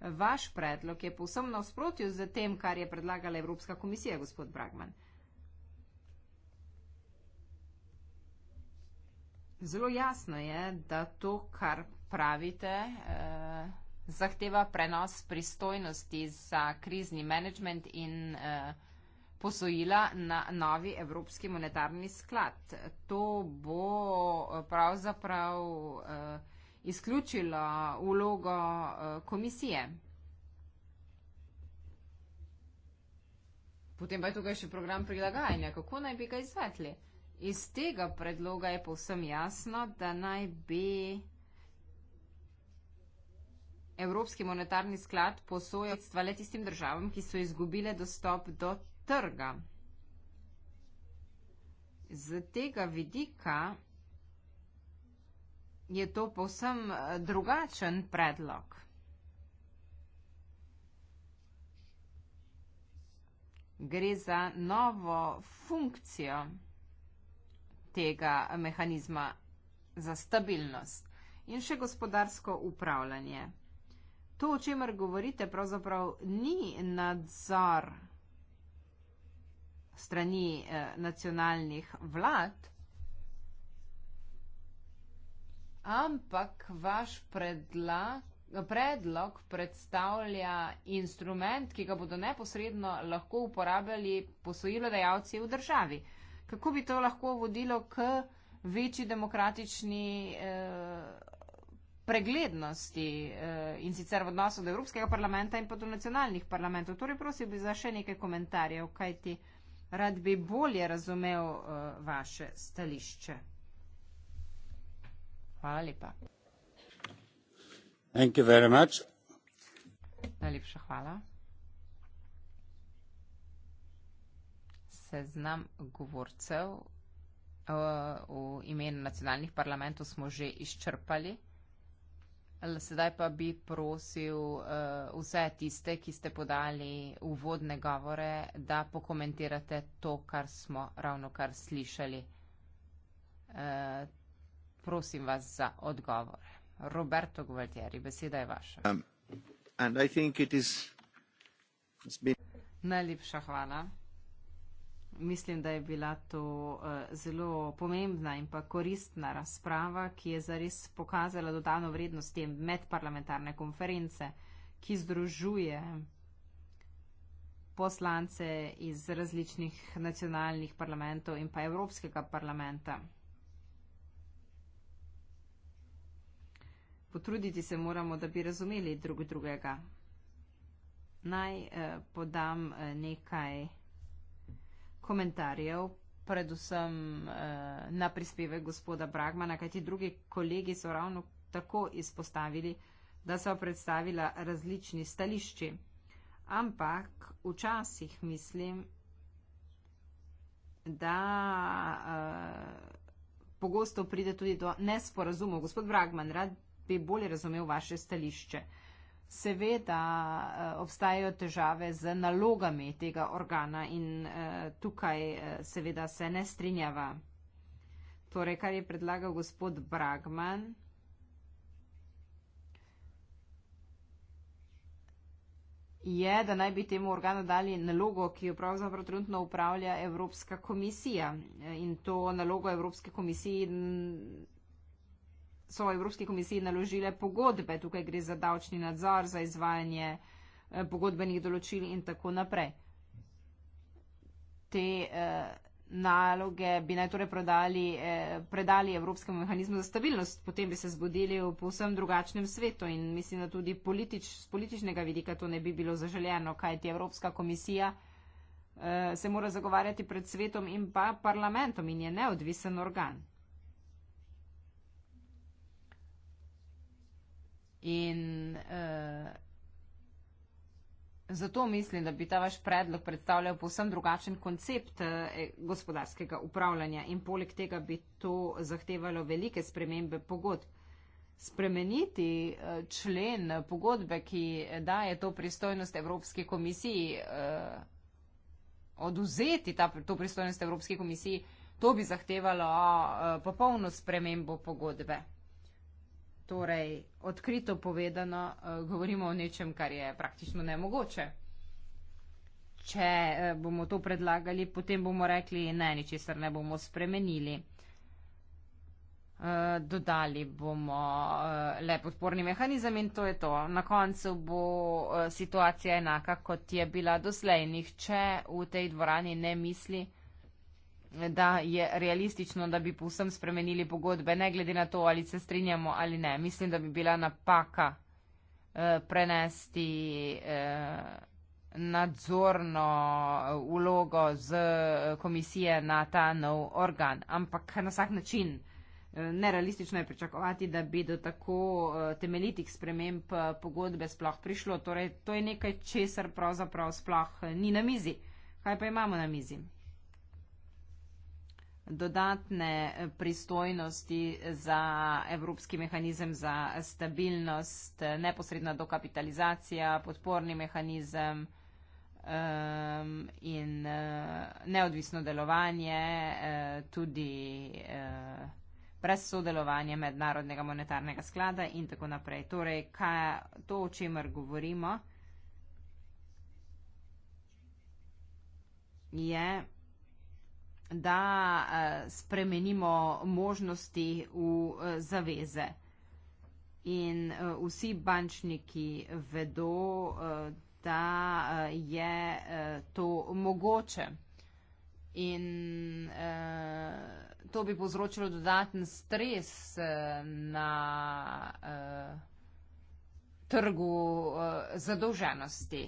Vaš predlog je povsem na sprotju z tem, kar je predlagala Evropska komisija, gospod Bragman. Zelo jasno je, da to, kar pravite, eh, zahteva prenos pristojnosti za krizni management in eh, posojila na novi Evropski monetarni sklad. To bo eh, pravzaprav eh, izključilo vlogo eh, komisije. Potem pa je tukaj še program prilagajanja, kako naj bi ga izvedli. Iz tega predloga je povsem jasno, da naj bi Evropski monetarni sklad posojal sredstva le tistim državam, ki so izgubile dostop do trga. Z tega vidika je to povsem eh, drugačen predlog. Gre za novo funkcijo tega mehanizma za stabilnost in še gospodarsko upravljanje. To, o čemer govorite, pravzaprav ni nadzor strani eh, nacionalnih vlad, ampak vaš predlog, predlog predstavlja instrument, ki ga bodo neposredno lahko uporabljali posojilodajalci v državi. Kako bi to lahko vodilo k večji demokratični eh, preglednosti eh, in sicer v odnosu do Evropskega parlamenta in pa do nacionalnih parlamentov. Torej prosil bi za še nekaj komentarjev, kaj ti rad bi bolje razumel uh, vaše stališče. Hvala lepa. Thank you very much. Najlepša hvala. Seznam govorcev uh, v imenu nacionalnih parlamentov smo že izčrpali. Sedaj pa bi prosil uh, vse tiste, ki ste podali uvodne govore, da pokomentirate to, kar smo ravno kar slišali. Uh, prosim vas za odgovore. Roberto Gualtieri, beseda je vaša. Um, Najlepša hvala. Mislim, da je bila to eh, zelo pomembna in pa koristna razprava, ki je zares pokazala dodano vrednost tem medparlamentarne konference, ki združuje poslance iz različnih nacionalnih parlamentov in pa Evropskega parlamenta. Potruditi se moramo, da bi razumeli drug drugega. Naj eh, podam eh, nekaj komentarjev, predvsem uh, na prispeve gospoda Bragmana, kajti drugi kolegi so ravno tako izpostavili, da so predstavila različni stališči. Ampak včasih mislim, da uh, pogosto pride tudi do nesporazumov. Gospod Bragman, rad bi bolje razumel vaše stališče. Uh, seveda eh, obstajajo težave z nalogami tega organa in eh, tukaj eh, seveda se ne strinjava. Torej, kar je predlagal gospod Bragman. je, da naj bi temu organu dali nalogo, ki jo pravzaprav trenutno upravlja Evropska komisija. In to nalogo Evropske komisije so Evropski komisiji naložile pogodbe, tukaj gre za davčni nadzor, za izvajanje eh, pogodbenih določil in tako naprej. Te eh, naloge bi naj torej prodali, eh, predali Evropskemu mehanizmu za stabilnost, potem bi se zbudili v povsem drugačnem svetu in mislim, da tudi politič, z političnega vidika to ne bi bilo zaželjeno, kajti Evropska komisija eh, se mora zagovarjati pred svetom in pa parlamentom in je neodvisen organ. In uh, zato mislim, da bi ta vaš predlog predstavljal povsem drugačen koncept uh, gospodarskega upravljanja in poleg tega bi to zahtevalo velike spremembe pogodb. Spremeniti eh, člen pogodbe, ki daje to pristojnost Evropske komisiji, oduzeti ta, to pristojnost Evropske komisiji, to bi zahtevalo popolno spremembo pogodbe. Torej, odkrito povedano, eh, govorimo o nečem, kar je praktično nemogoče. Če eh, bomo to predlagali, potem bomo rekli, ne, ničesar ne bomo spremenili. Eh, dodali bomo le podporni mehanizem in to je to. Na koncu bo situacija enaka, kot je bila doslej. Nihče v tej dvorani ne misli, da da je realistično, da bi povsem spremenili pogodbe, ne glede na to, ali se strinjamo ali ne. Mislim, da bi bila napaka eh, prenesti eh, nadzorno ulogo eh, z eh, komisije na ta nov organ. Ampak na vsak način. Eh, nerealistično je pričakovati, da bi do tako temeljitih sprememb pogodbe sploh prišlo. Torej, to je nekaj, česar pravzaprav sploh ni na mizi. Kaj pa imamo na mizi? dodatne eh, pristojnosti za Evropski mehanizem za stabilnost, eh, neposredna dokapitalizacija, podporni mehanizem um, in uh, neodvisno delovanje, uh, tudi uh, brez sodelovanja mednarodnega monetarnega sklada in tako naprej. Torej, kaj, to, o čemer govorimo, je. Yeah da eh, spremenimo možnosti v eh, zaveze. In eh, vsi bančniki vedo, da je to mogoče. In to bi povzročilo dodaten stres na trgu zadolženosti.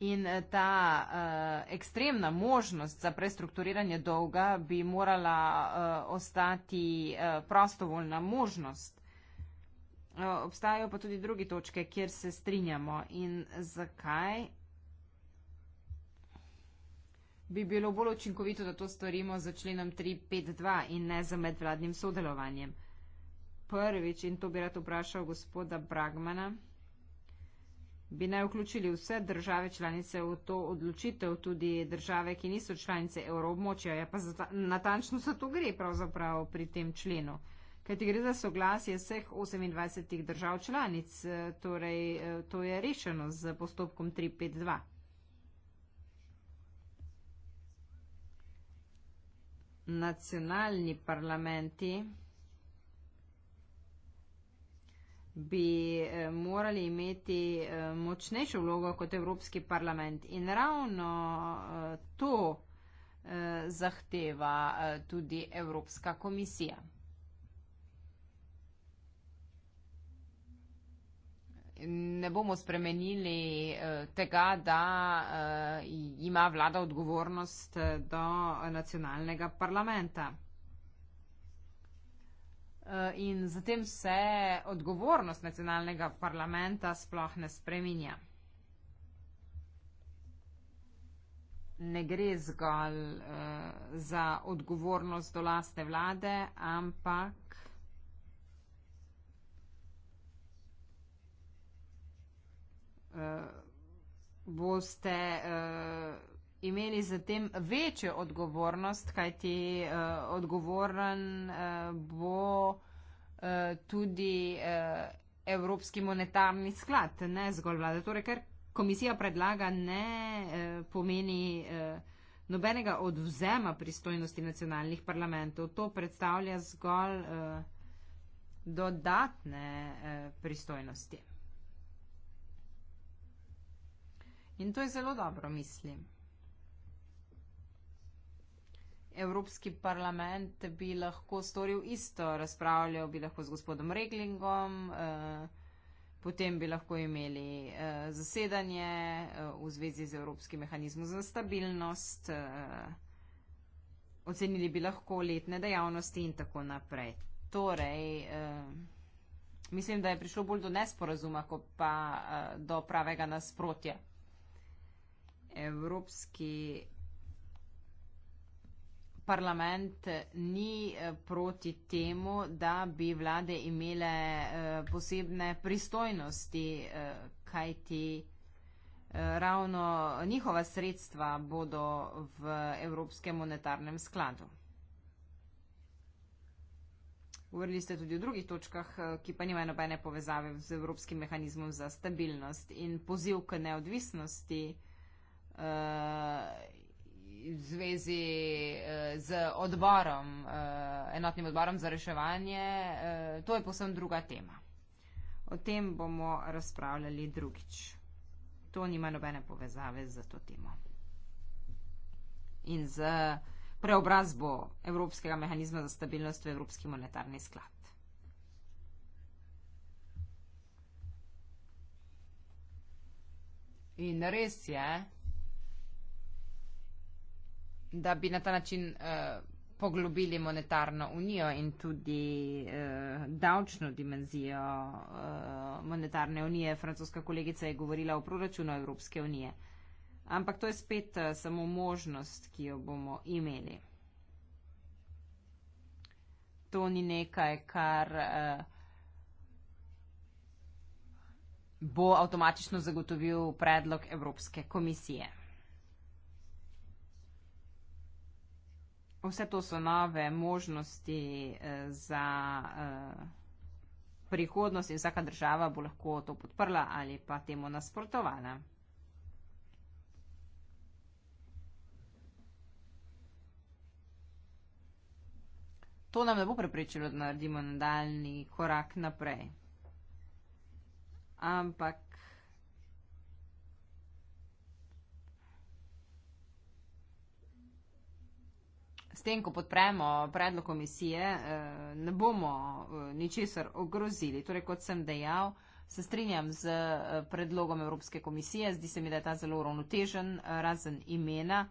In eh, ta uh, ekstremna možnost za prestrukturiranje dolga bi morala uh, ostati uh, prostovoljna možnost. Uh, obstajajo pa tudi druge točke, kjer se strinjamo. In zakaj bi bilo bolj učinkovito, da to storimo za členom 352 in ne za medvladnim sodelovanjem? Prvič, in to bi rad vprašal gospoda Bragmana. Bi naj vključili vse države članice v to odločitev, tudi države, ki niso članice evroobmočja, ja pa natančno za to gre pravzaprav pri tem členu. Kajti gre za soglasje vseh 28 držav članic, e, torej e, to je rešeno z postopkom 352. Nacionalni parlamenti bi eh, morali imeti eh, močnejšo vlogo kot Evropski parlament. In ravno eh, to zahteva tudi Evropska komisija. Ne bomo spremenili tega, da ima vlada odgovornost do nacionalnega parlamenta. Eh, in zatem se odgovornost nacionalnega parlamenta sploh ne spreminja. Ne gre zgolj eh, za odgovornost do lastne vlade, ampak eh, boste odgovorili imeli za tem večjo odgovornost, kajti uh, odgovoren uh, bo uh, tudi uh, Evropski monetarni sklad, ne zgolj vlada. Torej, ker komisija predlaga, ne uh, pomeni uh, nobenega odvzema pristojnosti nacionalnih parlamentov. To predstavlja zgolj uh, dodatne uh, pristojnosti. In to je zelo dobro, mislim. Evropski parlament bi lahko storil isto, razpravljal bi lahko z gospodom Reglingom, eh, potem bi lahko imeli eh, zasedanje eh, v zvezi z Evropskim mehanizmom za stabilnost, eh, ocenili bi lahko letne dejavnosti in tako naprej. Torej, eh, mislim, da je prišlo bolj do nesporazuma, kot pa eh, do pravega nasprotja. Evropski parlament ni eh, proti temu, da bi vlade imele eh, posebne pristojnosti, eh, kajti ravno njihova sredstva bodo v Evropskem monetarnem skladu. Govorili ste tudi o drugih točkah, ki pa nimajo nobene povezave z Evropskim mehanizmom za stabilnost in poziv k neodvisnosti v zvezi eh, z odborom, eh, enotnim odborom za reševanje, eh, to je posebno druga tema. O tem bomo razpravljali drugič. To nima nobene povezave z to temo. In z preobrazbo Evropskega mehanizma za stabilnost v Evropski monetarni sklad. In res je, da bi na ta način uh, poglobili monetarno unijo in tudi uh, davčno dimenzijo uh, monetarne unije. Francoska kolegica je govorila o proračunu Evropske unije. Ampak to je spet uh, samo možnost, ki jo bomo imeli. To ni nekaj, kar. Uh, bo avtomatično zagotovil predlog Evropske komisije. Vse to so nove možnosti eh, za eh, prihodnost in vsaka država bo lahko to podprla ali pa temu nasprotovala. To nam ne bo prepričalo, da naredimo nadaljni korak naprej. Ampak tem, ko podpremo predlog komisije, eh, ne bomo eh, ničesar ogrozili. Torej, kot sem dejal, se strinjam z eh, predlogom Evropske komisije, zdi se mi, da je ta zelo ravnotežen, razen imena.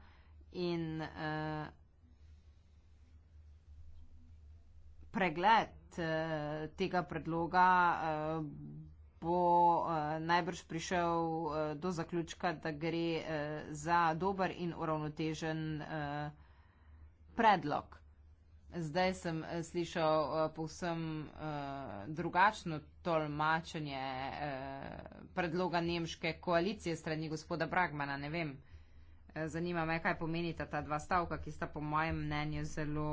In pregled tega predloga bo najbrž prišel do zaključka, da gre za dober in uravnotežen predlog predlog. Zdaj sem eh, slišal eh, povsem eh, drugačno tolmačenje predloga nemške koalicije strani gospoda Bragmana. Ne vem, zanima me, kaj pomenita ta dva stavka, ki sta po mojem mnenju zelo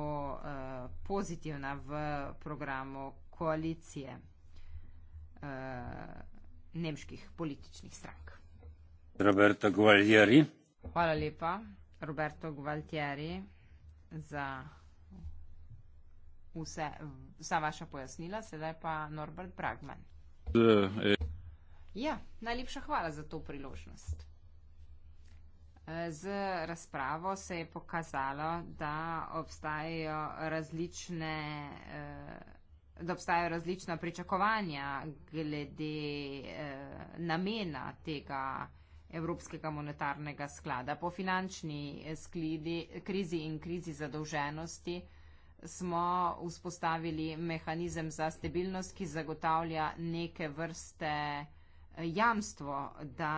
pozitivna v programu koalicije nemških političnih strank. Roberto Gualtieri. Hvala lepa, Roberto Gualtieri za vse, vsa vaša pojasnila. Sedaj pa Norbert Bragman. Ja, najlepša hvala za to priložnost. Z razpravo se je pokazalo, da obstajajo različne, eh, da obstajajo različna pričakovanja glede eh, namena tega Evropskega monetarnega sklada. Po finančni sklidi, krizi in krizi zadolženosti smo vzpostavili mehanizem za stabilnost, ki zagotavlja neke vrste jamstvo, da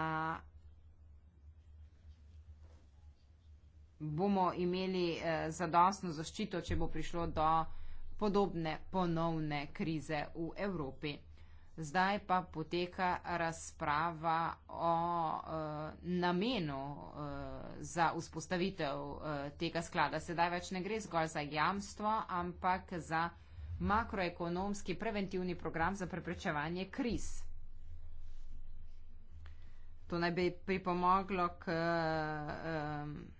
bomo imeli eh, zadostno zaščito, če bo prišlo do podobne ponovne krize v Evropi. Zdaj pa poteka razprava o uh, namenu uh, za vzpostavitev uh, tega sklada. Sedaj več ne gre zgolj za jamstvo, ampak za makroekonomski preventivni program za preprečevanje kriz. To naj bi pripomoglo k. Uh, um,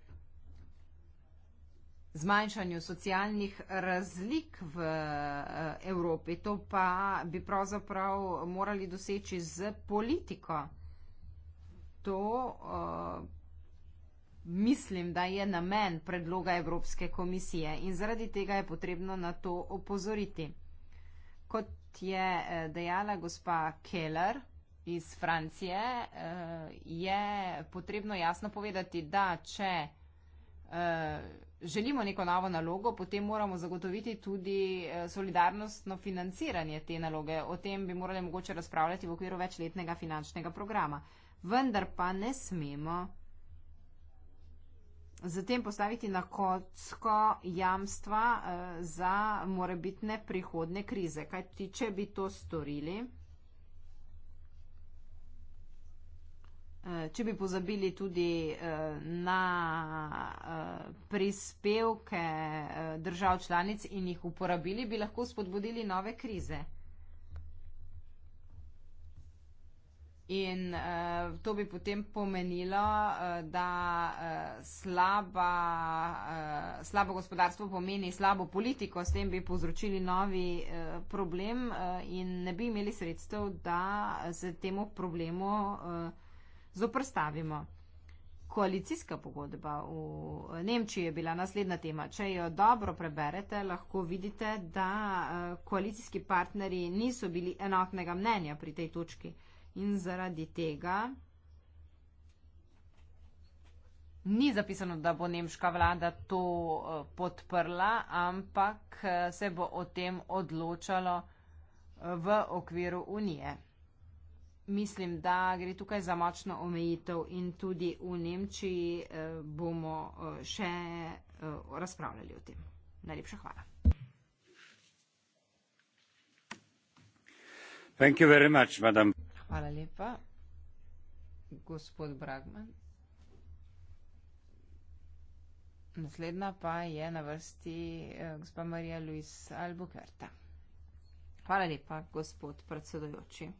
zmanjšanju socialnih razlik v eh, Evropi. To pa bi pravzaprav morali doseči z politiko. To eh, mislim, da je namen predloga Evropske komisije in zaradi tega je potrebno na to opozoriti. Kot je eh, dejala gospa Keller iz Francije, je potrebno jasno povedati, da če Eh, želimo neko novo nalogo, potem moramo zagotoviti tudi eh, solidarnostno financiranje te naloge. O tem bi morali mogoče razpravljati v okviru večletnega finančnega programa. Vendar pa ne smemo zatem postaviti na kocko jamstva eh, za morebitne prihodne krize. Kaj tiče bi to storili? Eh, če bi pozabili tudi eh, na eh, prispevke držav članic in jih uporabili, bi lahko spodbudili nove krize. In uh, to bi potem pomenilo, uh, da uh, slaba, uh, slabo gospodarstvo pomeni slabo politiko, s tem bi povzročili novi uh, problem uh, in ne bi imeli sredstev, da se temu problemu uh, zoprstavimo. Koalicijska pogodba v Nemčiji je bila naslednja tema. Če jo dobro preberete, lahko vidite, da eh, koalicijski partnerji niso bili enotnega mnenja pri tej točki in zaradi tega ni zapisano, da bo nemška vlada to eh, podprla, ampak eh, se bo o tem odločalo v okviru unije mislim, da gre tukaj za močno omejitev in tudi v Nemčiji eh, bomo eh, še eh, razpravljali o tem. Najlepša hvala. Much, hvala lepa. Gospod Bragman. Naslednja pa je na vrsti gospa Marija Luis Albuquerta. Hvala lepa, gospod predsedojoči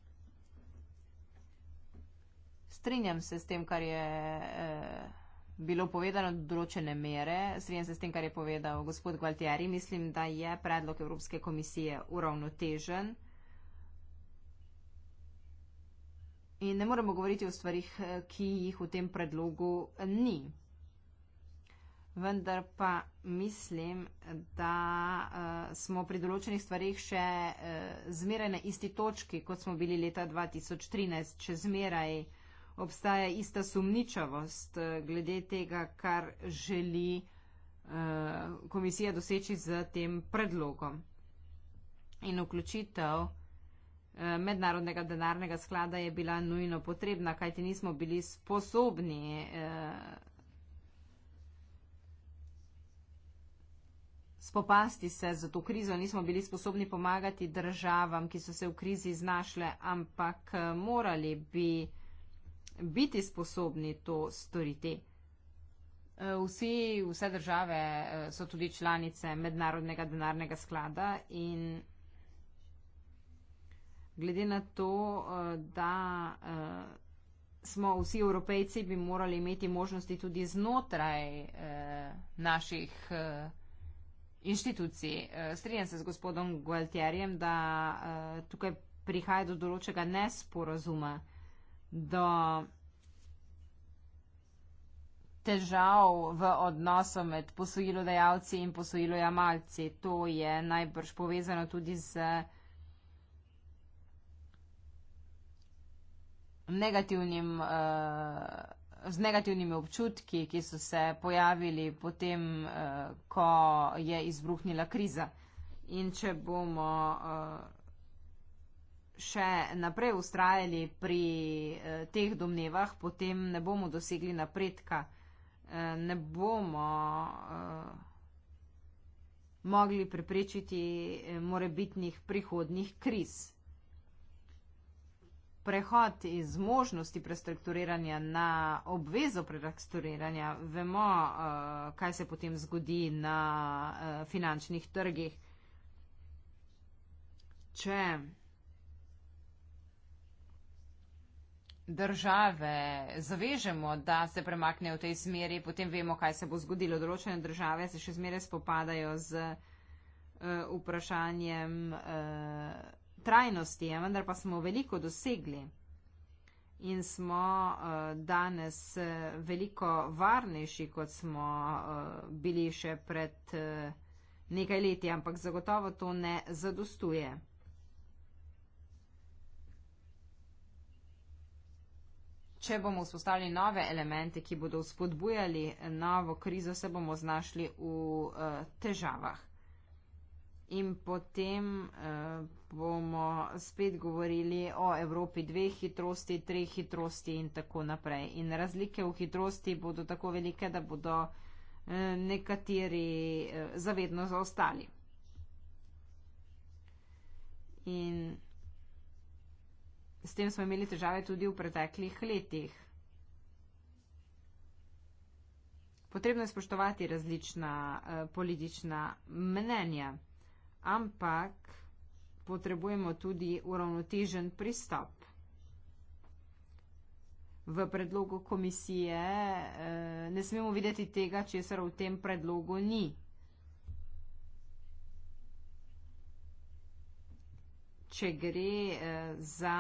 strinjam se s tem, kar je eh, bilo povedano do določene mere. Strinjam se s tem, kar je povedal gospod Gualtieri. Mislim, da je predlog Evropske komisije uravnotežen. In ne moremo govoriti o stvarih, eh, ki jih v tem predlogu eh, ni. Vendar pa mislim, da uh, smo pri določenih stvarih še uh, zmeraj na isti točki, kot smo bili leta 2013, če zmeraj uh, obstaja ista sumničavost eh, glede tega, kar želi eh, komisija doseči z tem predlogom. In vključitev eh, mednarodnega denarnega sklada je bila nujno potrebna, kajti nismo bili sposobni spopasti se za to krizo, nismo bili sposobni pomagati državam, ki so se v krizi znašle, ampak morali bi biti sposobni to storiti. E, vsi, vse države e, so tudi članice mednarodnega denarnega sklada in glede na to, e, da smo vsi evropejci, bi morali imeti možnosti tudi znotraj naših inštitucij. Strinjam se z gospodom Gualtjerjem, da tukaj prihaja do določega nesporazuma do težav v odnosu med posojilodajalci in posojilojamalci. To je najbrž povezano tudi z negativnim, eh, z negativnimi občutki, ki so se pojavili potem, eh, ko je izbruhnila kriza. In če bomo uh, še naprej ustrajali pri eh, teh domnevah, potem ne bomo dosegli napredka, eh, ne bomo eh, mogli preprečiti eh, morebitnih prihodnih kriz. Prehod iz možnosti prestrukturiranja na obvezo prestrukturiranja, vemo, eh, kaj se potem zgodi na eh, finančnih trgih. Če države zavežemo, da se premaknejo v tej smeri, potem vemo, kaj se bo zgodilo. Določene države se še zmeraj spopadajo z uh, vprašanjem uh, trajnosti, ja, vendar pa smo veliko dosegli in smo uh, danes veliko varnejši, kot smo uh, bili še pred uh, nekaj leti, ampak zagotovo to ne zadostuje. če bomo vzpostavili nove elemente, ki bodo spodbujali novo krizo, se bomo znašli v uh, težavah. In potem uh, bomo spet govorili o Evropi dveh hitrosti, treh hitrosti in tako naprej. In razlike v hitrosti bodo tako velike, da bodo uh, nekateri uh, zavedno zaostali. In S tem smo imeli težave tudi v preteklih letih. Potrebno je spoštovati različna eh, politična mnenja, ampak potrebujemo tudi uravnotežen pristop. V predlogu komisije eh, ne smemo videti tega, česar v tem predlogu ni. če gre eh, za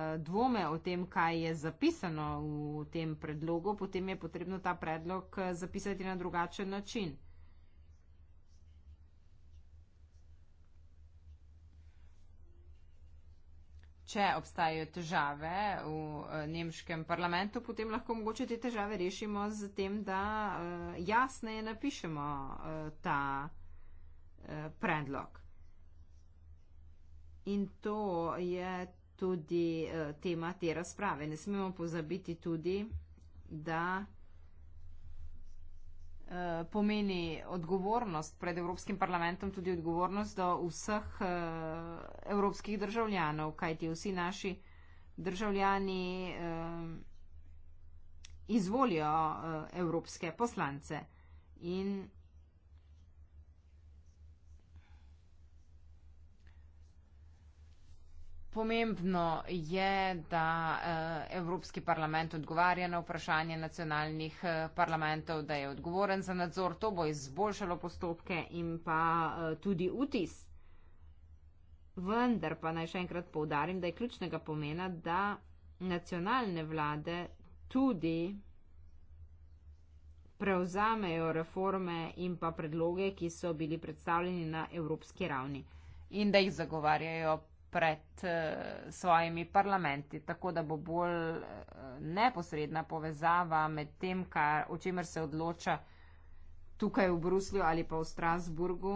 eh, dvome o tem, kaj je zapisano v tem predlogu, potem je potrebno ta predlog eh, zapisati na drugačen način. Če obstajajo težave v nemškem parlamentu, potem lahko mogoče te težave rešimo z tem, da jasneje napišemo ta predlog. In to je tudi uh, tema te razprave. Ne smemo pozabiti tudi, da uh, pomeni odgovornost pred Evropskim parlamentom tudi odgovornost do vseh uh, evropskih državljanov, kajti vsi naši državljani uh, izvolijo uh, evropske poslance. In Pomembno je, da eh, Evropski parlament odgovarja na vprašanje nacionalnih eh, parlamentov, da je odgovoren za nadzor. To bo izboljšalo postopke in pa eh, tudi vtis. Vendar pa naj še enkrat poudarim, da je ključnega pomena, da nacionalne vlade tudi prevzamejo reforme in pa predloge, ki so bili predstavljeni na evropski ravni in da jih zagovarjajo pred eh, svojimi parlamenti, tako da bo bolj eh, neposredna povezava med tem, kar, o čemer se odloča tukaj v Bruslju ali pa v Strasburgu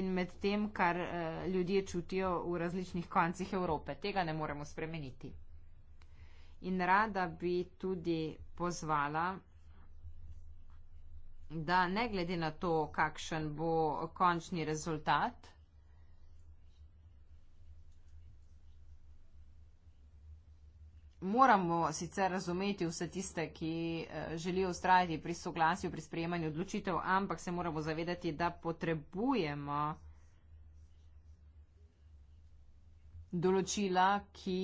in med tem, kar eh, ljudje čutijo v različnih koncih Evrope. Tega ne moremo spremeniti. In rada bi tudi pozvala, da ne glede na to, kakšen bo končni rezultat, moramo sicer razumeti vse tiste, ki eh, želijo ustrajati pri soglasju, pri sprejemanju odločitev, ampak se moramo zavedati, da potrebujemo določila, ki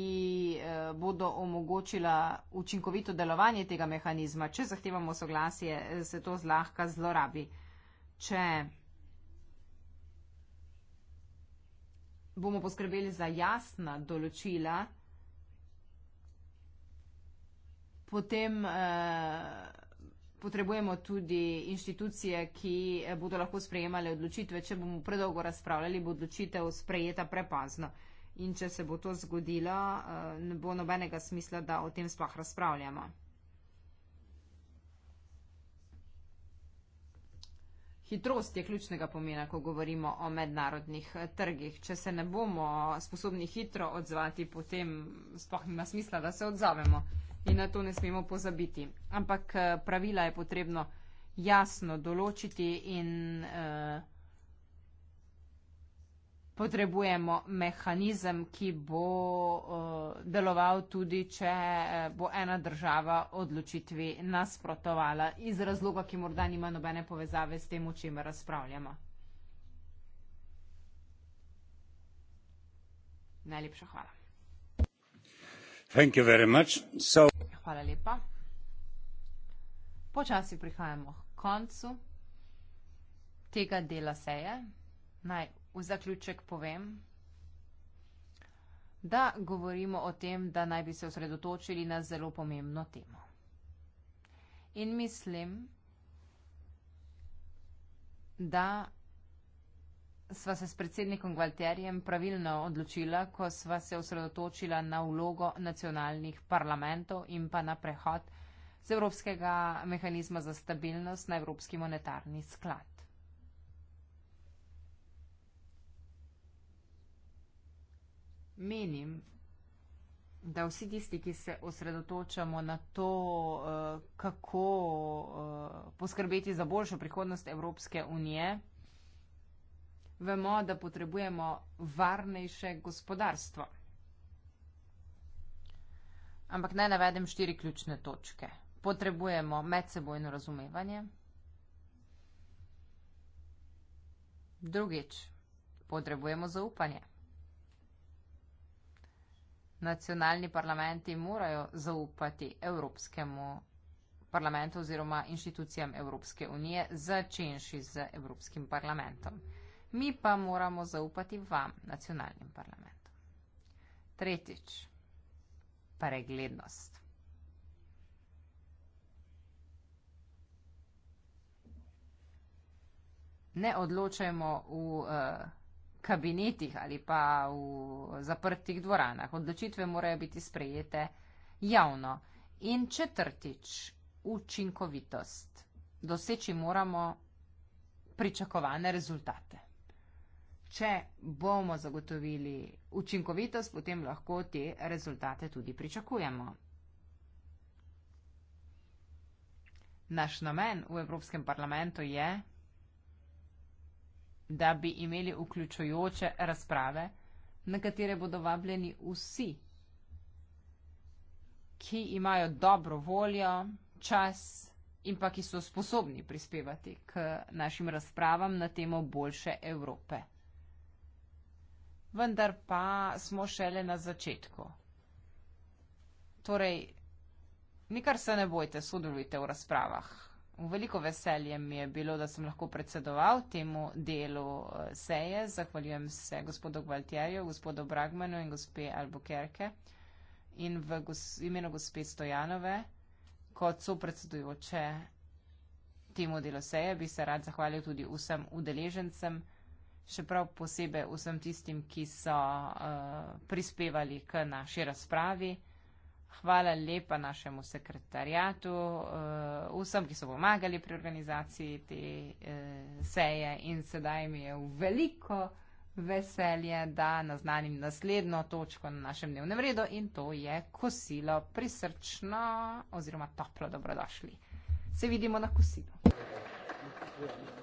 eh, bodo omogočila učinkovito delovanje tega mehanizma. Če zahtevamo soglasje, eh, se to zlahka zlorabi. Če bomo poskrbeli za jasna določila, potem eh, potrebujemo tudi inštitucije, ki eh, bodo lahko sprejemale odločitve. Če bomo predolgo razpravljali, bo odločitev sprejeta prepazno. In če se bo to zgodilo, eh, ne bo nobenega smisla, da o tem sploh razpravljamo. Hitrost je ključnega pomena, ko govorimo o mednarodnih trgih. Če se ne bomo sposobni hitro odzvati, potem sploh nima smisla, da se odzovemo in na to ne smemo pozabiti. Ampak eh, pravila je potrebno jasno določiti in eh, potrebujemo mehanizem, ki bo eh, deloval tudi, če bo ena država odločitvi nasprotovala iz razloga, ki morda nima nobene povezave s tem, o čem razpravljamo. Najlepša hvala. Hvala lepa. Počasi prihajamo k koncu tega dela seje. Naj v zaključek povem, da govorimo o tem, da naj bi se osredotočili na zelo pomembno temo. In mislim, da sva se s predsednikom Gualtierjem pravilno odločila, ko sva se osredotočila na vlogo nacionalnih parlamentov in pa na prehod z Evropskega mehanizma za stabilnost na Evropski monetarni sklad. Menim, da vsi tisti, ki se osredotočamo na to, eh, kako eh, poskrbeti za boljšo prihodnost Evropske unije, vemo, da potrebujemo varnejše gospodarstvo. Ampak naj navedem štiri ključne točke. Potrebujemo medsebojno razumevanje. Drugič, potrebujemo zaupanje. Nacionalni parlamenti morajo zaupati Evropskemu parlamentu oziroma inštitucijam Evropske unije, začenši z Evropskim parlamentom. Mm mi pa moramo zaupati vam, nacionalnim parlamentom. Tretjič, preglednost. Ne odločajmo v uh, kabinetih ali pa v zaprtih dvoranah. Odločitve morajo biti sprejete javno. In četrtič, učinkovitost. Doseči moramo pričakovane rezultate če bomo zagotovili učinkovitost, potem lahko te rezultate tudi pričakujemo. Naš namen v Evropskem parlamentu je, da bi imeli vključujoče razprave, na katere bodo vabljeni vsi, ki imajo dobro voljo, čas in pa ki so sposobni prispevati k našim razpravam na temo boljše Evrope vendar pa smo šele na začetku. Torej, nikar se ne bojte, sodelujte v razpravah. V veliko veselje mi je bilo, da sem lahko predsedoval temu delu eh, seje. Zahvaljujem se gospodu Gvaltjerju, gospodu Bragmanu in gospe Albuquerque in v imenu gospe Stojanove, kot so predsedujoče temu delu seje, bi se rad zahvalil tudi vsem udeležencem še prav posebej vsem tistim, ki so uh, prispevali k naši razpravi. Hvala lepa našemu sekretarjatu, uh, eh, vsem, ki so pomagali pri organizaciji te uh, seje in sedaj mi je v veliko veselje, da naznanim naslednjo točko na našem dnevnem redu in to je kosilo prisrčno oziroma toplo dobrodošli. Se vidimo na kosilu. Thank you.